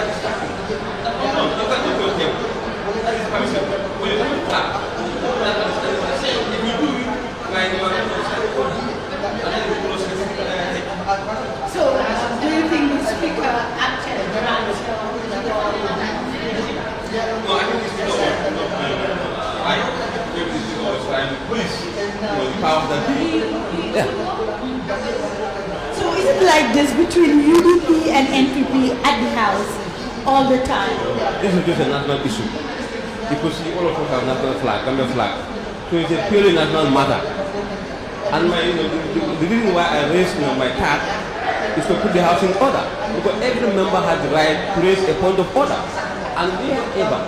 So is it like this between UDP and NPP at the House all the time? This is just a national issue. Because see, all of us have national flag, Gambian flag. So it's a purely national matter. And my, you know, the, the, reason why I raised you know, my cat is to put the house in order because every member has the right to raise a point of order. And wherever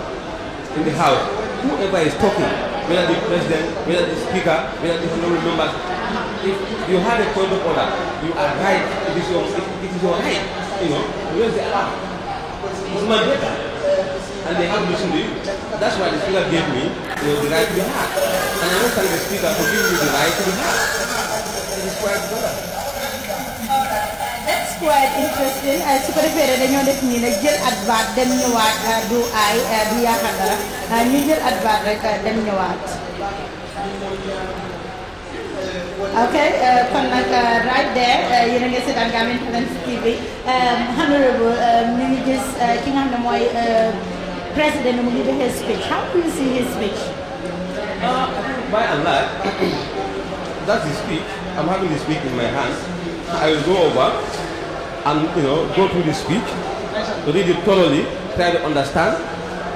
in the House, whoever is talking, whether the President, whether the Speaker, whether the honorable members, if you have a point of order, you are right, it is your, it, it is your right, you know, raise the alarm. It's mandated. And they have listened to you. That's why the Speaker gave me you know, the right to be heard. And I understand the Speaker for giving me the right to be heard. It is quite good quite interesting eh, su ko defee rek dañoo def nii nag jël advert dem ñëwaat eh, du ay eh, du yaakaar dara ñu jël advert rek dem ñëwaat. ok from like right there yéen a ngi seetaan government Talents TV honorable ñu ngi gis ki nga xam ne mooy président mu give his speech how do you see his speech. Uh, by and large, that's his speech I'm having the speech in my hand. I will go over and you know go through the speech, read it thoroughly, try to understand,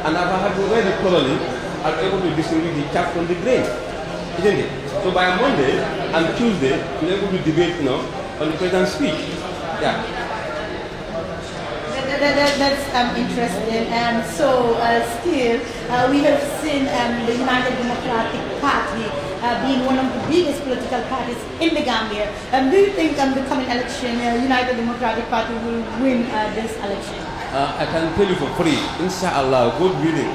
and after having read it thoroughly, I'm able to distinguish the chaff from the grain, isn't it? So by Monday and Tuesday, we're able to debate, you know, on the president's speech. Yeah. That, that, that, that's um, interesting. And um, so, uh, still, uh, we have seen um, the United Democratic Party uh, being one of the biggest political parties in the Gambia. Um, do you think um, the coming election, uh, United Democratic Party will win uh, this election? Uh, I can tell you for free, inshallah, good willing,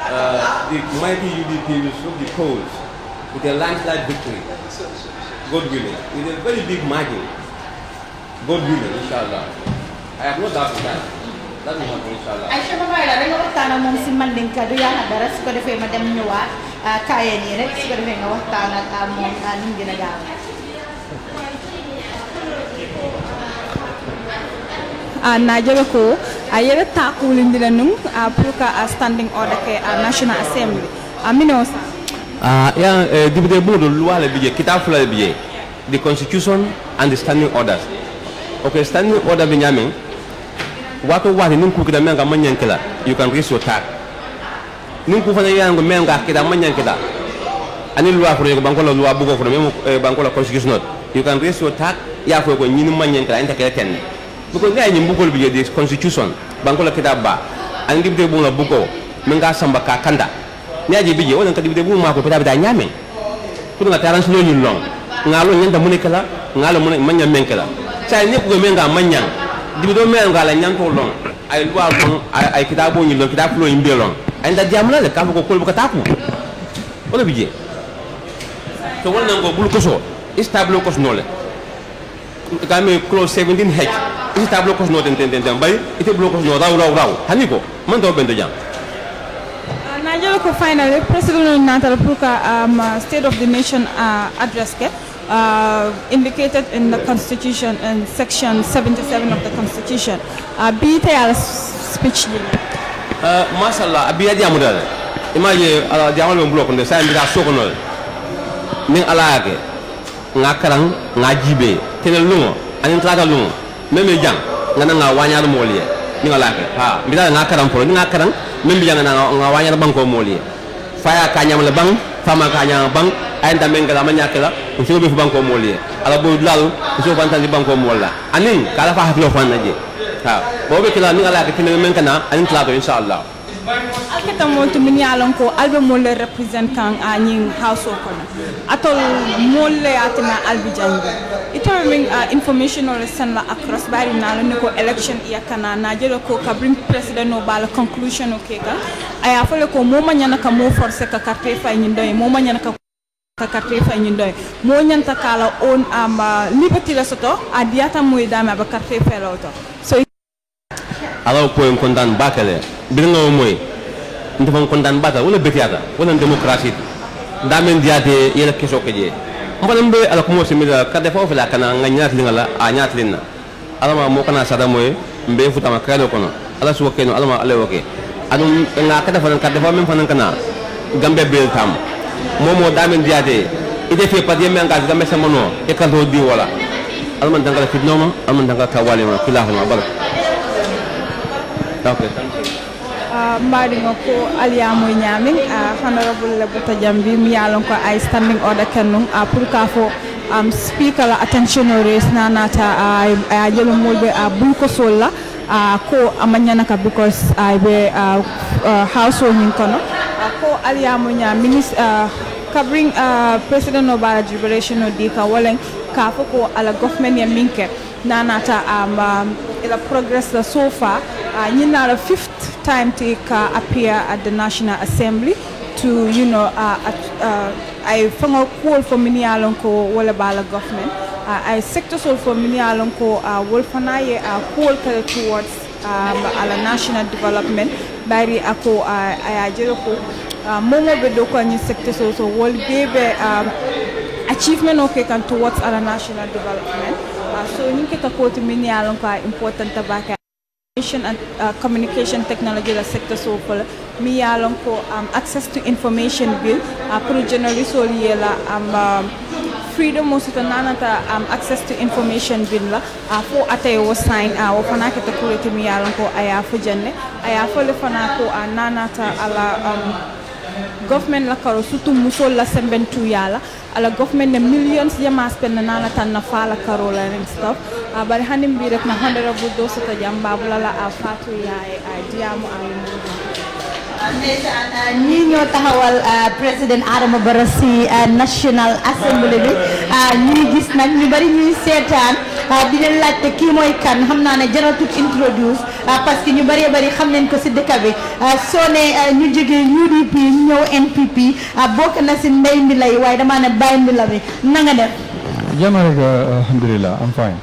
uh, the mighty UDP will show the polls with a landslide victory. God willing, with a very big margin. God willing, inshallah. I have no doubt about that. lan moo ko incha allah. Aïcha Mama Aida dañoo waxtaan ak moom si Manding du yaakaar dara su ko defee ma dem ñëwaat ah, kaayeen yi rek su ko defee nga waxtaan ak ah, moom ah, ni mu gën a gaaw. najaɓe ko a yeɓe standing order ke national assembly amino Ah uh, ya yeah, eh, député ɓuuɗo loi le kita fula le bije the constitution and the standing orders ok standing order ɓe wato wahde nungku kita men ga manyan kila you can reach your tag Nungku fana yango men ga kida manyan kila ani luwa fro ko bankola loi bugo memu memo eh, bankola constitution you can reach your tag ya fo ko nyin manyan kila inta kila ten bugo ngai nyin bugol bi de constitution bankola kita ba ani dibde bu la bugo menga samba ka kanda ni aji bi je wonan ka dibde bu ma ko pita pita nyame kudu nga taran sino nyin long ngalo nyanda munikala ngalo munya menkala sai ni ko men manyan dibido men ga la nyanto lon ay luwa lon ay kitabo ni lon kitabo lon imbe lon ay da diamna le kafu ko kolbu kataku wala bije to wala ngo bulu koso istablo koso nole kame close seventeen hec istablo koso no ten ten ten, bay ite blo koso no raw raw raw haniko man do bendo jam najolo ko finally president natal pour ka um, state of the nation uh, address ke uh, indicated in the Constitution in Section 77 of the Constitution. Uh, speech abiya ala blok nde sai mbita soko nol. ala ke ngakarang ngajibe tene lungo anin tata lungo meme jang ngana nga wanyar moliye ni ala ke ha mbita ngakarang polo ngakarang meme jang ngana nga banko moliye faya kanyam le bang sama ka bank ay nda men gala manya kala usu be banko moliye ala bo dal usu ban tan banko molla anin kala fa haflo fan naje ha bo be kala ni ala ka tin men kana anin tla do inshallah atamontu min yalon ko albe molle represent kan a nyin house o kona atol molle atina albi jangi ito min ah, information ole sen la across bari na ne ko election iya kana na jelo ko kabrin president no bala conclusion o keka aya fole ko moma nyana ka mo force ka carte fa nyin doy moma nyana ka kakarte fa ñu doy mo ñanta kala on am ah, liberty la soto adiata moy dama ba carte fa la auto so alaw ko en kontan bakale bi nga moy kon ndefankon bata wala beteyata wala démocratie ndamen diyade yena keso ke je mbaɗam ɓe ala ko mosimida kade fof la kana ga ñatilingala a ñatilinna alama mo kana sada moye mbe futama kayno kono ala suwa keno alama ala woke aɗum ga kade fanan kade fo men fanan kana gambe bel tam momo damen diyade ide fe padi yemme engage gambe sembono e kanto di wala alman dangala fitnoma alman dangala kawalima kilahuma bala ok Uh, mbaɗimo ko aliyamoy ñamin uh, honorable bouta diam mbimi yalon ko ay standing order kennum euh, pour ka fo um, speaker la attention o res nanata a yelomolɓe a euh, bunko solla ko euh, amañanaka because ɓe house o ñin kono ko aliyamo ña ministre covering president obara jubilation odika di ka fo ko ala government ya min ke nanata um, um, ila progress la so far uh, nyina la fifth time tika appear at the National Assembly to you know uh, at, uh, I fanga call for mini alon ko wala bala government uh, I sector so for mini alon ko uh, wolfana ye uh, call towards um, ala national development bari ako uh, ajero ko uh, momo be do ko ni sector so so wol bebe um, achievement okay can towards ala national development Ah, so Uh, kita Ninkekakoti mini alonka important tabaka information and uh, communication technology la sector so for mi alonko um, access to information bill uh, ah, pro generally so liela um, um freedom mo sa nanata um, access to information bill la uh, for atay wo sign uh, wo fana ke takuleti mi alonko aya fo jenne aya fo le fana ko uh, nanata ala um, government la karo surtout musol la tu yala ala government ne millions pen na na tan na fala karo la and stuff uh, ah, bari hanim bi rek na honorable dosita jambabula la afatu ah, ya diamu ai mu ñii ñoo taxawal euh, président Adama Barrow si euh, National Assembly bi euh, ñuy gis nag ñu bari ñuy seetaan di leen laajte kii mooy kan xam naa ne jaratut introduce parce que ñu bëree bari xam nañ ko si dëkk bi soo ne ñu jógee UDP ñu ñëw NPP bokk na si ndey mbi lay waaye damaa ne bàyyi mbi bi na nga def jàmm rek alhamdulilah I'm fine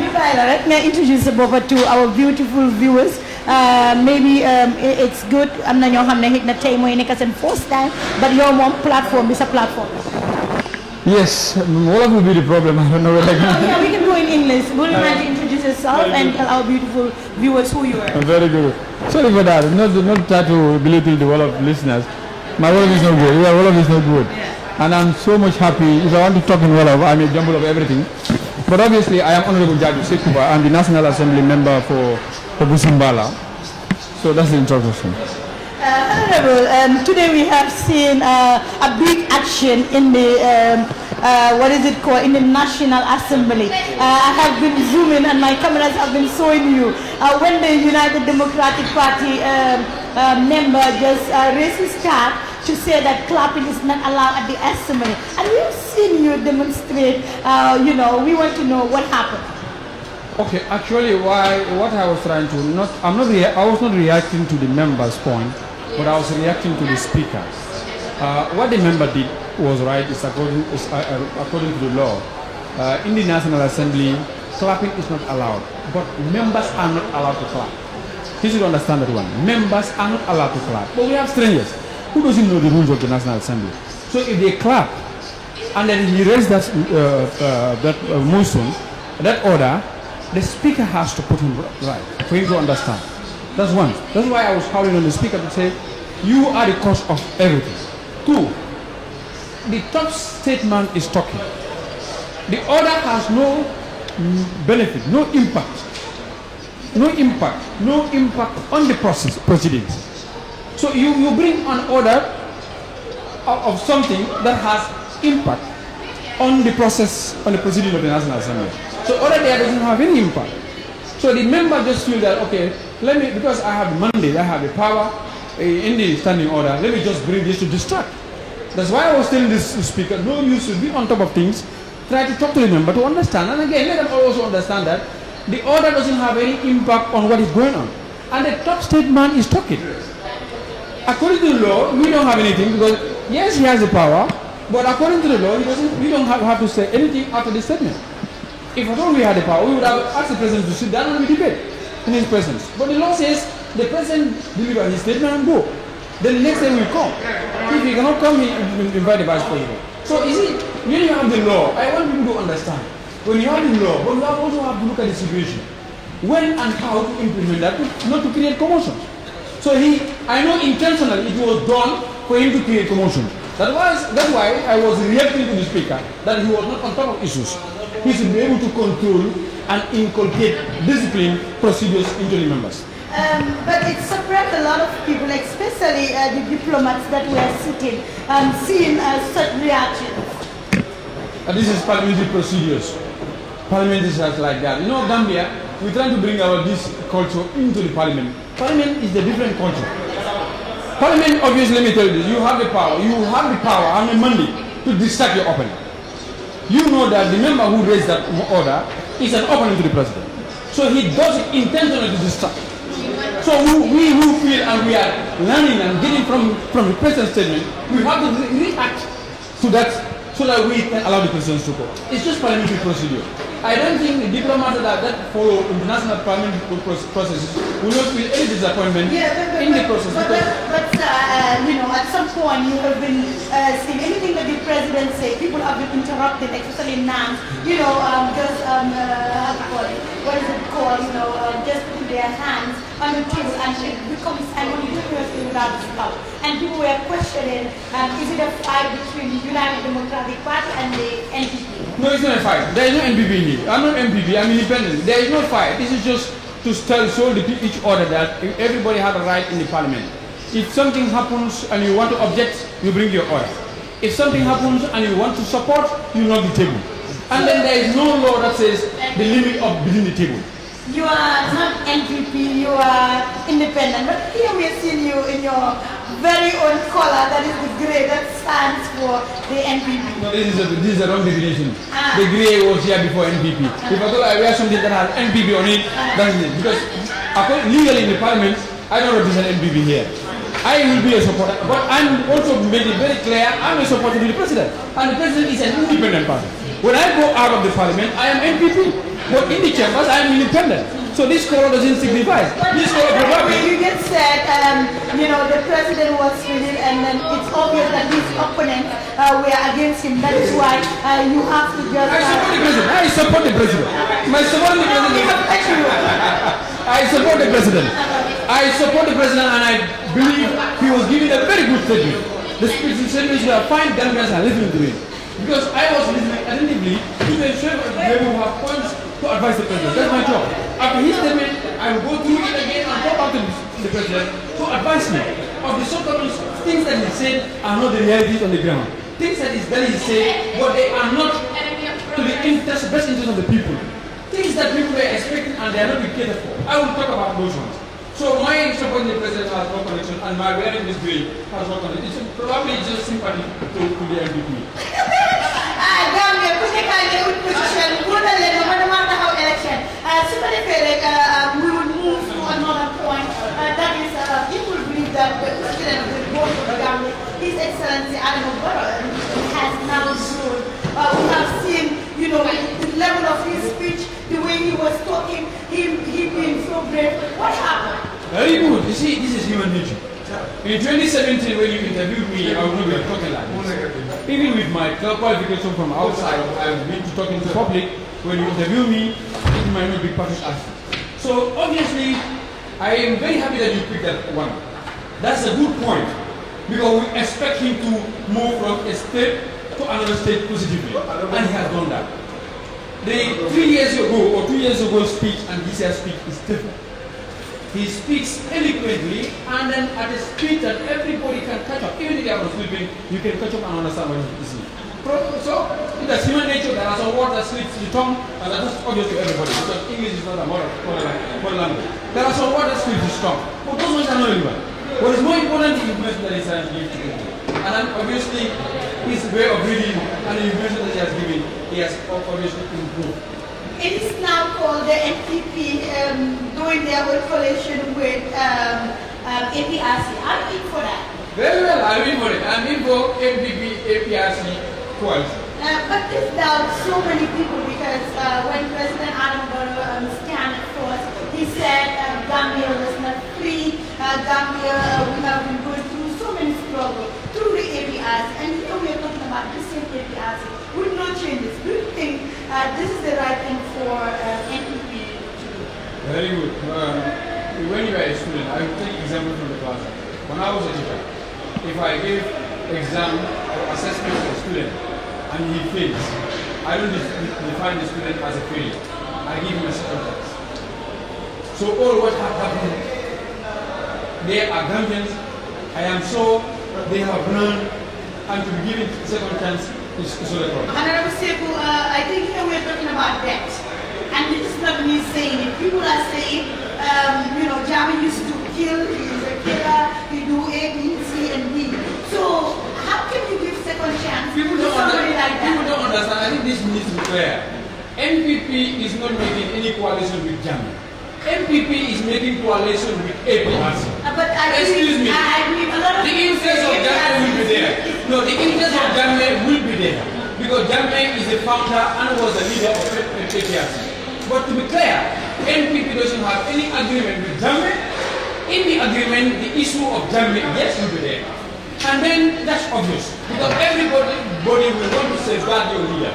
ñu bàyyi la rek nga introduce boppa to our beautiful viewers Uh, maybe um, it's good am na ñoo xam Hit xëj na tey mooy nekk seen first time but your moom platform is a platform. Yes, what will be the problem? I don't know where I oh, Yeah, we can go in English. Would you mind to introduce yourself and tell our beautiful viewers who you are? Very good. Sorry for that. Not, not try to belittle the world of listeners. My world is not good. Yeah, Wolof is not good. Yeah. And I'm so much happy. If I want to talk in Wolof, I'm a jumble of everything. But obviously, I am Honorable Jaju Sekuba. I'm the National Assembly member for Obusimbala. So that's the introduction. Uh, Honorable, um, today we have seen uh, a big action in the, um, uh, what is it called, in the National Assembly. Uh, I have been zooming and my cameras have been showing you uh, when the United Democratic Party um, uh, member just raised his hand to say that clapping is not allowed at the assembly. And we've seen you demonstrate, you know, we want to know what happened. Okay, actually, why what I was trying to not I'm not I was not reacting to the members' point, yes. but I was reacting to the speaker. Uh, what the member did was right. Is according is, uh, uh, according to the law. Uh, in the National Assembly, clapping is not allowed, but members are not allowed to clap. You should understand that one. Members are not allowed to clap, but we have strangers who doesn't know the rules of the National Assembly. So if they clap, and then he raised that uh, uh, that motion, that order, the speaker has to put him right for you to understand. That's one. That's why I was calling on the speaker to say, you are the cause of everything. Two, the top statement is talking. The order has no benefit, no impact. No impact, no impact on the process, president. So you, you bring an order of, of something that has impact on the process, on the proceeding of the National Assembly. So already I doesn't have any impact. So the member just feel that, okay, let me, because I have mandate, I have the power eh, in the standing order, let me just bring this to distract. That's why I was telling this speaker, no, use to be on top of things, try to talk to the member to understand. And again, let them also understand that the order doesn't have any impact on what is going on. And the top state man is talking. According to the law, we don't have anything because, yes, he has the power, but according to the law, he doesn't, we don't have, have to say anything after the statement. If at all we had the power, we would have asked the president to sit down and we debate in his presence. But the law says the president deliver his statement and go. Then the next day will come. If he cannot come, he invite the vice president. So you see, when you have the law, I want people to understand. When you have the law, but you also have to look at the situation. When and how to implement that, not to create commotion. So he, I know intentionally it was done for him to create commotion. That was that's why I was reacting to the speaker that he was not on top of issues. He should be able to control and inculcate discipline procedures into the members. Um, but it surprised a lot of people, especially uh, the diplomats that were sitting and um, seeing uh, such reactions. And this is parliamentary procedures. Parliament is like that. You know, Gambia, we're trying to bring our this culture into the parliament. Parliament is a different culture. Parliament, obviously, let me tell you this. You have the power. You have the power and the money to distract your opponent. You know that the member who raised that order is an opponent to the president. So he does it intentionally to distract. So we, we who feel and we are learning and getting from, from the president's statement, we have to re react to that so that we can allow the president to go. It's just parliamentary procedure. I don't think diplomats that, that follow international permit processes will not feel any disappointment yeah, but, but, in the process. But, but, uh, you know, at some point you have been uh, seeing anything that the president said, people have been interrupted, especially now. You know, um, just, um, uh, what is it called, you know, um, just putting their hands on the table and it becomes an unanimous without stop. And people were questioning, um, is it a fight between the United Democratic Party and the NPP? No, it's not a fight. There is no NPP in I'm not MPP, I'm independent. There is no fight. This is just to tell show the, each other that everybody has a right in the parliament. If something happens and you want to object, you bring your oil. If something happens and you want to support, you knock the table. And then there is no law that says the limit of building the table you are not NPP, you are independent. But here we are seeing you in your very own color, that is the grey, that stands for the NPP. No, this is, a, this is the wrong definition. Ah. The grey was here before NPP. Ah. If I thought I wear something that has NPP on it, ah. that's it. Because legally in the parliament, I don't represent NPP here. I will be a supporter, but I'm also made it very clear I'm a supporter to the president. And the president is an independent party. When I go out of the parliament, I am NPP. But in the chambers, I am independent. So this color doesn't signify. This color You just said, um, you know, the president was within, and then it's obvious that his opponents uh, were against him. That is why uh, you have to just. I support the president. I support the president. My support the president. I support the president. I support the president, and I believe he was giving a very good statement. The statements were fine. Gambians are listening to him. Because I was listening attentively to the insurance who have points to advise the president. That's my job. After his statement, I will go through it again and go back to the president to advise me of the shortcomings, things that he said are not the realities on the ground. Things that is that he said, but they are not to the interest, best interest of the people. Things that people are expecting and they are not being catered for. I will talk about those ones. So my supporting the president has no connection, and my wearing this green has no connection. It's probably just sympathy to, to the NDP. I am a position, not no matter how election. Uh, sympathy feeling, uh, uh, we will move to another point. Uh, that is, uh, will read that the president will go to the Gambia. His Excellency Adam Oboro has now shown. Uh, we have seen, you know, the level of his speech when he was talking, him, him being so brave. What happened? Very good. You see, this is human nature. In 2017, when you interviewed me, I was not talking like this. Even with my qualification from outside, i to talk in the public. When you interview me, it might not be perfect answer. So obviously, I am very happy that you picked that one. That's a good point because we expect him to move from a state to another state positively, and he has done that. The three years ago or two years ago speech and this year's speech is different. He speaks eloquently and then at a speed that everybody can catch up. Even if you are sleeping, you can catch up and understand what he is saying. So, that's human nature. There are some words that slips the tongue and that's obvious to everybody because English is not a modern, modern language. There are some words that slips the tongue, but those ones are not everyone. What is more important is the information that is given to people. And obviously, his way of reading and the information that he has given, he has in improved. It is now called the MPP um, doing their work collation with um, um, APRC. I'm in for that. Very well, I'm in for it. I'm in for MPP APRC twice. Uh, but this doubt so many people because uh, when President Adam Burrow um, for us, he said uh, Gambia was not free, uh, Gambia, uh, we have been going through so many struggles. And here we are talking about instant APIs. We're not change this. Do you think uh, this is the right thing for uh, to do? Very good. Um, when you are a student, I will take example from the class. When I was a teacher, if I give exam or assessment to a student and he fails, I don't define the student as a failure. I give him a chance. So all what has happened, are arrogance, I am sure they have learned and to be given second chance is, so Honorable Sable, uh, I think here we're talking about debt. And this is not me saying if People are saying, um, you know, Jami used to kill, he's a killer, he do A, B, C, and D. So how can you give second chance people to somebody like that? People don't understand. I think this needs to be clear. MPP is not making any coalition with Jami. MPP is making coalition with APRC. Uh, but I Excuse me. I a lot of the instance of that will be there. No, the interest of Jammeh will be there because Jammeh is the founder and was the leader of PPRC. But to be clear, NPP doesn't have any agreement with Jammeh. In the agreement, the issue of Jammeh, yes, will be there. And then that's obvious because everybody body will want to safeguard your leader.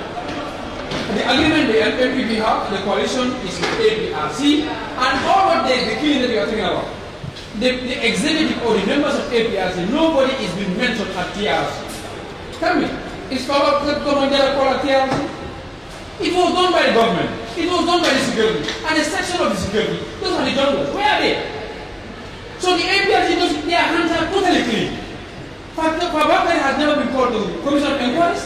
The agreement the NPP have, the coalition, is with APRC, and all what they, the killing that you are talking about the, the executive or the members of APRC, nobody is being mentioned at TRC. Tell me, is Fawab government there called at TRC? It was done by the government. It was done by the security. And a section of the security. Those are the journalists. Where are they? So the APRC does their hands are totally clean. Fact Fabakari has never been called to the Commission of Inquiries,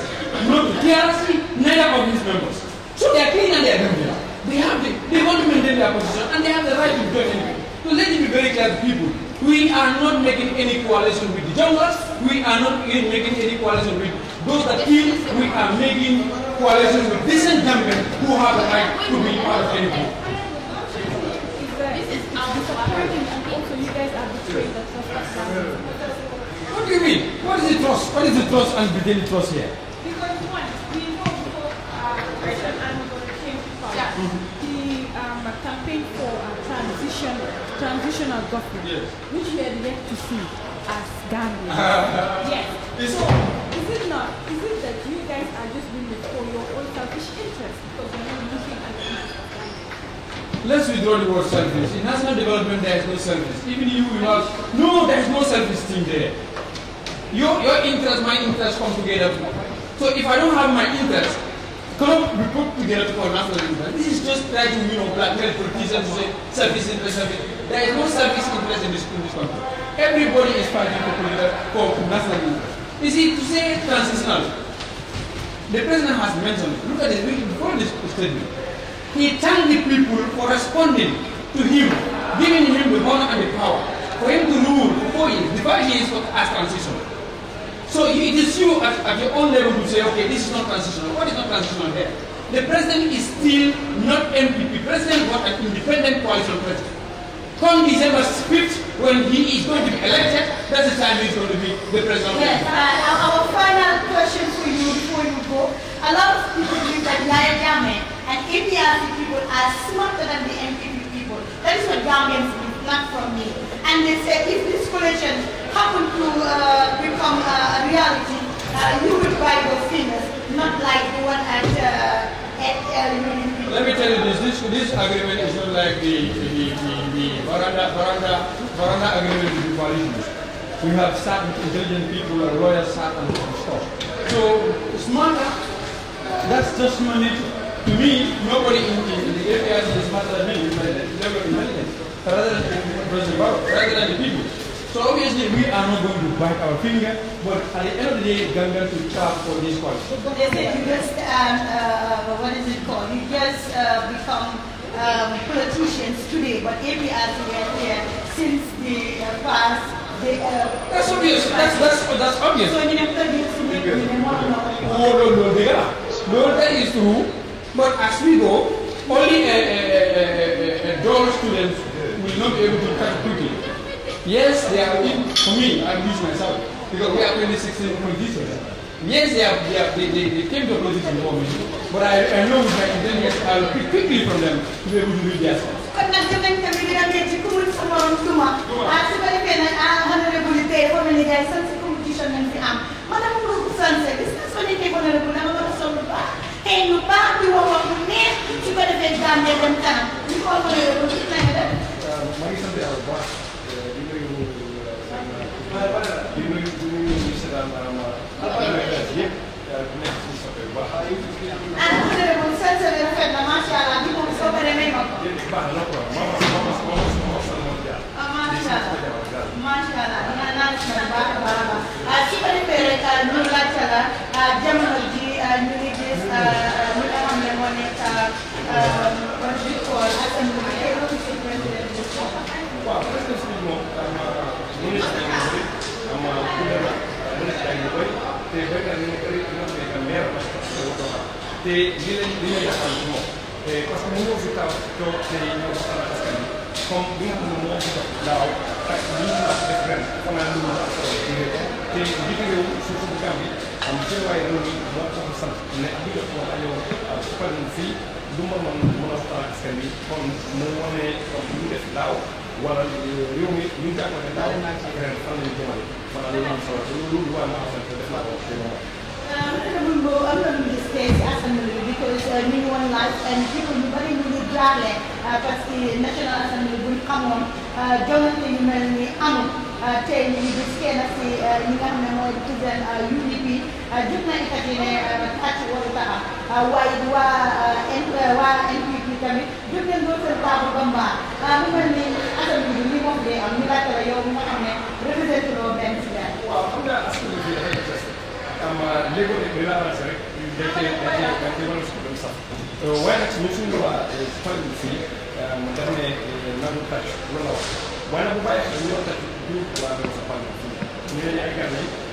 no to TRC, neither of his members. So they are clean and they are regular. They have the, they want to maintain their position and they have the right to do anything. So let me be very clear to people. We are not making any coalition with the junglers. We are not making any coalition with those that kill. We are making coalition with decent gentlemen who have the right to be part of anything. What do you mean? What is the trust? What is the trust and pretended trust here? Because one, we know before uh, President Angola came to power, he um, campaigned for a transition transitional government, yes. which we have yet to see as Gambians. yes. It's so, is it not? Is it that you guys are just doing it for your own selfish interest because you're not looking at the Let's withdraw the word selfish. In national development, there is no selfish. Even you will have No, there is no selfish thing there. Your, your interest, my interest come together. So if I don't have my interest, Quand le peuple de réponse this is just trying to, you know, blackmail politicians to say service in service. There is no service interest in this, country. Everybody is fighting for political for nationalism. You see, to say transitional, the president has mentioned, look at this, before this statement, he thanked the people for responding to him, giving him the honor and the power for him to rule for four years. The five years as transition. So it is you at, at your own level who say, okay, this is not transitional. What is not transitional here? The president is still not MPP. President was an independent coalition president. Come December 5th, when he is going to be elected, that's the time he's going to be the president. Yes, uh, our final question for you before you go. A lot of people believe that Naya Jammeh and APRC people are smarter than the MPP people. That is what Gambians believe, from me. And they say if this coalition happen to uh, become uh, a reality, uh, you buy fingers, not like the one at, uh, Let me tell you this, this, this agreement is not like the, the, the, the Baranda, Baranda, Baranda agreement with the coalitions. We have certain intelligent people and lawyers sat and stuff. So smarter, that's just money. To me, nobody in, in, in the areas is smarter than me, never rather than, rather than the people. So obviously we are not going to bite our finger, but at the end of the day, Gambia to charge for this coin. They said you just, um, uh, uh, what is it called? You just uh, become um, politicians today, but every as we are here since the uh, past they, uh, that's obvious. That's that's that's obvious. So you never get to make Oh no no they are. No that is true. But as we go, only a a a, a, a, a dull student will not be able to catch quickly. Yes, they are, for me, I this myself, because we are 2016 politicians. Yes, they, are, they, are, they, they, they came to politics before me, but I, I know that my intelligence, I will pick quickly from them to be able to do their stuff. di nuyu di nuyu ñu si daan yëpp bu nekk si sa bu baax. ah monsieur moom seen seen rafet na macha allah ñu moom soo paree may ma ko. baax na quoi moom moom moom moom macha allah macha allah dinaa naan si man baax a baax a baax ci ko defee rek ñu laajte la jamono ji ñu ngi gis li nga xam ne moo nekk projet bi xool ak seen te béykat yi ñu bëri te lii lañ li ñuy yàqal ci moom parce que mënoo fi taw toog te ñëw comme bi nga xam ne moo fi daaw ak lii ñu wax def ren xam naa lu mu am solo ci am ci waaye loolu moo ko sant ne bi nga xam ne yow fukki fii a waxtaan ak comme mu wane comme mu def daaw. wala réew mi ñu ngi jàppale daaw ak ren fan la ñu jëmale wala lu am solo te loolu war naa ko def naa ko wax dëgg yàlla. Abdoulaye Mbow am na lu gis tey si assemblée bi parce que ñu ngi woon laaj people ñu bëri ñu ngi jaale parce que national assembly buñ xamoon jongante yu mel ni amul tey ñu ngi gis kenn si ñi nga xam ne mooy président UDP. جبنا نتاجين نتحكي ورطها وايد و وانتي كامل جبنا نقول في الطابة بمبا هم اللي أصلا بيجوني مفلي أو ملا ترى يوم ما أنا ريبريزنت لو بنتي وأنا أصلا في هاي الجلسة أما ليجو إبريلا أنا سريع دكتور دكتور دكتور مسؤول صح وأنا تمشون لو تفهم في مدرنة ما نتحكي ولا وأنا ببايع نقطة دو وأنا بفهم في من اللي أقدر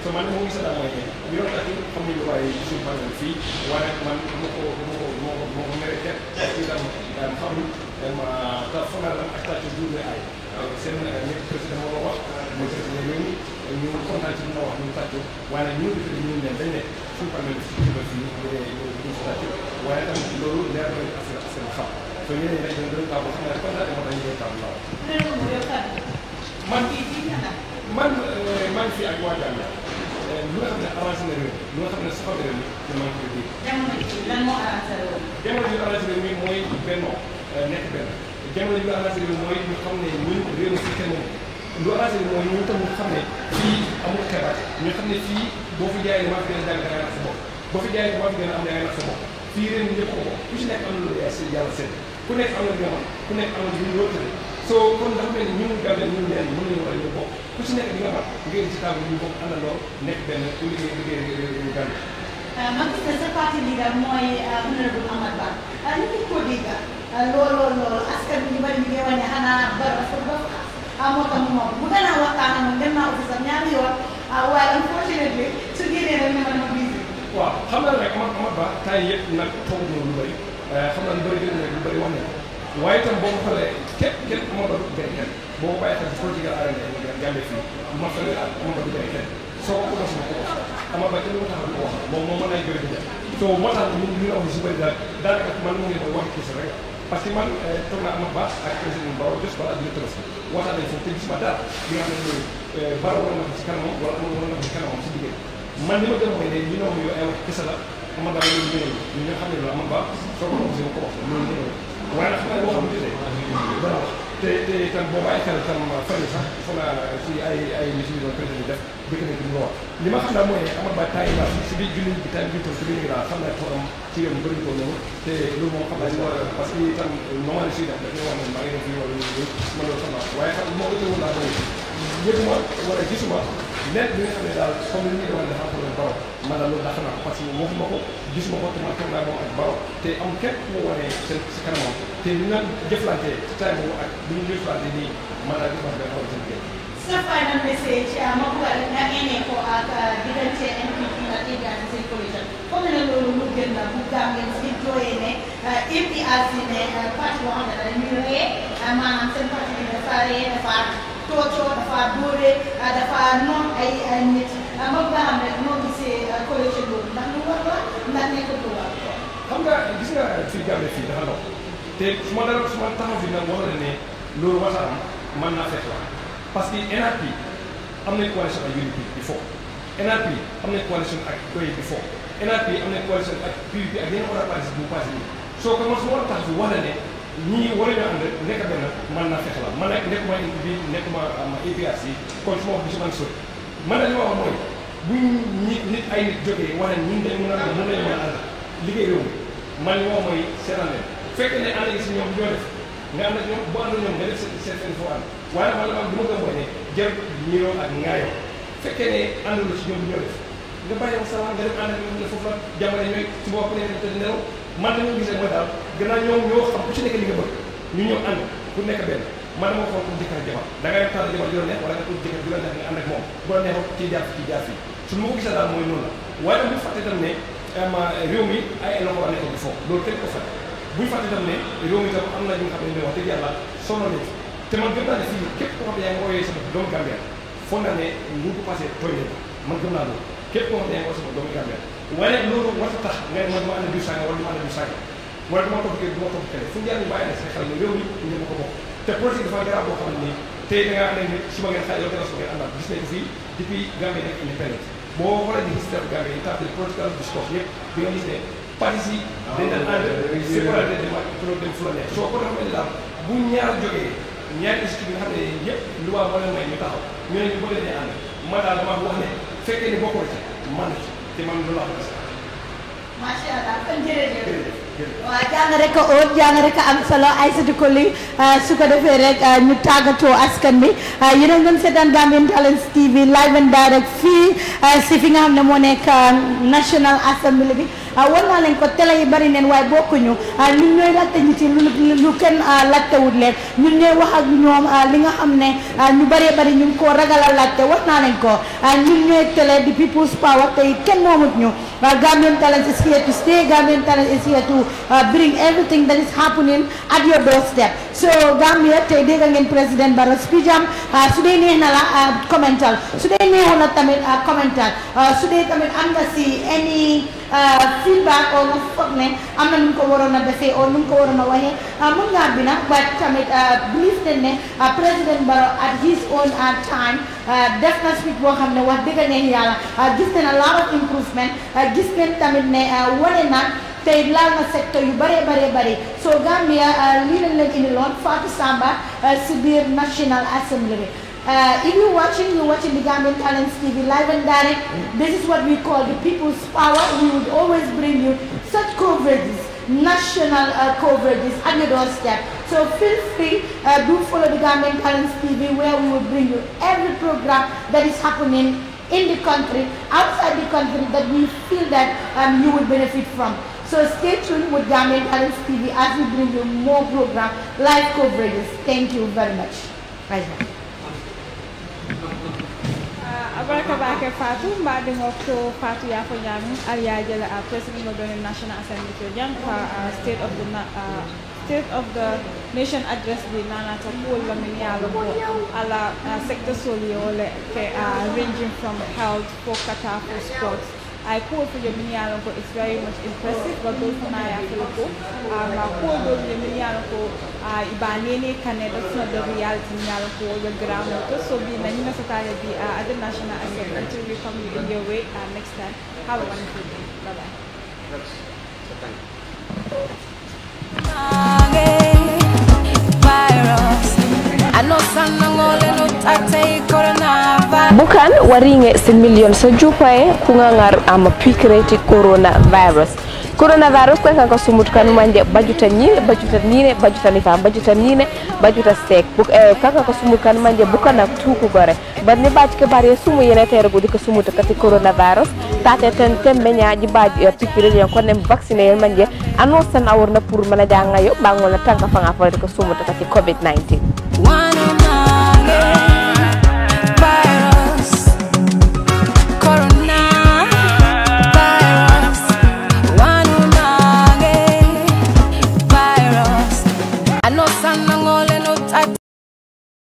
so man li ma gis daal mooy ne yow tamit xam nga waaye suñu maanaam fii waaye man ma ko ma ko ma ko ma ko meree kenn. fii daal daal seen nekk président moo wax. mooy président yooyu ñu kontaan ci li ma wax ñu tàcc waaye nag ñun ñu ne dañ ne suñu panel bi fii ba fii ñu ñu si waaye tamit loolu leer na askan askan xam te ñeneen ñi dañ doon tàmm xam naa ne kontaan moo tax ñu doon tàmm laaw. man euh, maa ngi fi ak waa Gambia euh, lu nga xam ne avancé na réew lu nga xam ne soxal na réew te maa ngi koy dégg. jamono ji lan moo avancé réew mi. jamono ji avancé réew mi mooy bennoo euh, nekk benn jamono ji avancé réew mi mooy ñu xam ne ñun réew mi si kenn lu avancé réew mooy ñun tam xam ne fii amul xebaat ñu xam ne fii boo fi jaayee maa fi gën a jàng dangay nax sa bopp boo fi jaayee maa fi gën a am dangay nax sa bopp fii réew mi ñëpp ko ku ci nekk am na lu yàlla seen ku nekk am na ku nekk am na lu ñu soo kon dafa mel ni ñun Gambie ñun leen mën nañu war a ñu bokk ku ci nekk di nga xam ngeen ci table ñu bokk àndandoo nekk benn ku liggéey liggéey liggéey Gambie. Macky Sall sa parti leader mooy euh, honorable Amad Ba euh, ñu ngi ko dégg euh, lool lool lool askan bi ñu bari ñu ngi wane xanaa baro sa bopp moo tax moom bu gën a waxtaan ak moom dem naa office am ñaari yoon ah, waaye unfortunately su génnee rek ne ma nag busy. waaw xam naa rek Amad Amad Ba temps yëpp nag toog na lu bëri xam naa lu bëri gën na lu bëri wax na ko. waaye itam boo ko xoolee kenn kenn moo doon benn kenn boo ko so moo tax ñu ñu wax si bëri daal mu ngi doon wax parce que man eh, toog naa Ba ak président Barrow jos wala ak directeur si waxtaan eh, na ko ci kanamam wala amul na ko ci kanamam si diggante man li ma gën a waxee ñu ne ma yow ay wax kese la ama daal ñu ñu ñu xam ne la Amath Ba soo ko waxee ma ko wax waaye dafa am loo xamante ne dana si ay ay misis yu def dëkk na duñ li ma xam daal mooy Amadou Ba taay naa si biir jullit bi taay bi ñu toll si biir ngi daal xam naa dafa te loolu moom xam naa si a si def dafay wax ne maa ngi war a ñu mën waaye xam moo ko jëwoon naa yëguma wala gisuma lépp li nga xam ne daal comme ni ñu dafa am problème borom man la loolu dafa naa ko parce que waxuma ko gisuma ko te man te am kenn ku ma wanee sa sa kanamam te ñu naan jëflante ci taay boobu ak li ñu jëflante nii maanaam dafa am benn borom seen na loolu mu gën la bu Gambia si jooyee ne APRC ah, ne ah, parti boo xam ne dañuy ree ah, maanaam seen parti bi dafa toocoo dafa dóore dafa noon ay ay nit moom nga xam ne moo gisee collection boobu ndax lu war la ndax nekk lu war. xam nga gis nga fii Gambie fii dafa ndaw te su ma dara su ma taxaw fi nag wax la ne loolu war na am naa fekk wax parce que NRP am nañ coalition ak UDP il NRP am nañ coalition ak OIF il NRP am nañ coalition ak PUP ak yeneen wala partis bu passé soo ko mos ma war a taxaw fi wax la ne. ñii war nañoo ànd nekk benn mën naa fexe la man nekkuma bi nekkuma ma APRC kon su bi su man sori man nag ma wax mooy bu ñi nit ay nit jógee wala ñun dañ mën a mën nañu mën a ànd liggéey réew mi man li ma wax mooy ne ànd nga na ñoom bu ànd ñoom nga def seen seen foo ànd waaye man la man du ma gëm ne jël la si ñoom ñoo wax sa nga ne ne te man la ñu gisee mooy daal gannaaw ñoom ñoo xam ku ci nekk li nga bëgg ñu ñëw ànd ku nekk benn man dama xool pour jëkkër jabar da a taal jabar ju la neex wala nga ut jëkkër ju la nga ko gisee daal mooy ah, mi ay loxo war foofu loolu ne réew mi tam am na ñu nga xam ne wax dëgg yàlla sonn nañ te man gëm naa ne fii képp koo xam ne yaa ngi wooyee sama doomu Gambien foog naa ne ñu ko passé tooy nañ man gëm naa loolu képp koo xam ne yaa ngi wooyee sama doomu Gambien waaye loolu war a tax nga ne man dama ànd diw sànga wala dama ànd diw sànga wala du ma ko du ma ko tey fu ñu bàyyi na si xel ne réew mi ñu ma ko bokk te projet dafa garab boo xam ne nii tey da ngaa ne ni suba ngeen xaar yow dana suba ngeen àndaat gis nañ fii depuis Gambie nekk indépendance boo xoolee ni histoire Gambie yi tàmbali protocole du sport yëpp bi nga gis ne partis yi ah, dañ daan ànd séparé dem ak dem fu la neex soo ko dafa mel ni daal bu ñaar jógee ñaari institut bi nga xam ne yëpp lu waa moo leen may ñu taxaw ñu ne ñu bëgg leen ànd ma daal dama wax ne fekkee ni bokkoo ci man ci te man loolu laa ko gis macha allah kon jërëjëf waaw jàng rek a óot am solo Aïssatou Colley euh, su ko defee rek euh, ñu tàggatoo askan bi euh, yéen a ngi doon seetaan Gambian Talents TV live and direct fii si fi nga xam ne moo nekk National Assembly bi Ah, war naa leen ko télé yi bari neen waaye bokkuñu ah, ñun ñooy laajte ñu ci lu lu kenn ah, laajtewut leen ñun ñooy wax ak ñoom li nga xam ne ñu baree bari ñu ngi koo ragal a laajte wax naa leen ko ñun ñooy télé di people's power tey kenn moomut ñu Gambian Talents is here to stay Gambian Talents is here to bring everything that is happening at your doorstep so Gambia tey dégg ngeen président Barrow speech am su dee neex na la commental su dee neexu na tamit commental su dee tamit am nga si any Euh, feedback oo nga foog am na nu ko waroon a defee oo nu ko waroon a waxee euh, mun ngaa bi nag waaye tamit euh, believe nañ ne président Barrow at his own time def na suite boo xam ne wax dëgg neex yàlla gis nañ a lot of improvement gis nañ tamit ne wane na tey laal na secteur yu bëree bëree bëri soo Gambia lii lañ leen indiloon Fatou Samba si biir National Assembly Uh, if you're watching, you're watching the Gambian Talents TV live and direct. This is what we call the people's power. We would always bring you such coverages, national uh, coverages at your doorstep. So feel free, uh, do follow the Gambian Talents TV where we will bring you every program that is happening in the country, outside the country that we feel that um, you will benefit from. So stay tuned with Gambian Talents TV as we bring you more program, live coverages. Thank you very much. bye. Uh, Abaraka Bakir Fatou mbaɗi mofto Fatou Yafo Ñami Aliya Jele a uh, President Modoni National Assembly to uh, State of the State of the Nation Address ɗi nanata kuwolla min yaalogo ala secteur soli ranging from health fo kata sports I called for Yeminiano, but it's very much impressive. But those from I have to go. Um, I called those Yeminiano, uh, Ibanene, Canada, that's not the reality, Yeminiano, the ground. So be Nanina Sataya, the uh, other national asset until we come in your way uh, next time. Have a wonderful day. Bye bye. That's, thank you. Virus. bukan waringe sin million sa jupae kungangar ama pikreti coronavirus coronavirus koye kanko sumutukanuma nde bajuta ñine bajuta nine bajuta nifam bajuta nine bajuta sek eh, kanka ko sumutukanuma nde bukana tukugore banni baji ke bariye sumu yenetere gudi eh, ko sumuta kati coronavirus tate ten tembeñaji baji pipireñen konnen vacciné yen manje annonce tan awurna pour manaja ngayo ɓangol na tanka fanga fawde ko sumuta kati covid 19